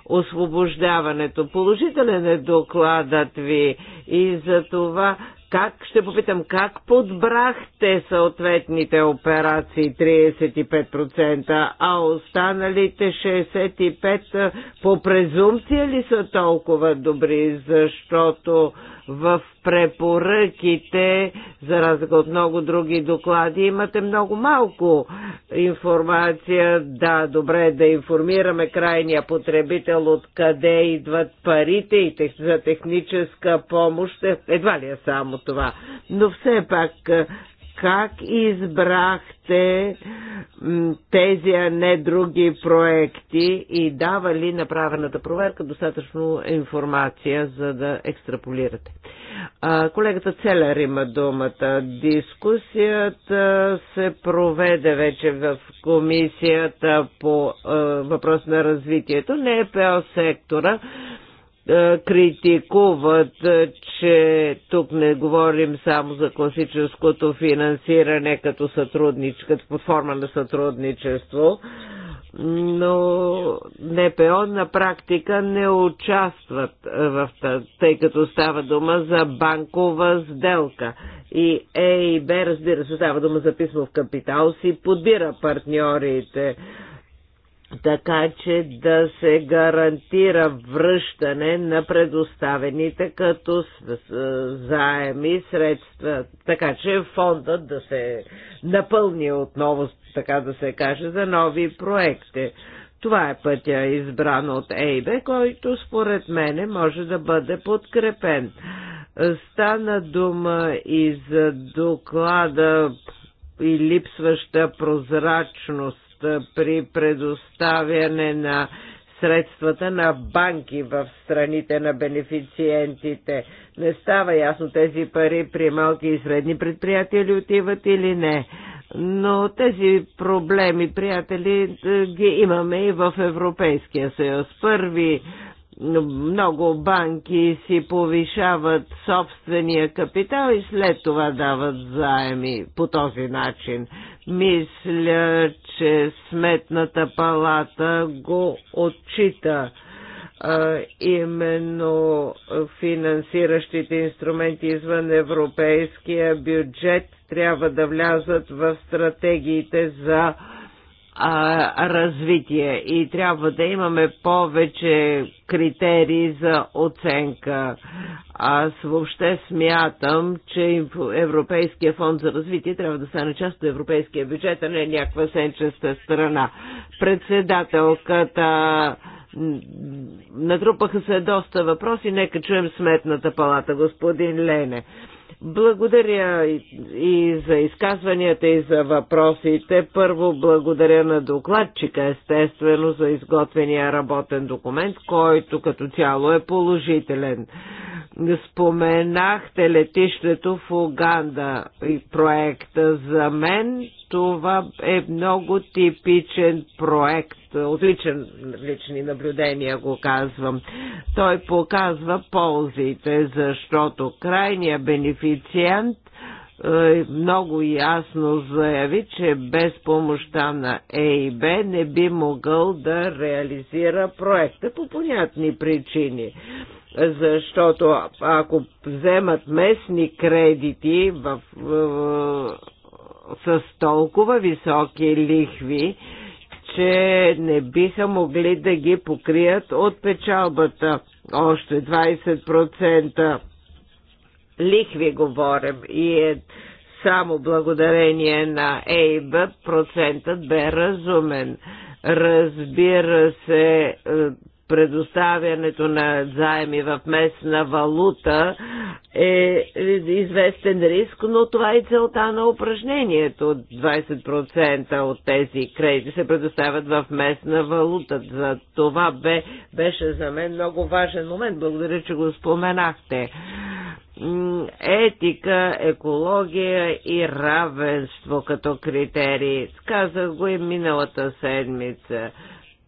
освобождаването. Положителен е докладът ви и за това как, ще попитам, как подбрахте съответните операции 35%, а останалите 65% по презумпция ли са толкова добри, защото в препоръките, за разлика от много други доклади, имате много малко информация. Да, добре е да информираме крайния потребител откъде идват парите и за техническа помощ. Едва ли е само това. Но все пак как избрахте тези, а не други проекти и дава ли направената проверка достатъчно информация, за да екстраполирате? Колегата Целер има думата. Дискусията се проведе вече в комисията по въпрос на развитието, не е ПО сектора, е, критикуват, е, че тук не говорим само за класическото финансиране като, сътрудничка, под форма на сътрудничество, но НПО на практика не участват е, в тъй като става дума за банкова сделка. И ЕИБ, разбира се, става дума за писмов капитал, си подбира партньорите така че да се гарантира връщане на предоставените като заеми средства, така че фондът да се напълни отново, така да се каже, за нови проекти. Това е пътя избран от Ейбе, който според мене може да бъде подкрепен. Стана дума и за доклада и липсваща прозрачност при предоставяне на средствата на банки в страните на бенефициентите. Не става ясно тези пари при малки и средни предприятия ли отиват или не. Но тези проблеми, приятели, ги имаме и в Европейския съюз. Първи много банки си повишават собствения капитал и след това дават заеми по този начин. Мисля, че Сметната палата го отчита именно финансиращите инструменти извън европейския бюджет трябва да влязат в стратегиите за а, развитие и трябва да имаме повече критерии за оценка. Аз въобще смятам, че Европейския фонд за развитие трябва да стане част от европейския бюджет, а не някаква сенчеста страна. Председателката натрупаха се доста въпроси. Нека чуем сметната палата, господин Лене. Благодаря и за изказванията и за въпросите. Първо благодаря на докладчика, естествено, за изготвения работен документ, който като цяло е положителен. Споменахте летището в Уганда и проекта. За мен това е много типичен проект. Отличен лични наблюдения го казвам. Той показва ползите, защото крайният бенефициент е, много ясно заяви, че без помощта на ЕИБ не би могъл да реализира проекта по понятни причини защото ако вземат местни кредити в, в, в, с толкова високи лихви, че не биха могли да ги покрият от печалбата. Още 20% лихви говорим и е само благодарение на ЕИБ процентът бе разумен. Разбира се, предоставянето на заеми в местна валута е известен риск, но това е целта на упражнението. 20% от тези кредити се предоставят в местна валута. За това бе, беше за мен много важен момент. Благодаря, че го споменахте етика, екология и равенство като критерии. Сказах го и миналата седмица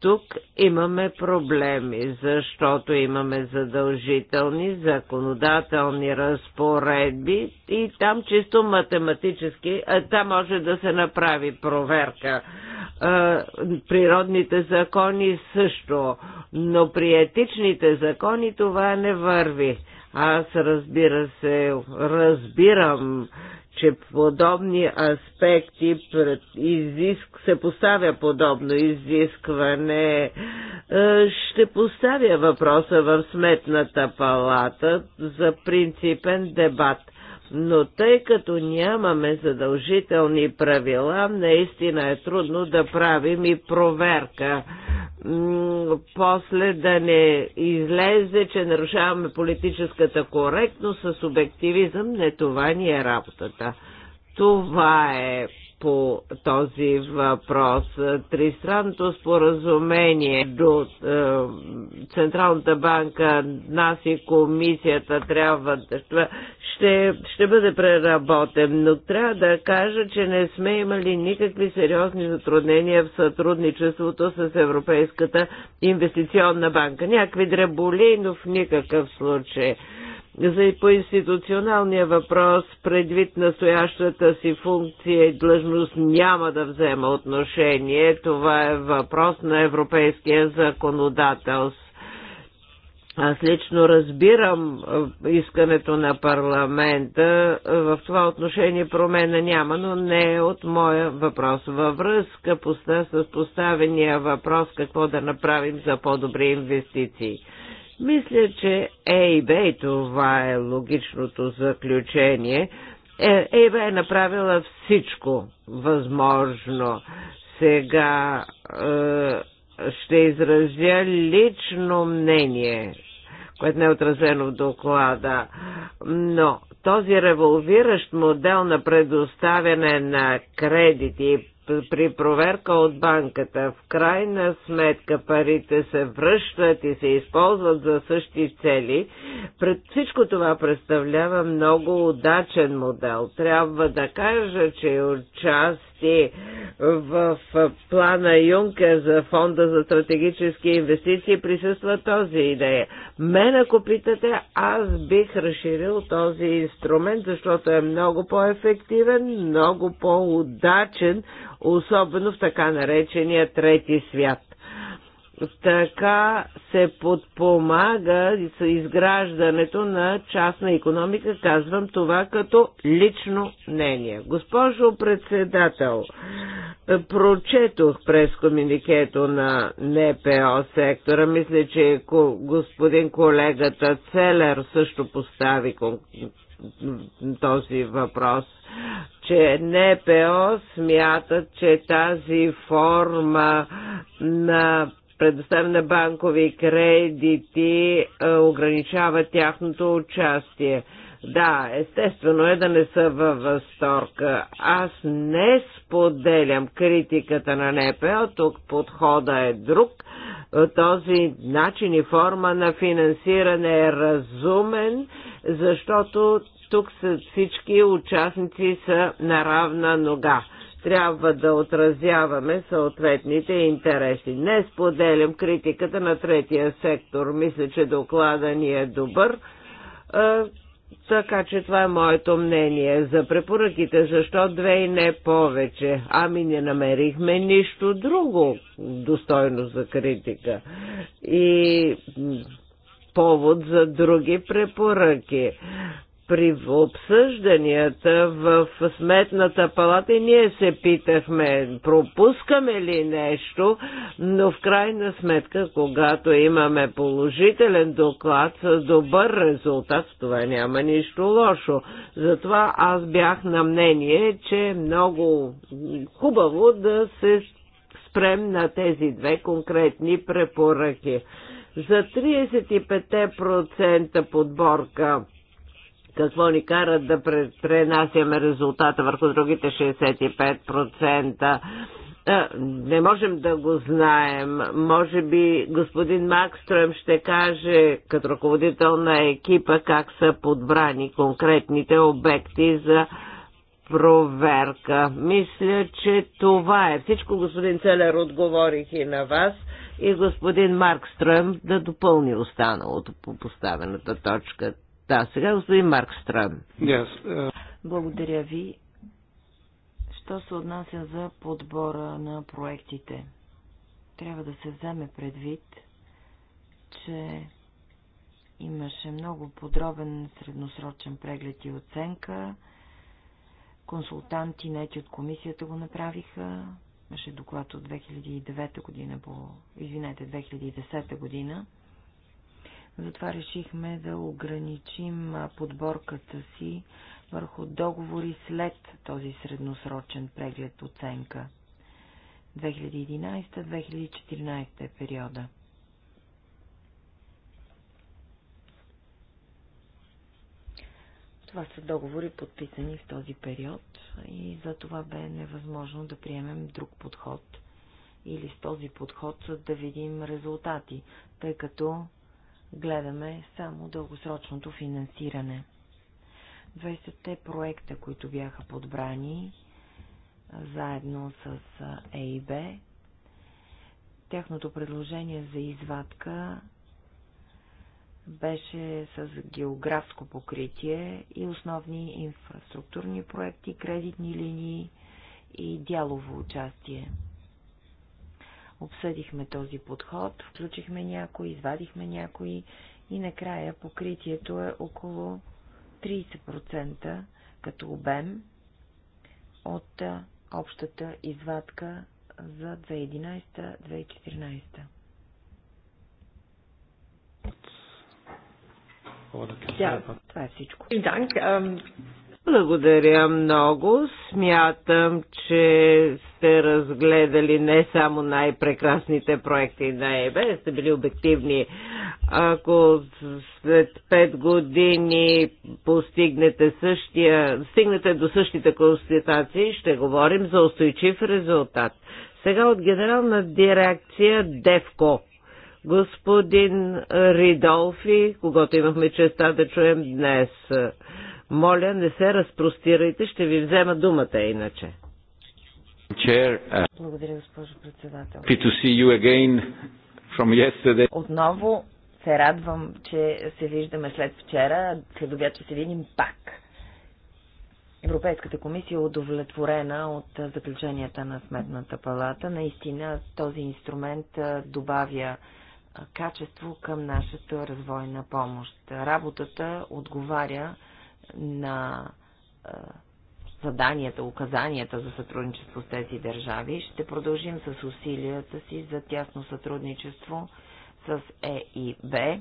тук имаме проблеми, защото имаме задължителни законодателни разпоредби и там чисто математически, там може да се направи проверка. Природните закони също, но при етичните закони това не върви. Аз разбира се, разбирам че подобни аспекти изиск, се поставя подобно изискване, е, ще поставя въпроса в Сметната палата за принципен дебат но тъй като нямаме задължителни правила, наистина е трудно да правим и проверка. После да не излезе, че нарушаваме политическата коректност с обективизъм, не това ни е работата. Това е по този въпрос. Тристранното споразумение до е, Централната банка, нас и комисията трябва да ще, ще бъде преработен, но трябва да кажа, че не сме имали никакви сериозни затруднения в сътрудничеството с Европейската инвестиционна банка. Някакви дреболи, но в никакъв случай. За и по институционалния въпрос, предвид настоящата си функция и длъжност няма да взема отношение. Това е въпрос на европейския законодателство. Аз лично разбирам е, искането на парламента. В това отношение промена няма, но не е от моя въпрос. Във връзка с поставения въпрос какво да направим за по-добри инвестиции. Мисля, че ЕИБ, и това е логичното заключение, ЕИБ е направила всичко възможно. Сега е, ще изразя лично мнение, което не е отразено в доклада, но този револвиращ модел на предоставяне на кредити при проверка от банката. В крайна сметка парите се връщат и се използват за същи цели. Пред всичко това представлява много удачен модел. Трябва да кажа, че отчасти области. В плана Юнкер за фонда за стратегически инвестиции присъства този идея. Мен, ако питате, аз бих разширил този инструмент, защото е много по-ефективен, много по-удачен, особено в така наречения трети свят. Така се подпомага изграждането на частна економика, казвам това като лично мнение. Госпожо председател, прочетох през комуникето на НПО сектора. Мисля, че господин колегата Целер също постави този въпрос, че НПО смятат, че тази форма на предоставя на банкови кредити, е, ограничава тяхното участие. Да, естествено е да не са във възторг. Аз не споделям критиката на НПО, тук подхода е друг. Този начин и форма на финансиране е разумен, защото тук са всички участници са на равна нога трябва да отразяваме съответните интереси. Не споделям критиката на третия сектор. Мисля, че доклада ни е добър. Така че това е моето мнение за препоръките. Защо две и не повече? Ами не намерихме нищо друго достойно за критика. И повод за други препоръки при обсъжданията в сметната палата и ние се питахме, пропускаме ли нещо, но в крайна сметка, когато имаме положителен доклад с добър резултат, в това няма нищо лошо. Затова аз бях на мнение, че е много хубаво да се спрем на тези две конкретни препоръки. За 35% подборка какво ни кара да пренасяме резултата върху другите 65%. Не можем да го знаем. Може би господин Макстрем ще каже като ръководител на екипа как са подбрани конкретните обекти за проверка. Мисля, че това е всичко. Господин Целер отговорих и на вас и господин Маркстрем да допълни останалото по поставената точка. Да, сега господин Стран. Yes. Uh... Благодаря ви. Що се отнася за подбора на проектите? Трябва да се вземе предвид, че имаше много подробен средносрочен преглед и оценка. Консултанти, нети от комисията го направиха. Имаше доклад от 2009 година по... Извинете, 2010 година. Затова решихме да ограничим подборката си върху договори след този средносрочен преглед оценка. 2011-2014 е периода. Това са договори подписани в този период и за това бе невъзможно да приемем друг подход или с този подход да видим резултати, тъй като гледаме само дългосрочното финансиране. 20-те проекта, които бяха подбрани заедно с ЕИБ, тяхното предложение за извадка беше с географско покритие и основни инфраструктурни проекти, кредитни линии и дялово участие. Обсъдихме този подход, включихме някои, извадихме някои и накрая покритието е около 30% като обем от общата извадка за 2011-2014. Да, това е всичко. Благодаря много. Смятам, че сте разгледали не само най-прекрасните проекти на ЕБ, сте били обективни. Ако след 5 години постигнете същия, стигнете до същите констатации, ще говорим за устойчив резултат. Сега от генерална дирекция ДЕВКО господин Ридолфи, когато имахме честа да чуем днес. Моля, не се разпростирайте, ще ви взема думата иначе. Uh, Благодаря, госпожо председател. Отново се радвам, че се виждаме след вчера, след обяд, че се видим пак. Европейската комисия е удовлетворена от заключенията на Сметната палата. Наистина този инструмент добавя качество към нашата развойна помощ. Работата отговаря на заданията, указанията за сътрудничество с тези държави. Ще продължим с усилията си за тясно сътрудничество с Е и Б,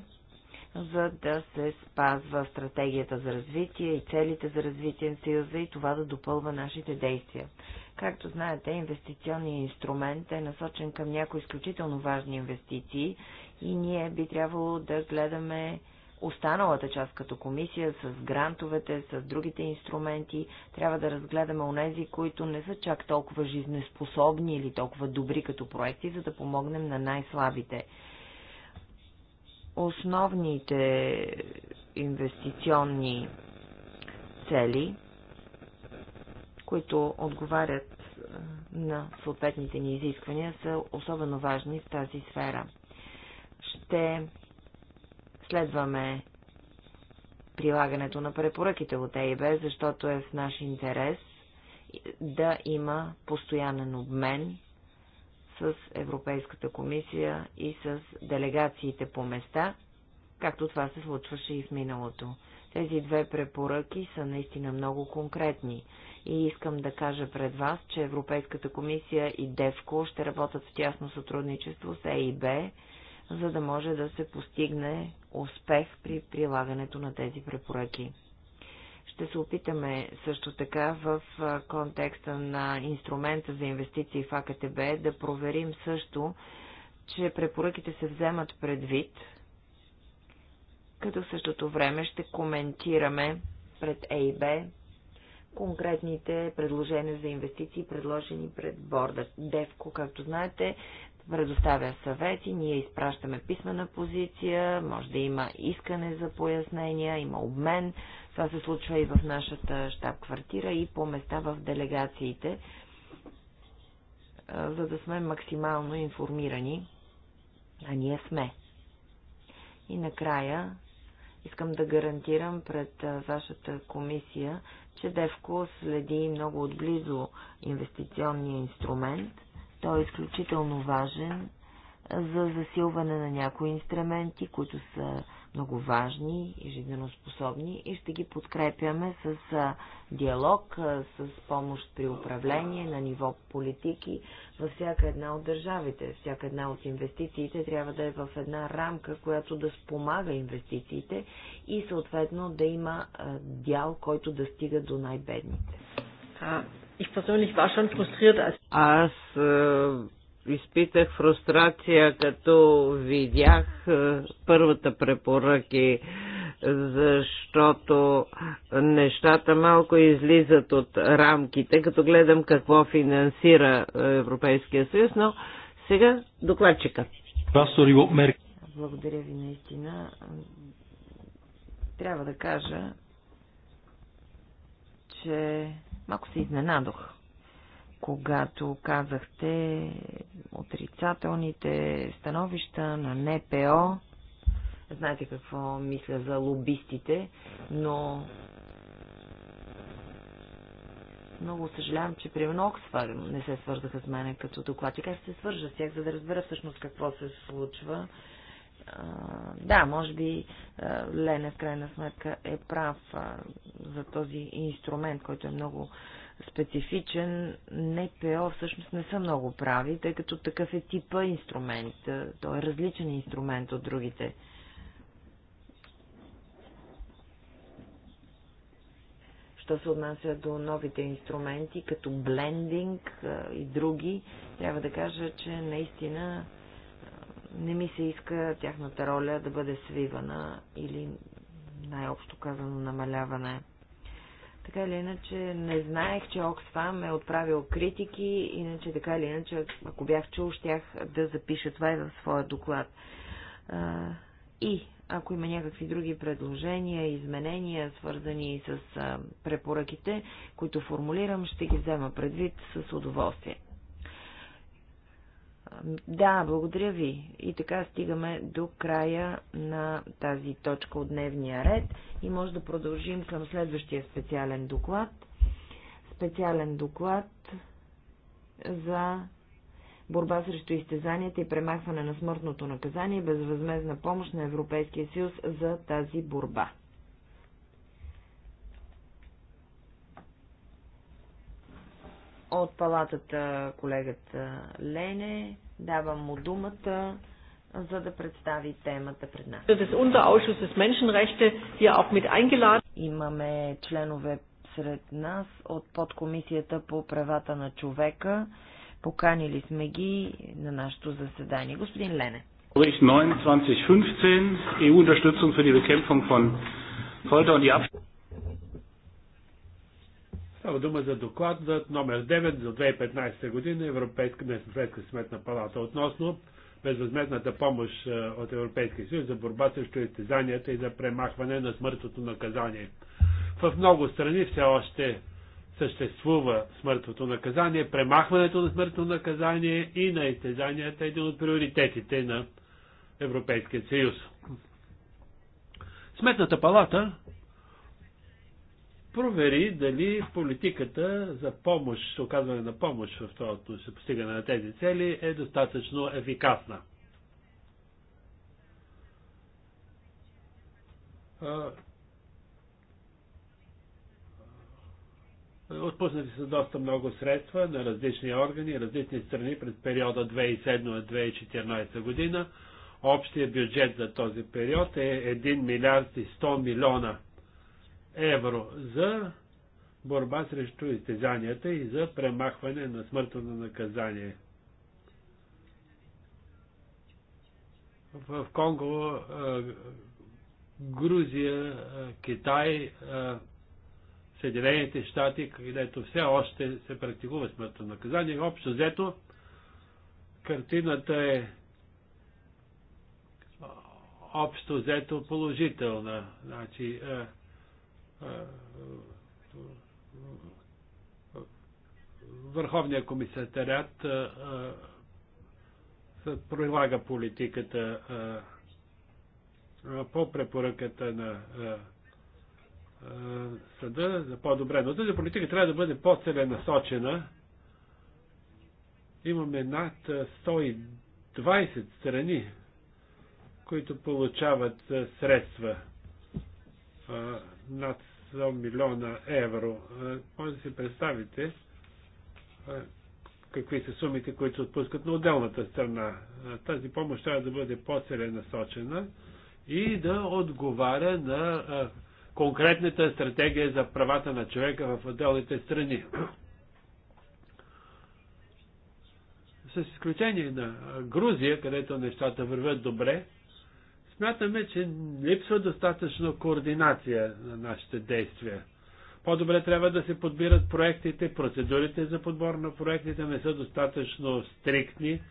за да се спазва стратегията за развитие и целите за развитие на Съюза и това да допълва нашите действия. Както знаете, инвестиционният инструмент е насочен към някои изключително важни инвестиции и ние би трябвало да гледаме останалата част като комисия с грантовете, с другите инструменти. Трябва да разгледаме онези, които не са чак толкова жизнеспособни или толкова добри като проекти, за да помогнем на най-слабите. Основните инвестиционни цели, които отговарят на съответните ни изисквания, са особено важни в тази сфера. Ще Следваме прилагането на препоръките от ЕИБ, защото е в наш интерес да има постоянен обмен с Европейската комисия и с делегациите по места, както това се случваше и в миналото. Тези две препоръки са наистина много конкретни и искам да кажа пред вас, че Европейската комисия и ДЕВКО ще работят в тясно сътрудничество с ЕИБ за да може да се постигне успех при прилагането на тези препоръки. Ще се опитаме също така в контекста на инструмента за инвестиции в АКТБ да проверим също, че препоръките се вземат предвид, като същото време ще коментираме пред ЕИБ конкретните предложения за инвестиции, предложени пред борда. Девко, както знаете, предоставя съвети, ние изпращаме писмена позиция, може да има искане за пояснения, има обмен. Това се случва и в нашата щаб-квартира и по места в делегациите, за да сме максимално информирани, а ние сме. И накрая искам да гарантирам пред вашата комисия, че Девко следи много отблизо инвестиционния инструмент – той е изключително важен за засилване на някои инструменти, които са много важни и жизненоспособни и ще ги подкрепяме с диалог, с помощ при управление на ниво политики във всяка една от държавите. Всяка една от инвестициите трябва да е в една рамка, която да спомага инвестициите и съответно да има дял, който да стига до най-бедните. Аз е, изпитах фрустрация, като видях е, първата препоръки, защото нещата малко излизат от рамките, като гледам какво финансира е, Европейския съюз, но сега докладчика. Благодаря ви наистина. Трябва да кажа, че Малко се изненадох, когато казахте отрицателните становища на НПО. Знаете какво мисля за лобистите, но много съжалявам, че при Оксфам не се свързаха с мене като докладчик. Аз ще се свържа с тях, за да разбера всъщност какво се случва да, може би Лене в крайна сметка е прав за този инструмент, който е много специфичен. НПО всъщност не са много прави, тъй като такъв е типа инструмент. Той е различен инструмент от другите. Що се отнася до новите инструменти, като блендинг и други, трябва да кажа, че наистина не ми се иска тяхната роля да бъде свивана или най-общо казано намаляване. Така или иначе, не знаех, че Оксфам е отправил критики, иначе така или иначе, ако бях чул, щях да запиша това и в своя доклад. И ако има някакви други предложения, изменения, свързани с препоръките, които формулирам, ще ги взема предвид с удоволствие. Да, благодаря ви. И така стигаме до края на тази точка от дневния ред и може да продължим към следващия специален доклад. Специален доклад за борба срещу изтезанията и премахване на смъртното наказание и безвъзмезна помощ на Европейския съюз за тази борба. От палатата колегата Лене, Давам му думата, за да представи темата пред нас. Имаме членове сред нас от подкомисията по правата на човека. Поканили сме ги на нашето заседание. Господин Лене. Bericht 9 2015 EU-Unterstützung für die Bekämpfung von Folter und die Abschluss. Става дума за доклад за номер 9 за 2015 година Европейска Европейска сметна палата относно безвъзметната помощ от Европейския съюз за борба срещу изтезанията и за премахване на смъртното наказание. В много страни все още съществува смъртното наказание. Премахването на смъртното наказание и на изтезанията е един от приоритетите на Европейския съюз. Сметната палата провери дали политиката за помощ, оказване на помощ в това отношение, постигане на тези цели е достатъчно ефикасна. Отпуснати са доста много средства на различни органи, различни страни през периода 2007-2014 година. Общия бюджет за този период е 1 милиард и 100 милиона евро за борба срещу изтезанията и за премахване на смъртно наказание. В Конго, Грузия, Китай, Съединените щати, където все още се практикува смъртно наказание. Общо взето, картината е общо взето положителна. Значи, Върховния комисатарят прилага политиката по препоръката на съда за по-добре. Но тази политика трябва да бъде по-целенасочена. Имаме над 120 страни, които получават средства над до милиона евро. Е, може да си представите е, какви са сумите, които се отпускат на отделната страна. Е, тази помощ трябва да бъде по-целенасочена и да отговаря на конкретната стратегия за правата на човека в отделните страни. С изключение на Грузия, където нещата вървят добре, Смятаме, че липсва достатъчно координация на нашите действия. По-добре трябва да се подбират проектите, процедурите за подбор на проектите не са достатъчно стриктни,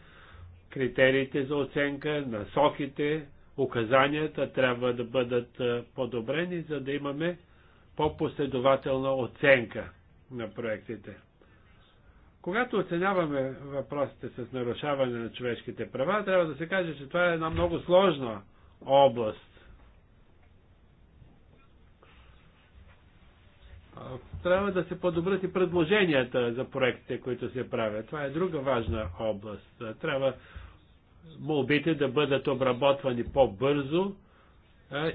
критериите за оценка, насоките, указанията трябва да бъдат подобрени, за да имаме по-последователна оценка на проектите. Когато оценяваме въпросите с нарушаване на човешките права, трябва да се каже, че това е една много сложна област. Трябва да се подобрят и предложенията за проектите, които се правят. Това е друга важна област. Трябва молбите да бъдат обработвани по-бързо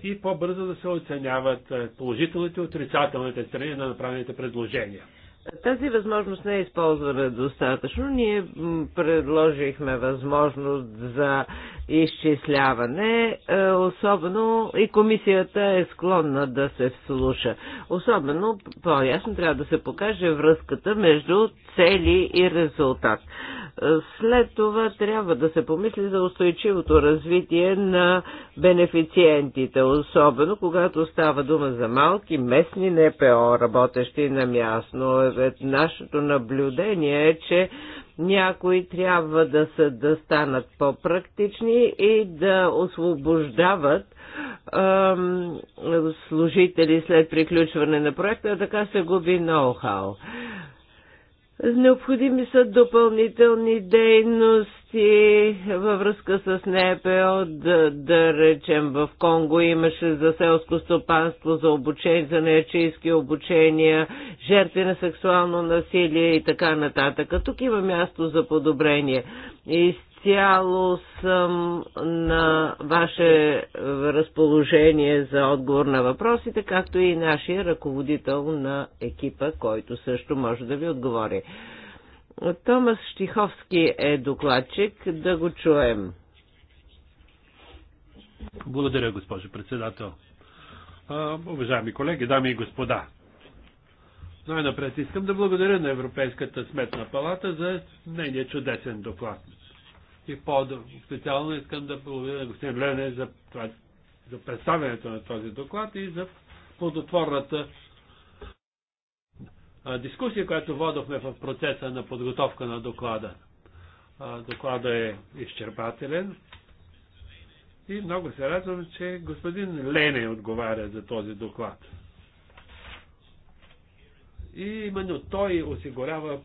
и по-бързо да се оценяват положителните и отрицателните страни на направените предложения. Тази възможност не е използвана достатъчно. Ние предложихме възможност за изчисляване, е, особено и комисията е склонна да се вслуша. Особено по-ясно трябва да се покаже връзката между цели и резултат. След това трябва да се помисли за устойчивото развитие на бенефициентите, особено когато става дума за малки местни НПО, работещи на място. Нашето наблюдение е, че някои трябва да, са, да станат по-практични и да освобождават ем, служители след приключване на проекта, така се губи ноу-хау. Необходими са допълнителни дейности във връзка с НПО, да, да речем в Конго имаше за селско стопанство, за обучение, за неячийски обучения, жертви на сексуално насилие и така нататък. Тук има място за подобрение. И изцяло съм на ваше разположение за отговор на въпросите, както и нашия ръководител на екипа, който също може да ви отговори. Томас Штиховски е докладчик, да го чуем. Благодаря, госпожо председател. Уважаеми колеги, дами и господа, най-напред искам да благодаря на Европейската сметна палата за нейния чудесен доклад. И по-специално искам да благодаря господин Лене за, това, за представянето на този доклад и за плодотворната дискусия, която водохме в процеса на подготовка на доклада. Доклада е изчерпателен и много се радвам, че господин Лене отговаря за този доклад. И именно той осигурява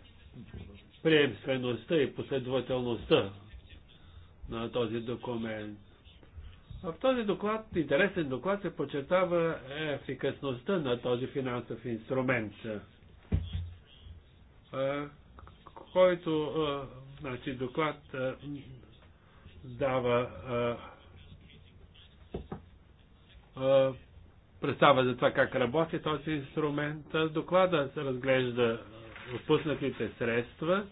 приемствеността и последователността на този документ. В този доклад, интересен доклад, се подчертава е, ефикасността на този финансов инструмент, е, който е, значи, доклад дава представа за това как работи този инструмент. Доклада се разглежда отпуснатите средства,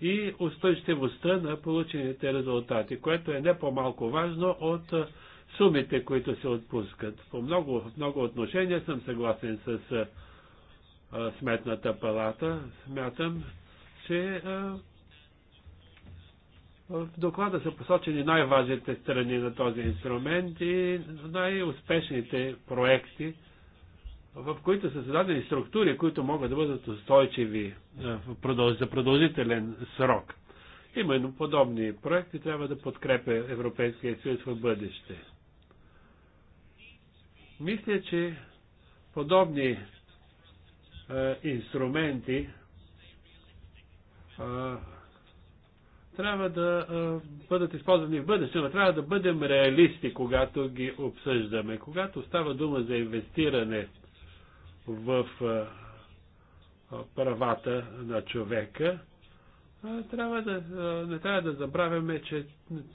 и устойчивостта на получените резултати, което е не по-малко важно от сумите, които се отпускат. По много, много отношения съм съгласен с а, Сметната палата. Смятам, че а, в доклада са посочени най-важните страни на този инструмент и най-успешните проекти, в които са създадени структури, които могат да бъдат устойчиви е, за продължителен срок. Именно подобни проекти трябва да подкрепя Европейския съюз в бъдеще. Мисля, че подобни е, инструменти е, трябва да е, бъдат използвани в бъдеще, но трябва да бъдем реалисти, когато ги обсъждаме. Когато става дума за инвестиране в правата на човека, трябва да, не трябва да забравяме, че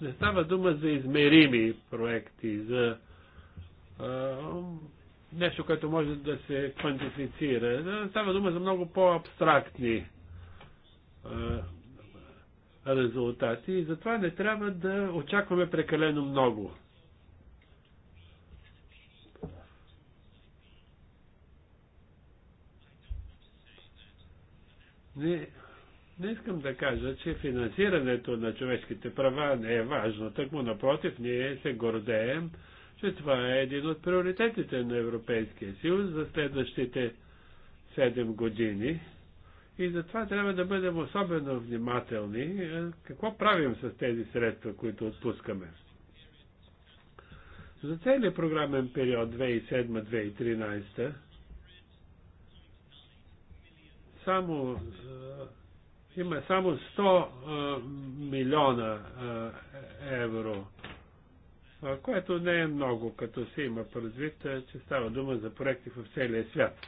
не става дума за измерими проекти, за а, нещо, което може да се квантифицира. Става дума за много по-абстрактни резултати и затова не трябва да очакваме прекалено много. Не, не искам да кажа, че финансирането на човешките права не е важно. Тъкмо напротив, ние се гордеем, че това е един от приоритетите на Европейския съюз за следващите 7 години. И затова трябва да бъдем особено внимателни е, какво правим с тези средства, които отпускаме. За целият програмен период 2007-2013 само, е, има само 100 е, милиона е, евро, което не е много, като се има предвид, че става дума за проекти в целия свят.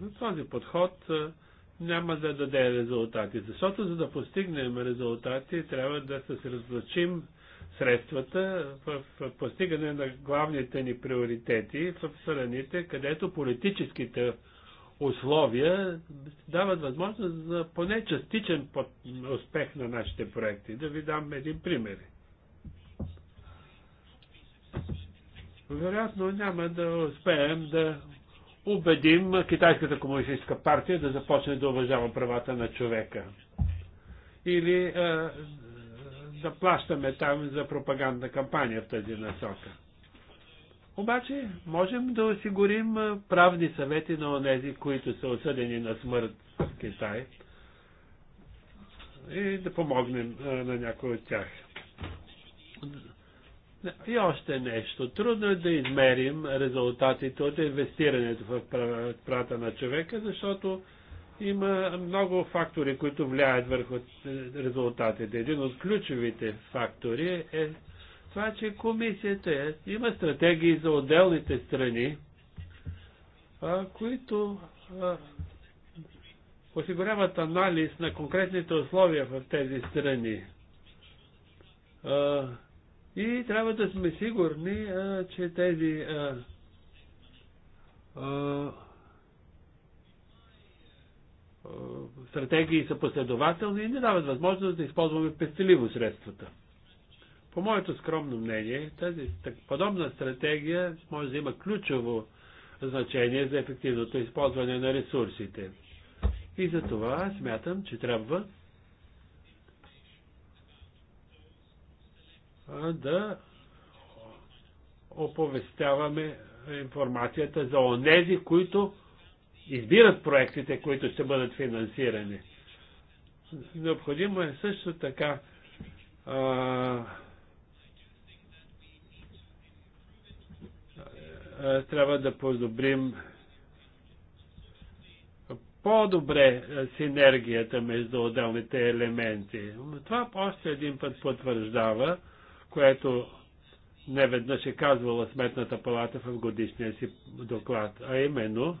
Но този подход няма да даде резултати, защото за да постигнем резултати трябва да се разлучим средствата в постигане на главните ни приоритети в страните, където политическите условия дават възможност за поне частичен успех на нашите проекти. Да ви дам един пример. Вероятно няма да успеем да убедим Китайската комунистическа партия да започне да уважава правата на човека. Или а, да плащаме там за пропагандна кампания в тази насока. Обаче можем да осигурим правни съвети на онези, които са осъдени на смърт в Китай и да помогнем на някой от тях. И още нещо. Трудно е да измерим резултатите от инвестирането в правата на човека, защото има много фактори, които влияят върху резултатите. Един от ключовите фактори е това, че комисията е- има стратегии за отделните страни, които осигуряват анализ на конкретните условия в тези страни. И трябва да сме сигурни, че тези стратегии са последователни и не дават възможност да използваме пестеливо средствата. По моето скромно мнение, тази подобна стратегия може да има ключово значение за ефективното използване на ресурсите. И за това смятам, че трябва да оповестяваме информацията за онези, които избират проектите, които ще бъдат финансирани. Необходимо е също така а, трябва да подобрим по-добре синергията между отделните елементи. Това още един път потвърждава, което не веднъж е казвала Сметната палата в годишния си доклад, а именно,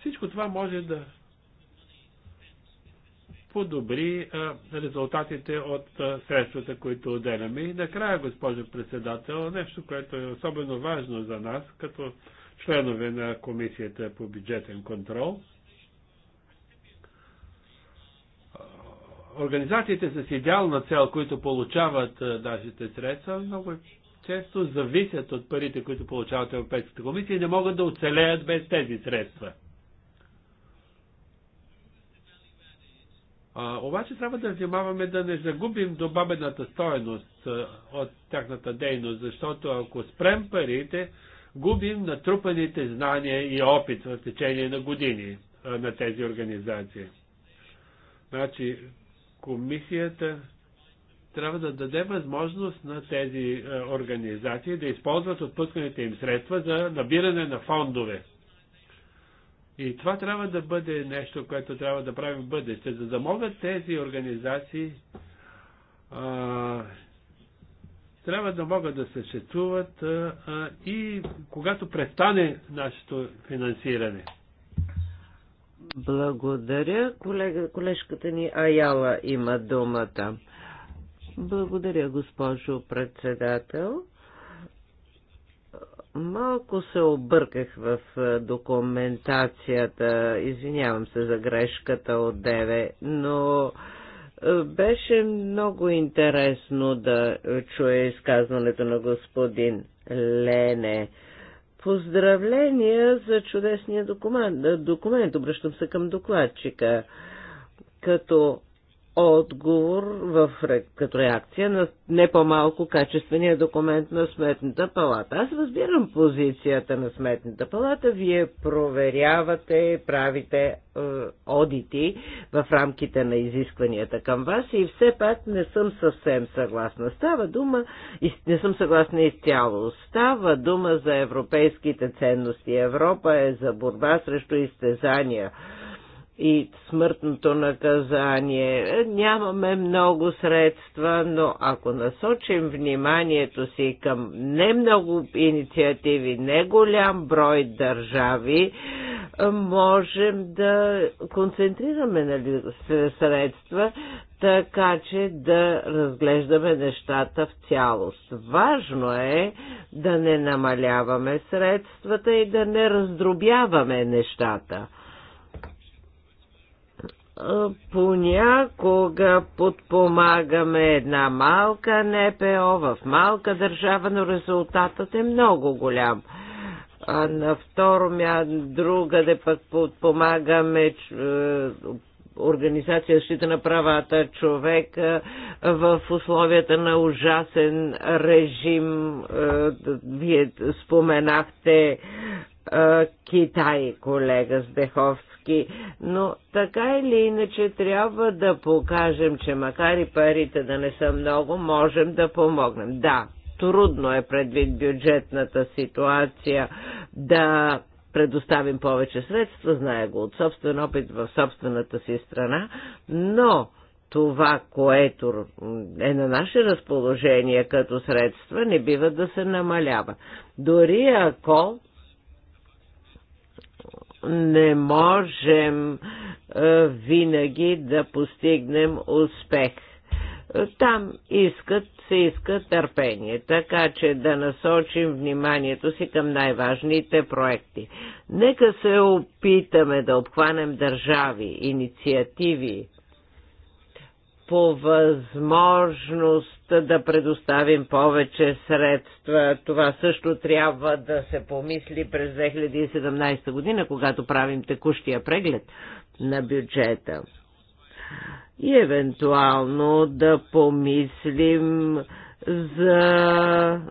Всичко това може да подобри резултатите от средствата, които отделяме. И накрая, госпожо председател, нещо, което е особено важно за нас, като членове на Комисията по бюджетен контрол. Организациите с идеална цел, които получават нашите средства, много е често зависят от парите, които получават Европейската комисия и не могат да оцелеят без тези средства. А, обаче трябва да внимаваме да не загубим добавената стоеност а, от тяхната дейност, защото ако спрем парите, губим натрупаните знания и опит в течение на години а, на тези организации. Значи, комисията трябва да даде възможност на тези е, организации да използват отпусканите им средства за набиране на фондове. И това трябва да бъде нещо, което трябва да правим в бъдеще, за да могат тези организации а, трябва да могат да съществуват а, а, и когато престане нашето финансиране. Благодаря. Колега, колежката ни Аяла има думата. Благодаря, госпожо председател. Малко се обърках в документацията, извинявам се за грешката от деве, но беше много интересно да чуя изказването на господин Лене. Поздравления за чудесния документ. документ. Обръщам се към докладчика. Като отговор в, като реакция на не по-малко качествения документ на Сметната палата. Аз разбирам позицията на Сметната палата. Вие проверявате, правите е, одити в рамките на изискванията към вас и все пак не съм съвсем съгласна. Става дума, не съм съгласна изцяло. Става дума за европейските ценности. Европа е за борба срещу изтезания и смъртното наказание. Нямаме много средства, но ако насочим вниманието си към не много инициативи, не голям брой държави, можем да концентрираме на нали, средства, така че да разглеждаме нещата в цялост. Важно е да не намаляваме средствата и да не раздробяваме нещата – понякога подпомагаме една малка НПО в малка държава, но резултатът е много голям. А на второ място, другаде пък подпомагаме е, Организация защита на правата човека е, в условията на ужасен режим. Е, вие споменахте Китай, колега Здеховски, но така или иначе трябва да покажем, че макар и парите да не са много, можем да помогнем. Да, трудно е предвид бюджетната ситуация да предоставим повече средства, знае го от собствен опит в собствената си страна, но това, което е на наше разположение като средства, не бива да се намалява. Дори ако не можем е, винаги да постигнем успех. Там искат, се иска търпение, така че да насочим вниманието си към най-важните проекти. Нека се опитаме да обхванем държави, инициативи, по възможност да предоставим повече средства. Това също трябва да се помисли през 2017 година, когато правим текущия преглед на бюджета. И евентуално да помислим за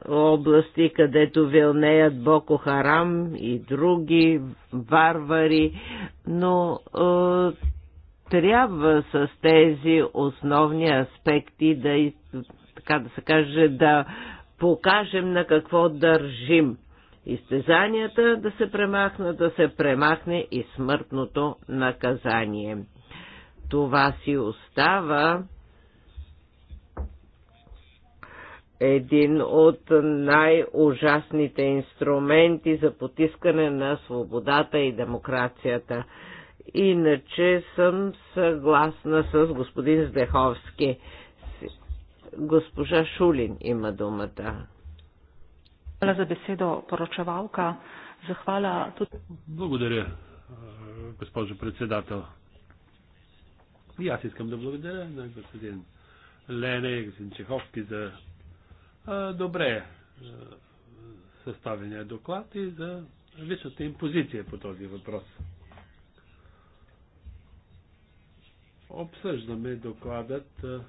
области, където вилнеят Боко Харам и други варвари, но е, трябва с тези основни аспекти да така да се каже, да покажем на какво държим. Изтезанията да се премахнат, да се премахне и смъртното наказание. Това си остава един от най-ужасните инструменти за потискане на свободата и демокрацията. Иначе съм съгласна с господин Здеховски Госпожа Шулин има думата. Hvala за беседо, poročevalka. Zahvala тут... Благодаря, госпожо председател. И аз искам да благодаря на господин Лене и господин Чеховски за добре съставения доклад и за висшата им позиция по този въпрос. Обсъждаме докладът а,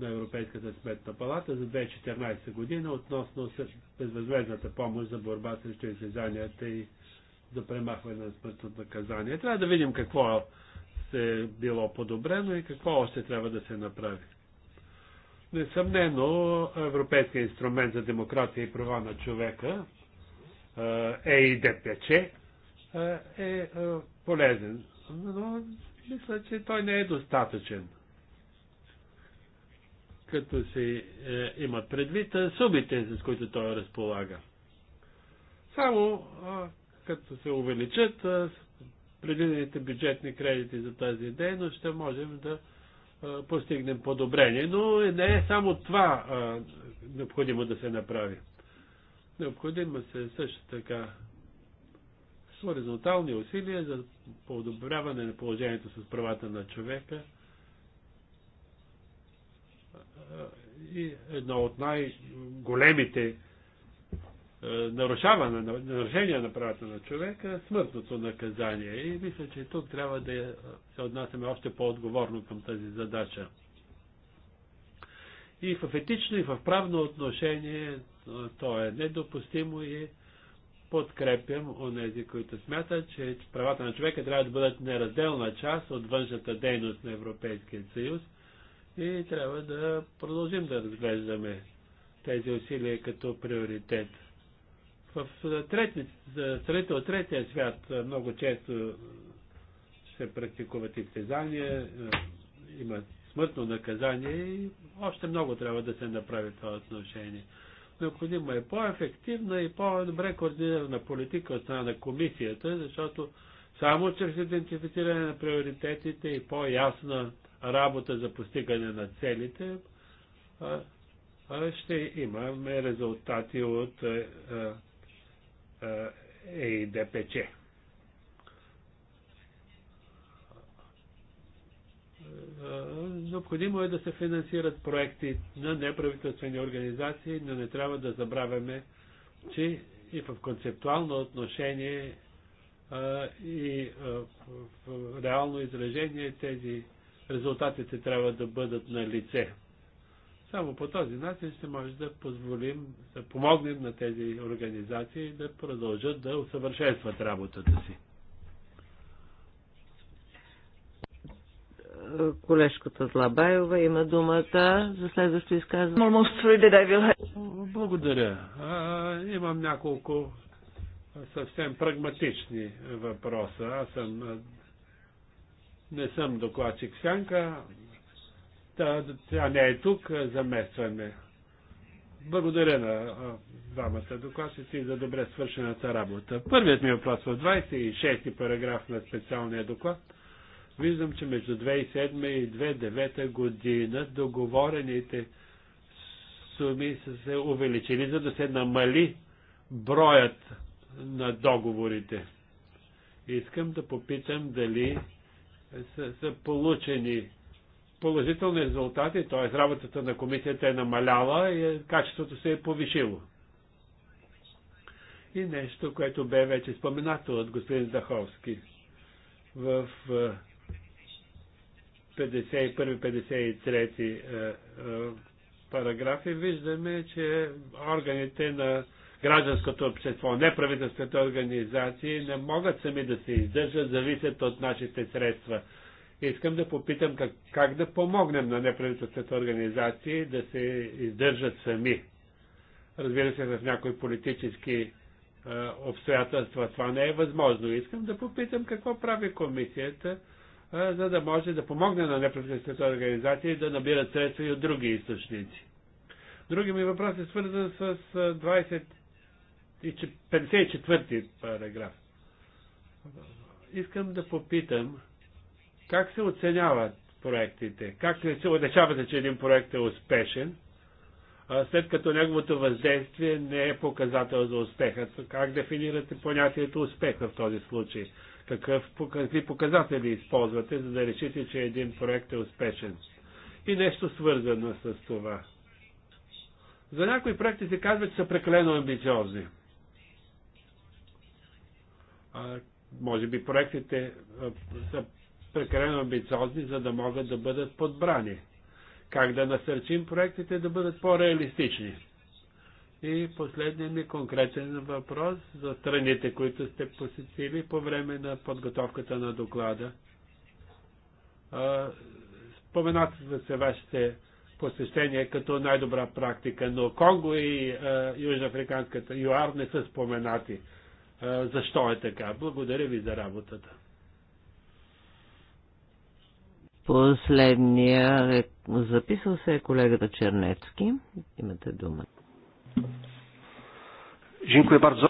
на Европейската сметна палата за 2014 година относно безвъзмезната помощ за борба срещу излизанията и за премахване на смъртното наказание. Трябва да видим какво се е било подобрено и какво още трябва да се направи. Несъмнено, Европейския инструмент за демокрация и права на човека, ЕИДПЧ, е, е полезен. Но мисля, че той не е достатъчен като се е, имат предвид е, субите, с които той разполага. Само а, като се увеличат а, предвидените бюджетни кредити за тази дейност, ще можем да а, постигнем подобрение. Но е, не е само това а, необходимо да се направи. Необходимо се също така хоризонтални усилия за подобряване на положението с правата на човека – и едно от най-големите е, нарушаване, на правата на човека, е смъртното наказание. И мисля, че тук трябва да се отнасяме още по-отговорно към тази задача. И в етично, и в правно отношение е, то е недопустимо и подкрепям онези, които смятат, че правата на човека трябва да бъдат неразделна част от външната дейност на Европейския съюз – и трябва да продължим да разглеждаме тези усилия като приоритет. В трети, от третия свят много често се практикуват изтезания, има смъртно наказание и още много трябва да се направи това отношение. Необходимо е по-ефективна и по-добре координирана политика от страна на комисията, защото само чрез идентифициране на приоритетите и по-ясна работа за постигане на целите, ще имаме резултати от ЕИДПЧ. Необходимо е да се финансират проекти на неправителствени организации, но не трябва да забравяме, че и в концептуално отношение и в реално изражение тези резултатите трябва да бъдат на лице. Само по този начин ще може да позволим, да помогнем на тези организации да продължат да усъвършенстват работата си. колежката Злабаева има думата за следващо изказване. Благодаря. А, имам няколко съвсем прагматични въпроса. Аз съм не съм докладчик Сянка. Та, тя не е тук, заместваме. Благодаря на двамата докладчици за добре свършената работа. Първият ми въпрос в 26 параграф на специалния доклад. Виждам, че между 2007 и 2009 година договорените суми са се увеличили, за да се намали броят на договорите. Искам да попитам дали са, са получени положителни резултати, т.е. работата на комисията е намаляла и качеството се е повишило. И нещо, което бе вече споменато от господин Заховски. В 51-53 параграфи виждаме, че органите на гражданското общество, неправителствените организации не могат сами да се издържат, зависят от нашите средства. Искам да попитам как, как да помогнем на неправителствените организации да се издържат сами. Разбира се, в някои политически е, обстоятелства това не е възможно. Искам да попитам какво прави комисията, е, за да може да помогне на неправителствените организации да набират средства и от други източници. Други ми въпрос е свързан с 20 и 54-ти параграф. Искам да попитам как се оценяват проектите, как се отличавате, че един проект е успешен, след като неговото въздействие не е показател за успеха. Как дефинирате понятието успех в този случай? Какъв, какви показатели използвате, за да решите, че един проект е успешен? И нещо свързано с това. За някои проекти се казва, че са прекалено амбициозни може би проектите са прекалено амбициозни, за да могат да бъдат подбрани. Как да насърчим проектите да бъдат по-реалистични? И последният ми конкретен въпрос за страните, които сте посетили по време на подготовката на доклада. Споменат за се вашите посещения като най-добра практика, но Конго и Южноафриканската ЮАР не са споменати защо е така. Благодаря ви за работата. Последния е, записал се е колегата Чернецки. Имате дума. е бързо.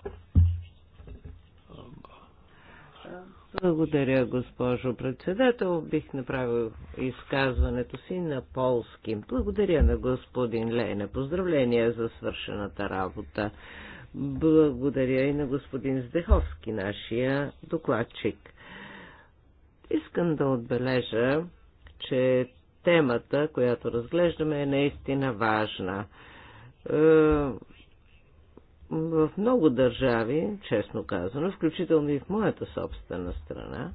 Благодаря, госпожо председател. Бих направил изказването си на полски. Благодаря на господин Лейна. Поздравления за свършената работа. Благодаря и на господин Здеховски, нашия докладчик. Искам да отбележа, че темата, която разглеждаме, е наистина важна. Е, в много държави, честно казано, включително и в моята собствена страна,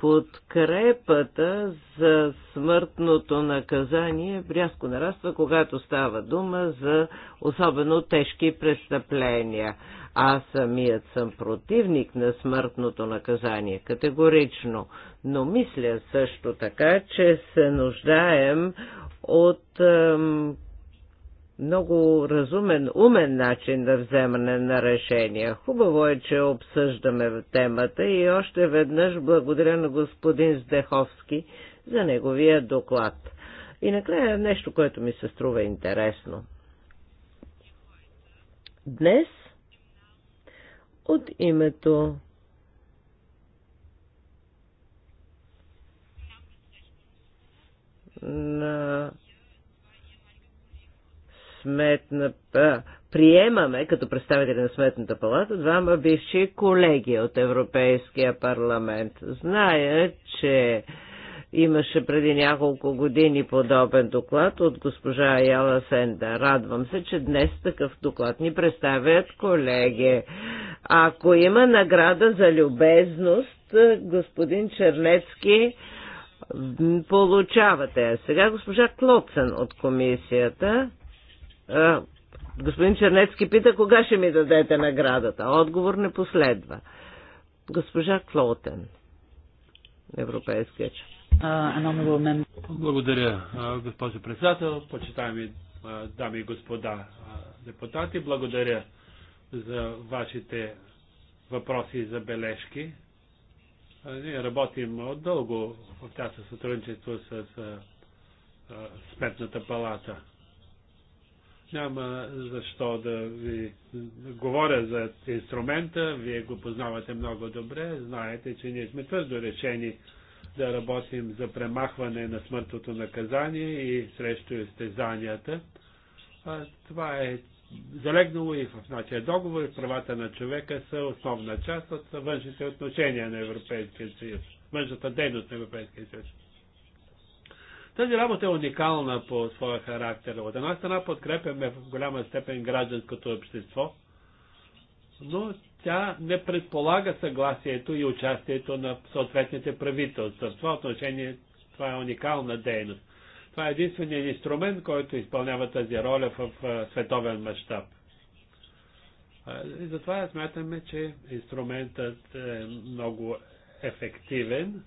подкрепата за смъртното наказание рязко нараства, когато става дума за особено тежки престъпления. Аз самият съм противник на смъртното наказание, категорично, но мисля също така, че се нуждаем от много разумен, умен начин на вземане на решения. Хубаво е, че обсъждаме темата и още веднъж благодаря на господин Здеховски за неговия доклад. И накрая нещо, което ми се струва интересно. Днес от името на сметна приемаме като представители на Сметната палата двама бивши колеги от Европейския парламент. Зная, че имаше преди няколко години подобен доклад от госпожа Яла Сенда. Радвам се, че днес такъв доклад ни представят колеги. Ако има награда за любезност, господин Чернецки, получавате. Сега госпожа Клоцен от комисията. Е, господин Чернецки пита, кога ще ми дадете наградата? Отговор не последва. Госпожа Клоутен, европейския Благодаря, госпожо председател, почитаеми дами и господа депутати. Благодаря за вашите въпроси и забележки. Ние работим дълго в тясно сътрудничество с Сметната палата. Няма защо да ви говоря за инструмента, вие го познавате много добре, знаете, че ние сме твърдо решени да работим за премахване на смъртното наказание и срещу изтезанията. Това е залегнало и в нашия договор, и правата на човека са основна част от външните отношения на Европейския съюз, външната дейност на Европейския съюз. Тази работа е уникална по своя характер. От една страна подкрепяме в голяма степен гражданското общество, но тя не предполага съгласието и участието на съответните правителства. В това отношение това е уникална дейност. Това е единственият инструмент, който изпълнява тази роля в световен мащаб. И затова смятаме, че инструментът е много ефективен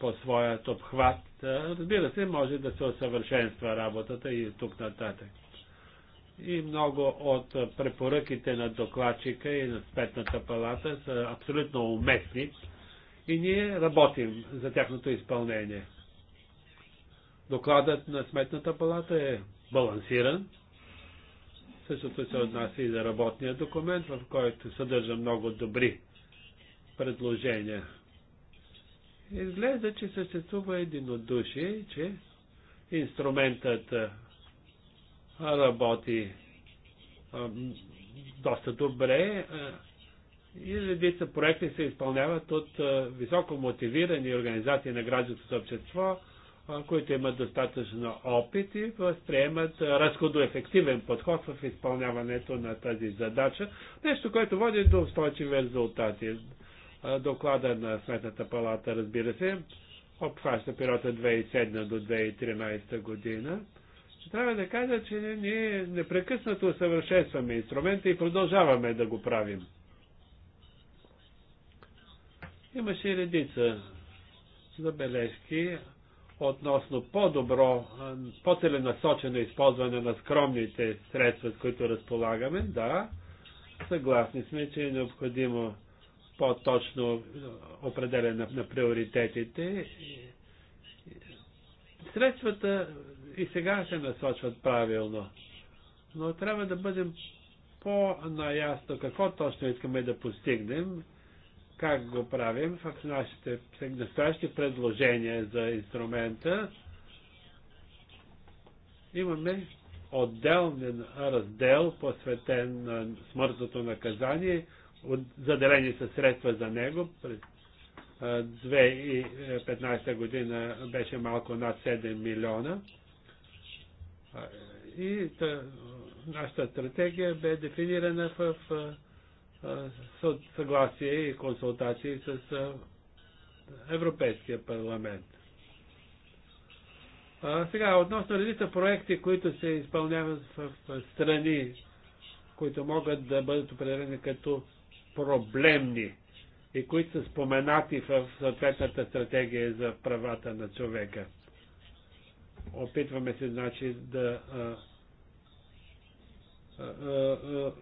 по своят обхват Разбира се, може да се усъвършенства работата и тук нататък. И много от препоръките на докладчика и на Сметната палата са абсолютно уместни и ние работим за тяхното изпълнение. Докладът на Сметната палата е балансиран. Същото се отнася и за работния документ, в който съдържа много добри предложения. Изглежда, че съществува единодушие, че инструментът работи доста добре и редица проекти се изпълняват от високо мотивирани организации на гражданското общество, които имат достатъчно опит и възприемат разходоефективен подход в изпълняването на тази задача. Нещо, което води до устойчиви резултати. Доклада на Сметната палата, разбира се, обхваща периода 2007 до 2013 година. Трябва да кажа, че ние непрекъснато усъвършенстваме инструмента и продължаваме да го правим. Имаше редица забележки относно по-добро, по-целенасочено използване на скромните средства, с които разполагаме. Да, съгласни сме, че е необходимо по-точно определяне на приоритетите. Средствата и сега се насочват правилно, но трябва да бъдем по-наясно какво точно искаме да постигнем, как го правим в нашите настоящи предложения за инструмента. Имаме отделен раздел, посветен на смъртното наказание, заделени са средства за него. През 2015 е, година беше малко над 7 милиона. И та, нашата стратегия бе дефинирана в, в, в съгласие и консултации с Европейския парламент. А, сега, относно редица проекти, които се изпълняват в, в страни, които могат да бъдат определени като проблемни и които са споменати в съответната стратегия за правата на човека. Опитваме се, значи, да. А, а, а,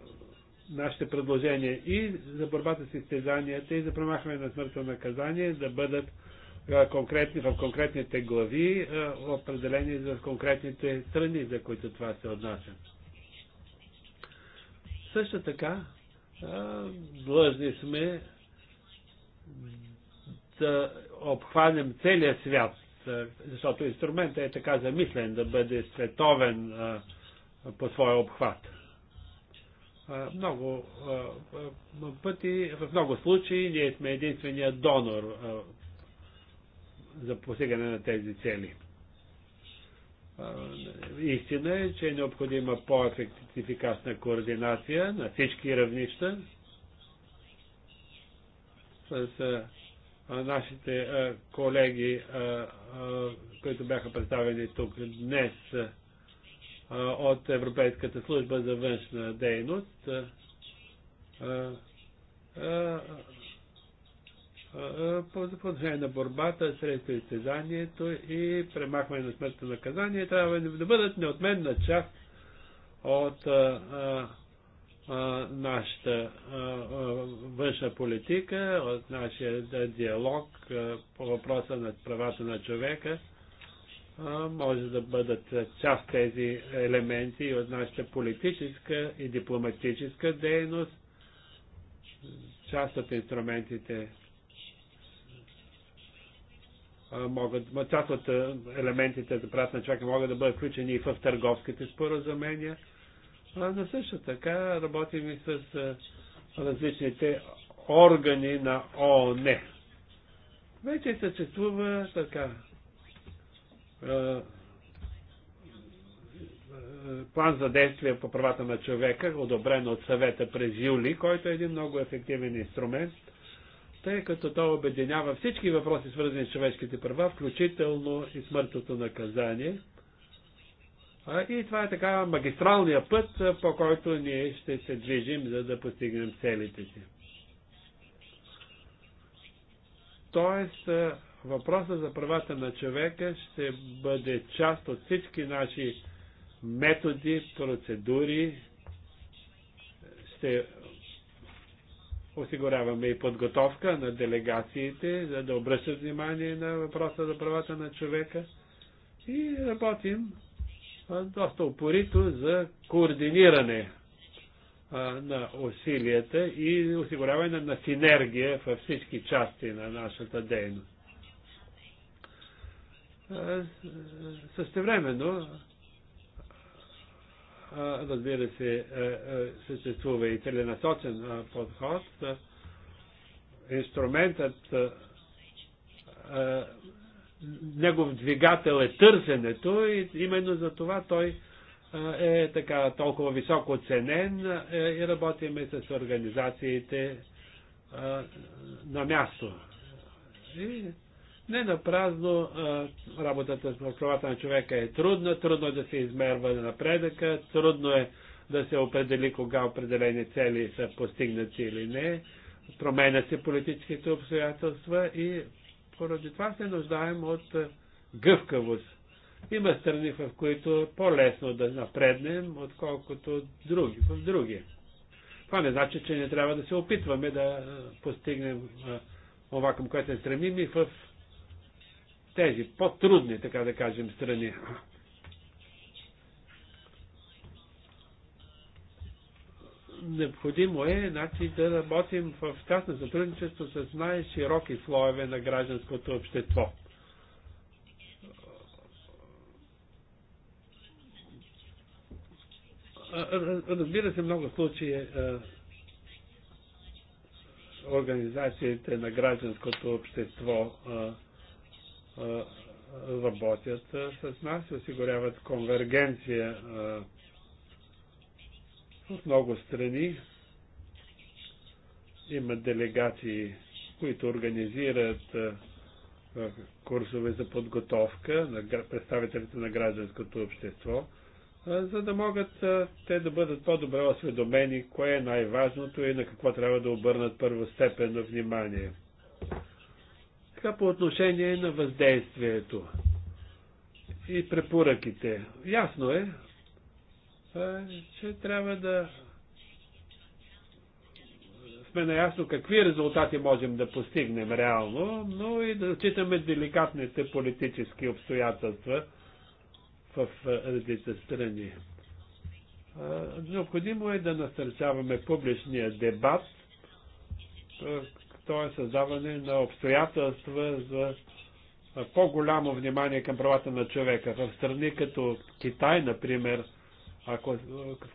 нашите предложения и за борбата с изтезанията, и за премахване на смъртно наказание да бъдат конкретни, в конкретните глави, определени за конкретните страни, за които това се отнася. Също така, длъжни сме да обхванем целия свят, защото инструментът е така замислен да бъде световен по своя обхват. Много пъти, в много случаи, ние сме единствения донор за постигане на тези цели. Истина е, че е необходима по-ефикасна координация на всички равнища с нашите колеги, които бяха представени тук днес от Европейската служба за външна дейност е, по отношение на борбата срещу изтезанието и премахване на смъртно наказание трябва да бъдат неотменна част от а, а, нашата а, външна политика, от нашия диалог по въпроса на правата на човека. Може да бъдат част тези елементи от нашата политическа и дипломатическа дейност, част от инструментите могат, част от елементите за правата на човека могат да бъдат включени и в търговските споразумения, но също така работим и с различните органи на ООН. Вече съществува така план за действие по правата на човека, одобрен от съвета през юли, който е един много ефективен инструмент – тъй като то обединява всички въпроси, свързани с човешките права, включително и смъртното наказание. И това е така магистралния път, по който ние ще се движим, за да постигнем целите си. Тоест, въпроса за правата на човека ще бъде част от всички наши методи, процедури, ще Осигуряваме и подготовка на делегациите, за да обръщат внимание на въпроса за правата на човека и работим доста упорито за координиране на усилията и осигуряване на синергия във всички части на нашата дейност. Същевременно Разбира се, съществува и целенасочен подход. Инструментът, негов двигател е търсенето и именно за това той е така толкова високо ценен и работиме с организациите на място. И не на празно работата с словата на човека е трудна, трудно е да се измерва на напредъка, трудно е да се определи кога определени цели са постигнати или не, променя се политическите обстоятелства и поради това се нуждаем от гъвкавост. Има страни, в които е по-лесно да напреднем, отколкото други, в други. Това не значи, че не трябва да се опитваме да постигнем това, към което се стремим и в тези по-трудни, така да кажем, страни. Необходимо е значи, да работим в тясно сътрудничество с най-широки слоеве на гражданското общество. Разбира се, много случаи е, организациите на гражданското общество е, работят с нас и осигуряват конвергенция в много страни. Има делегации, които организират курсове за подготовка на представителите на гражданското общество, за да могат те да бъдат по-добре осведомени кое е най-важното и на какво трябва да обърнат първостепенно внимание така по отношение на въздействието и препоръките. Ясно е, е, че трябва да сме наясно какви резултати можем да постигнем реално, но и да зачитаме деликатните политически обстоятелства в е, редите страни. Е, необходимо е да насърчаваме публичния дебат, то е създаване на обстоятелства за по-голямо внимание към правата на човека. В страни като Китай, например, ако,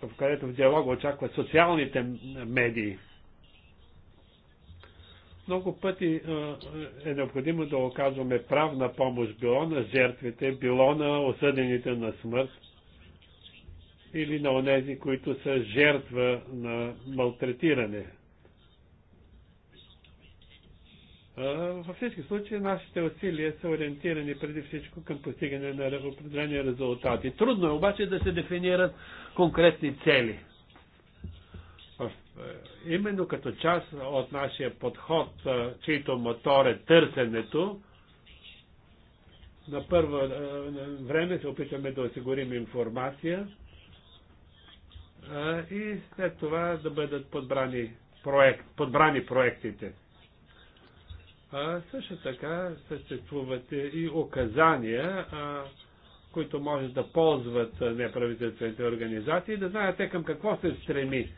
в където в диалога очакват социалните медии, много пъти е необходимо да оказваме правна помощ било на жертвите, било на осъдените на смърт или на онези, които са жертва на малтретиране. Във всички случаи нашите усилия са ориентирани преди всичко към постигане на определени резултати. Трудно е обаче да се дефинират конкретни цели. Именно като част от нашия подход, чийто мотор е търсенето, на първо време се опитваме да осигурим информация и след това да бъдат подбрани, проект, подбрани проектите. А, също така съществуват и указания, а, които може да ползват неправителствените организации, да знаят те към какво се стреми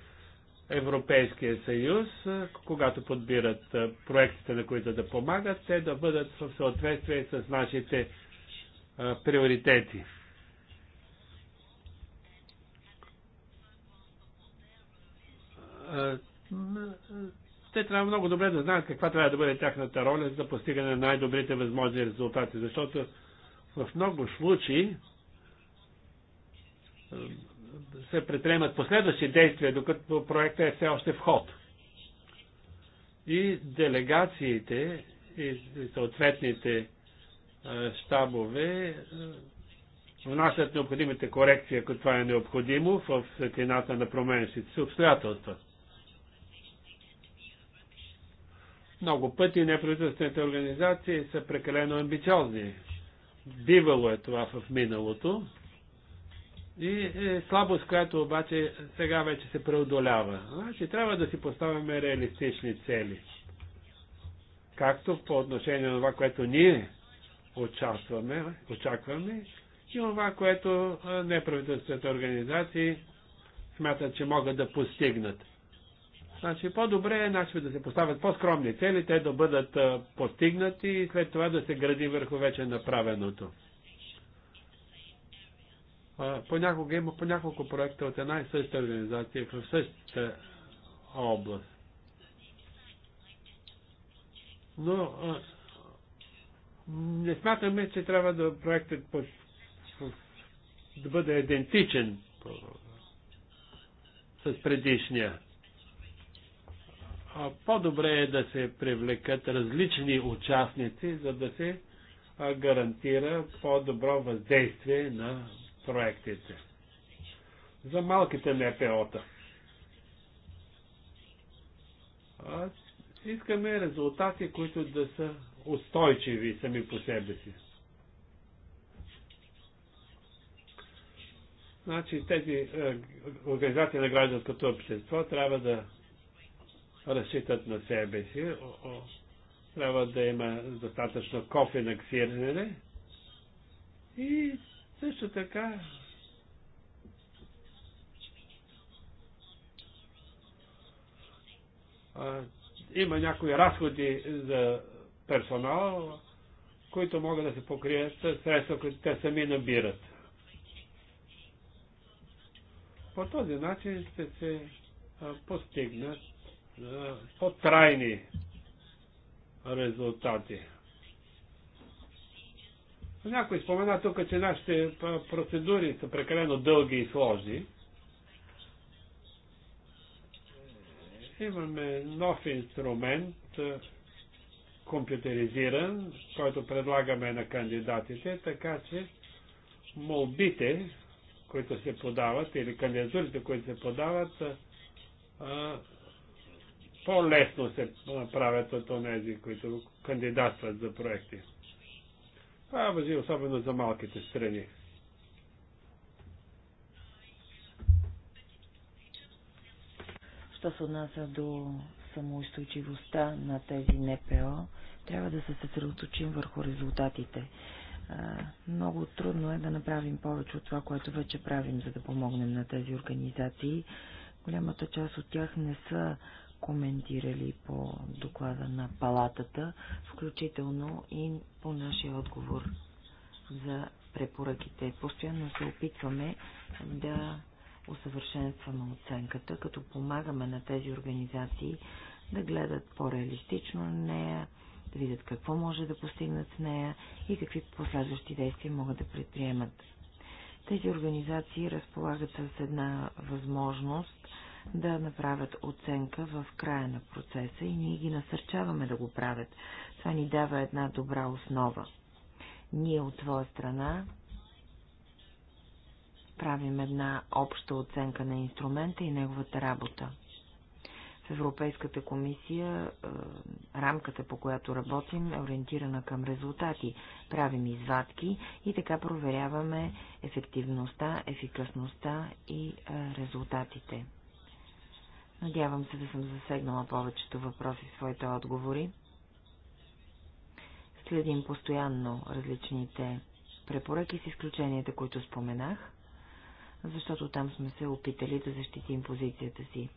Европейския съюз, а, когато подбират а, проектите, на които да помагат, те да бъдат в съответствие с нашите а, приоритети те трябва много добре да знаят каква трябва да бъде тяхната роля за постигане на най-добрите възможни резултати, защото в много случаи се предприемат последващи действия, докато проектът е все още в ход. И делегациите и съответните е, щабове е, внасят необходимите корекции, ако това е необходимо, в светлината на променящите се обстоятелства. Много пъти неправителствените организации са прекалено амбициозни. Бивало е това в миналото. И е слабост, която обаче сега вече се преодолява. Значи трябва да си поставяме реалистични цели. Както по отношение на това, което ние очакваме, очакваме и това, което неправителствените организации смятат, че могат да постигнат. Значи по-добре е значи, да се поставят по-скромни цели, те да бъдат постигнати и след това да се гради върху вече направеното. понякога има по няколко проекта от една и съща организация в същата област. Но а, не смятаме, че трябва да проектът по, по, да бъде идентичен по, с предишния по-добре е да се привлекат различни участници, за да се гарантира по-добро въздействие на проектите. За малките НПО-та. Искаме резултати, които да са устойчиви сами по себе си. Значи тези е, организации на гражданското общество трябва да разчитат на себе си. трябва да има достатъчно на ксирнене. и също така а, има някои разходи за персонал, които могат да се покрият с средства, които те сами набират. По този начин ще се постигнат е, по-трайни резултати. Някой спомена тук, че нашите процедури са прекалено дълги и сложни. Имаме нов инструмент, е, компютеризиран, който предлагаме на кандидатите, така че молбите, които се подават, или кандидатурите, които се подават, е, по-лесно се правят от тези, които кандидатстват за проекти. Това въжи особено за малките страни. Що се отнася до самоустойчивостта на тези НПО, трябва да се съсредоточим върху резултатите. Много трудно е да направим повече от това, което вече правим, за да помогнем на тези организации. Голямата част от тях не са коментирали по доклада на палатата, включително и по нашия отговор за препоръките. Постоянно се опитваме да усъвършенстваме оценката, като помагаме на тези организации да гледат по-реалистично на нея, да видят какво може да постигнат с нея и какви последващи действия могат да предприемат. Тези организации разполагат с една възможност да направят оценка в края на процеса и ние ги насърчаваме да го правят. Това ни дава една добра основа. Ние от своя страна правим една обща оценка на инструмента и неговата работа. В Европейската комисия е, рамката, по която работим, е ориентирана към резултати. Правим извадки и така проверяваме ефективността, ефикасността и е, резултатите. Надявам се да съм засегнала повечето въпроси в своите отговори. Следим постоянно различните препоръки с изключенията, които споменах, защото там сме се опитали да защитим позицията си.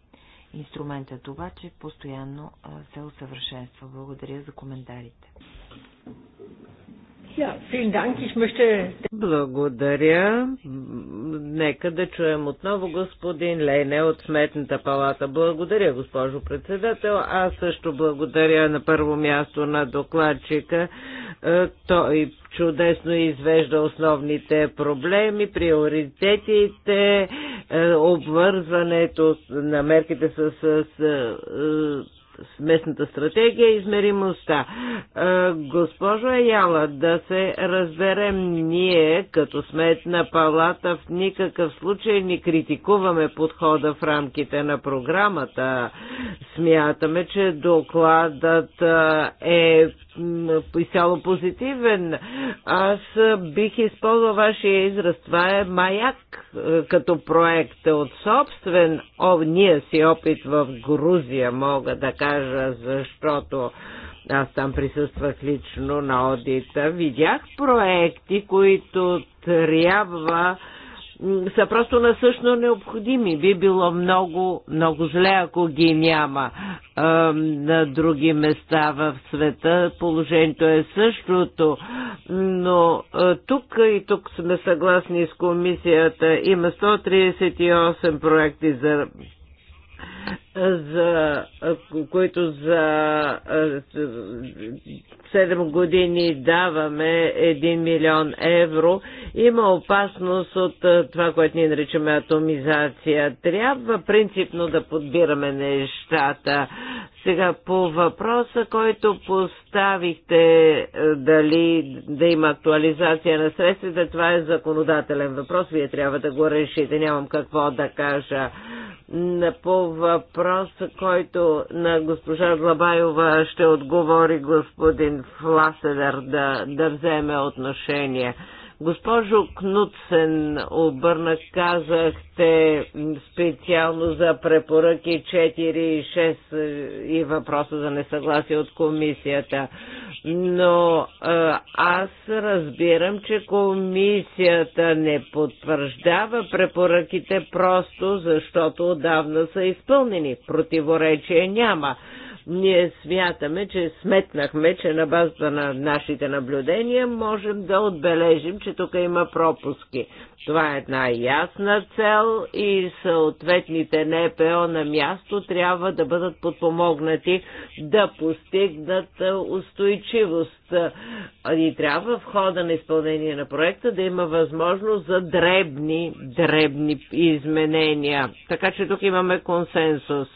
Инструментът обаче постоянно се усъвършенства. Благодаря за коментарите. Благодаря. Нека да чуем отново господин Лейне от Сметната палата. Благодаря, госпожо председател. Аз също благодаря на първо място на докладчика. Е, той чудесно извежда основните проблеми, приоритетите, е, обвързването на мерките с, с, с местната стратегия и измеримостта. Е, госпожо Аяла, да се разберем ние като сметна палата в никакъв случай не критикуваме подхода в рамките на програмата. Смятаме, че докладът е изцяло позитивен. Аз бих използвал вашия израз. Това е маяк е, като проект от собствен о, ние си опит в Грузия, мога да кажа, защото аз там присъствах лично на одита. Видях проекти, които трябва са просто насъщно необходими. Би било много, много зле, ако ги няма. На други места в света положението е същото, но тук и тук сме съгласни с комисията. Има 138 проекти за за, които за 7 години даваме 1 милион евро, има опасност от това, което ние наричаме атомизация. Трябва принципно да подбираме нещата. Сега по въпроса, който поставихте дали да има актуализация на средствата, това е законодателен въпрос. Вие трябва да го решите. Нямам какво да кажа. По въпрос въпрос, който на госпожа Глабаева ще отговори господин Фласедър да, да вземе отношение. Госпожо Кнутсен, обърна казахте специално за препоръки 4 и 6 е, и въпроса за несъгласие от комисията. Но е, аз разбирам, че комисията не потвърждава препоръките просто защото отдавна са изпълнени. Противоречие няма. Ние смятаме, че сметнахме, че на базата на нашите наблюдения можем да отбележим, че тук има пропуски. Това е една ясна цел и съответните НПО на място трябва да бъдат подпомогнати да постигнат устойчивост. И трябва в хода на изпълнение на проекта да има възможност за дребни, дребни изменения. Така че тук имаме консенсус.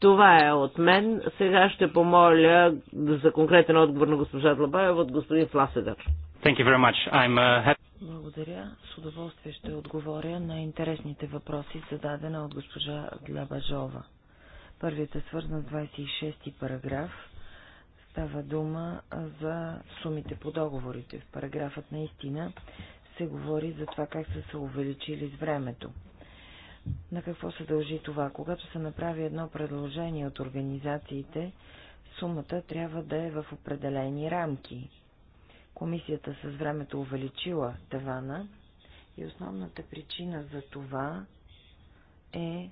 Това е от мен. Сега ще помоля за конкретен отговор на госпожа Длабаева от господин Фласедър. Uh, Благодаря. С удоволствие ще отговоря на интересните въпроси, зададена от госпожа Длабажова. Първият е свързан с 26 ти параграф. Става дума за сумите по договорите. В параграфът наистина се говори за това как са се увеличили с времето. На какво се дължи това? Когато се направи едно предложение от организациите, сумата трябва да е в определени рамки. Комисията с времето увеличила тавана и основната причина за това е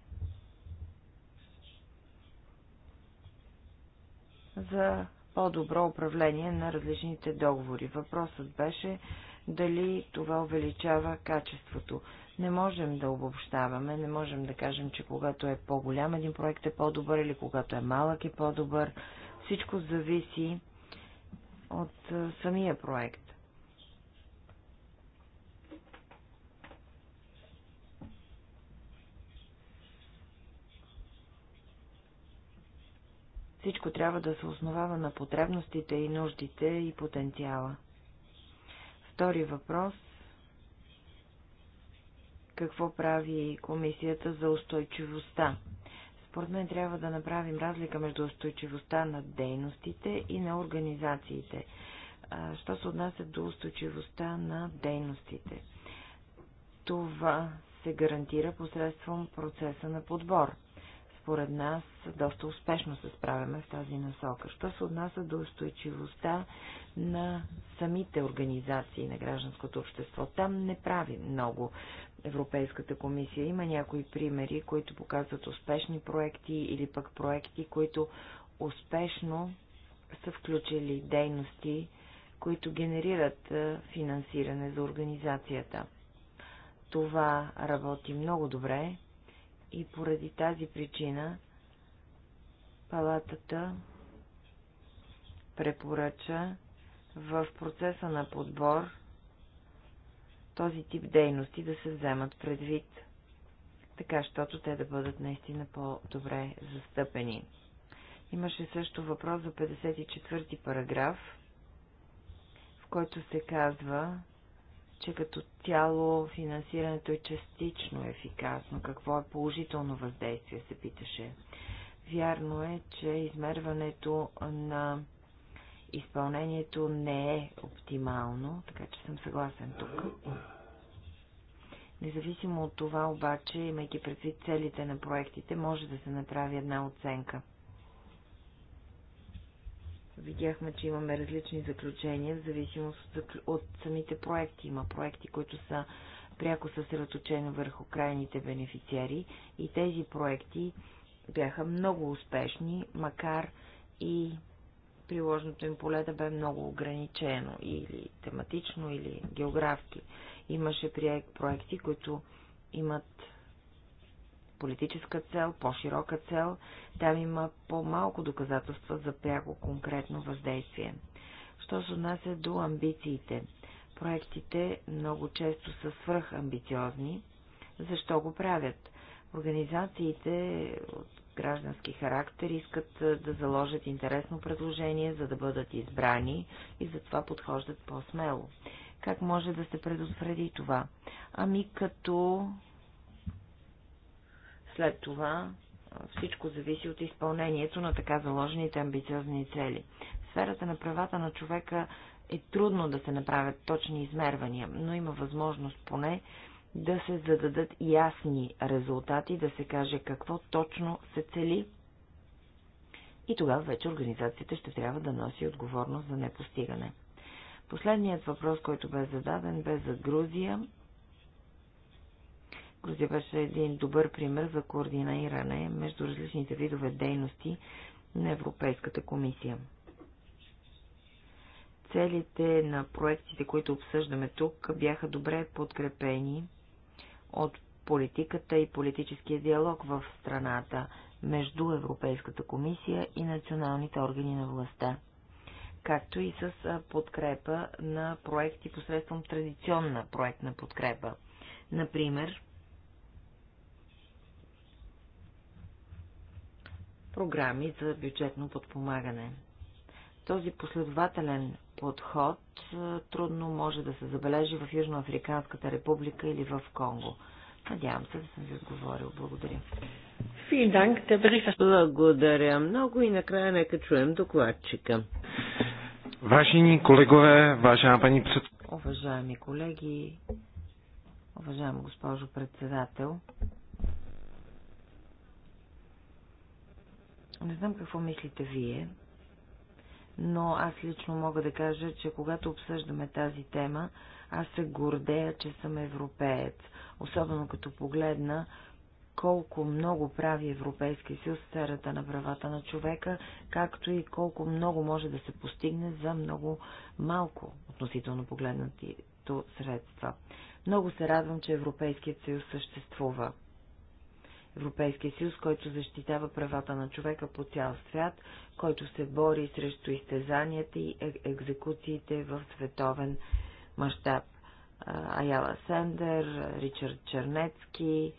за по-добро управление на различните договори. Въпросът беше дали това увеличава качеството. Не можем да обобщаваме, не можем да кажем, че когато е по-голям един проект е по-добър или когато е малък е по-добър. Всичко зависи от самия проект. Всичко трябва да се основава на потребностите и нуждите и потенциала. Втори въпрос какво прави Комисията за устойчивостта. Според мен трябва да направим разлика между устойчивостта на дейностите и на организациите. Що се отнася до устойчивостта на дейностите? Това се гарантира посредством процеса на подбор според нас, доста успешно се справяме в тази насока. Що се отнася до устойчивостта на самите организации на гражданското общество, там не прави много Европейската комисия. Има някои примери, които показват успешни проекти или пък проекти, които успешно са включили дейности, които генерират финансиране за организацията. Това работи много добре и поради тази причина палатата препоръча в процеса на подбор този тип дейности да се вземат предвид, така, щото те да бъдат наистина по-добре застъпени. Имаше също въпрос за 54 параграф, в който се казва, че като цяло финансирането е частично ефикасно. Какво е положително въздействие, се питаше. Вярно е, че измерването на изпълнението не е оптимално, така че съм съгласен тук. Независимо от това обаче, имайки предвид целите на проектите, може да се направи една оценка – видяхме, че имаме различни заключения в зависимост от, от самите проекти. Има проекти, които са пряко съсредоточени върху крайните бенефициари и тези проекти бяха много успешни, макар и приложното им поле да бе много ограничено или тематично, или географски. Имаше проекти, които имат политическа цел, по-широка цел, там има по-малко доказателства за пряко конкретно въздействие. Що се отнася до амбициите? Проектите много често са свръхамбициозни. Защо го правят? Организациите от граждански характер искат да заложат интересно предложение, за да бъдат избрани и затова подхождат по-смело. Как може да се предотвреди това? Ами като след това всичко зависи от изпълнението на така заложените амбициозни цели. В сферата на правата на човека е трудно да се направят точни измервания, но има възможност поне да се зададат ясни резултати, да се каже какво точно се цели и тогава вече организацията ще трябва да носи отговорност за непостигане. Последният въпрос, който бе зададен, бе за Грузия Грузия беше един добър пример за координиране между различните видове дейности на Европейската комисия. Целите на проектите, които обсъждаме тук, бяха добре подкрепени от политиката и политическия диалог в страната между Европейската комисия и националните органи на властта, както и с подкрепа на проекти посредством традиционна проектна подкрепа. Например, програми за бюджетно подпомагане. Този последователен подход е, трудно може да се забележи в Южноафриканската република или в Конго. Надявам се да съм ви отговорил. Благодаря. Благодаря много и накрая нека чуем докладчика. Важени колегове, vážená пани před... Уважаеми колеги, уважаема госпожо председател, Не знам какво мислите вие, но аз лично мога да кажа, че когато обсъждаме тази тема, аз се гордея, че съм европеец. Особено като погледна колко много прави Европейски съюз в сферата на правата на човека, както и колко много може да се постигне за много малко, относително погледнатито средства. Много се радвам, че Европейският съюз съществува. Европейския съюз, който защитава правата на човека по цял свят, който се бори срещу изтезанията и е- екзекуциите в световен мащаб. Аяла Сендер, Ричард Чернецки,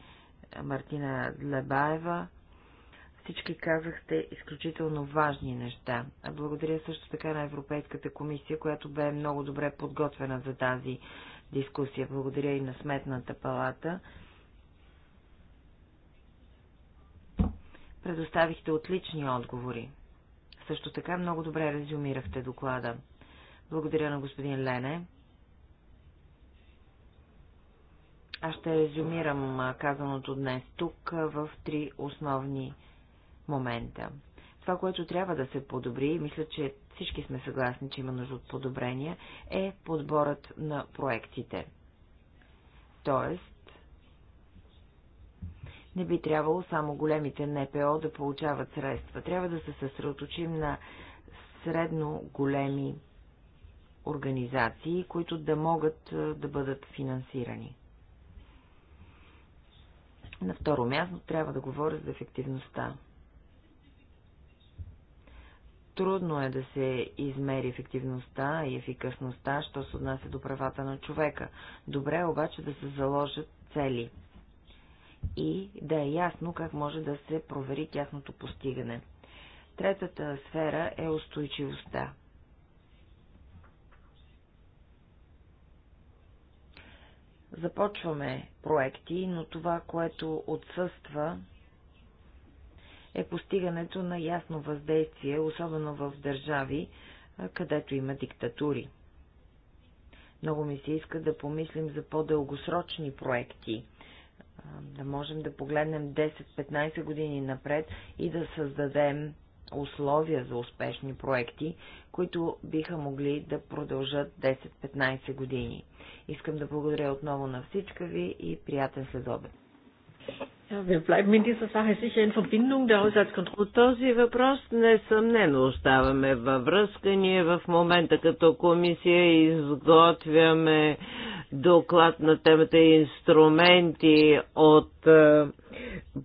Мартина Длебаева. Всички казахте изключително важни неща. Благодаря също така на Европейската комисия, която бе много добре подготвена за тази дискусия. Благодаря и на Сметната палата. Предоставихте отлични отговори. Също така много добре резюмирахте доклада. Благодаря на господин Лене. Аз ще резюмирам казаното днес тук в три основни момента. Това, което трябва да се подобри, мисля, че всички сме съгласни, че има нужда от подобрения, е подборът на проектите. Тоест, не би трябвало само големите НПО да получават средства. Трябва да се съсредоточим на средно големи организации, които да могат да бъдат финансирани. На второ място трябва да говоря за ефективността. Трудно е да се измери ефективността и ефикасността, що се отнася до правата на човека. Добре е обаче да се заложат цели и да е ясно как може да се провери тяхното постигане. Третата сфера е устойчивостта. Започваме проекти, но това, което отсъства, е постигането на ясно въздействие, особено в държави, където има диктатури. Много ми се иска да помислим за по-дългосрочни проекти да можем да погледнем 10-15 години напред и да създадем условия за успешни проекти, които биха могли да продължат 10-15 години. Искам да благодаря отново на всичка ви и приятен следобед der По този въпрос несъмнено оставаме във връзка. Ние в момента като комисия изготвяме доклад на темата инструменти от е,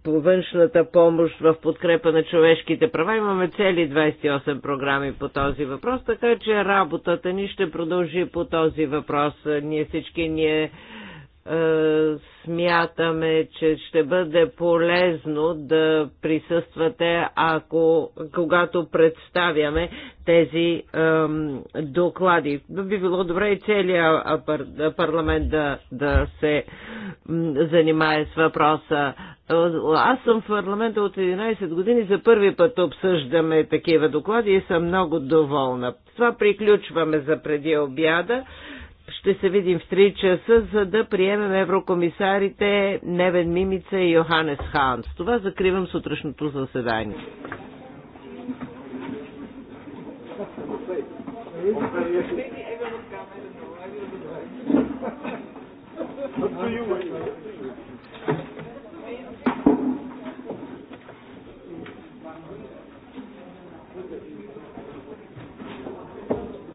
по външната помощ в подкрепа на човешките права. Имаме цели 28 програми по този въпрос, така че работата ни ще продължи по този въпрос. Ние всички ние е, смятаме, че ще бъде полезно да присъствате, ако, когато представяме тези ем, доклади. Би било добре и целият парламент да, да се занимае с въпроса. Аз съм в парламента от 11 години, за първи път обсъждаме такива доклади и съм много доволна. Това приключваме за преди обяда. Ще се видим в 3 часа, за да приемем еврокомисарите Невен Мимица и Йоханес Ханс. Това закривам сутрешното заседание. Up to you.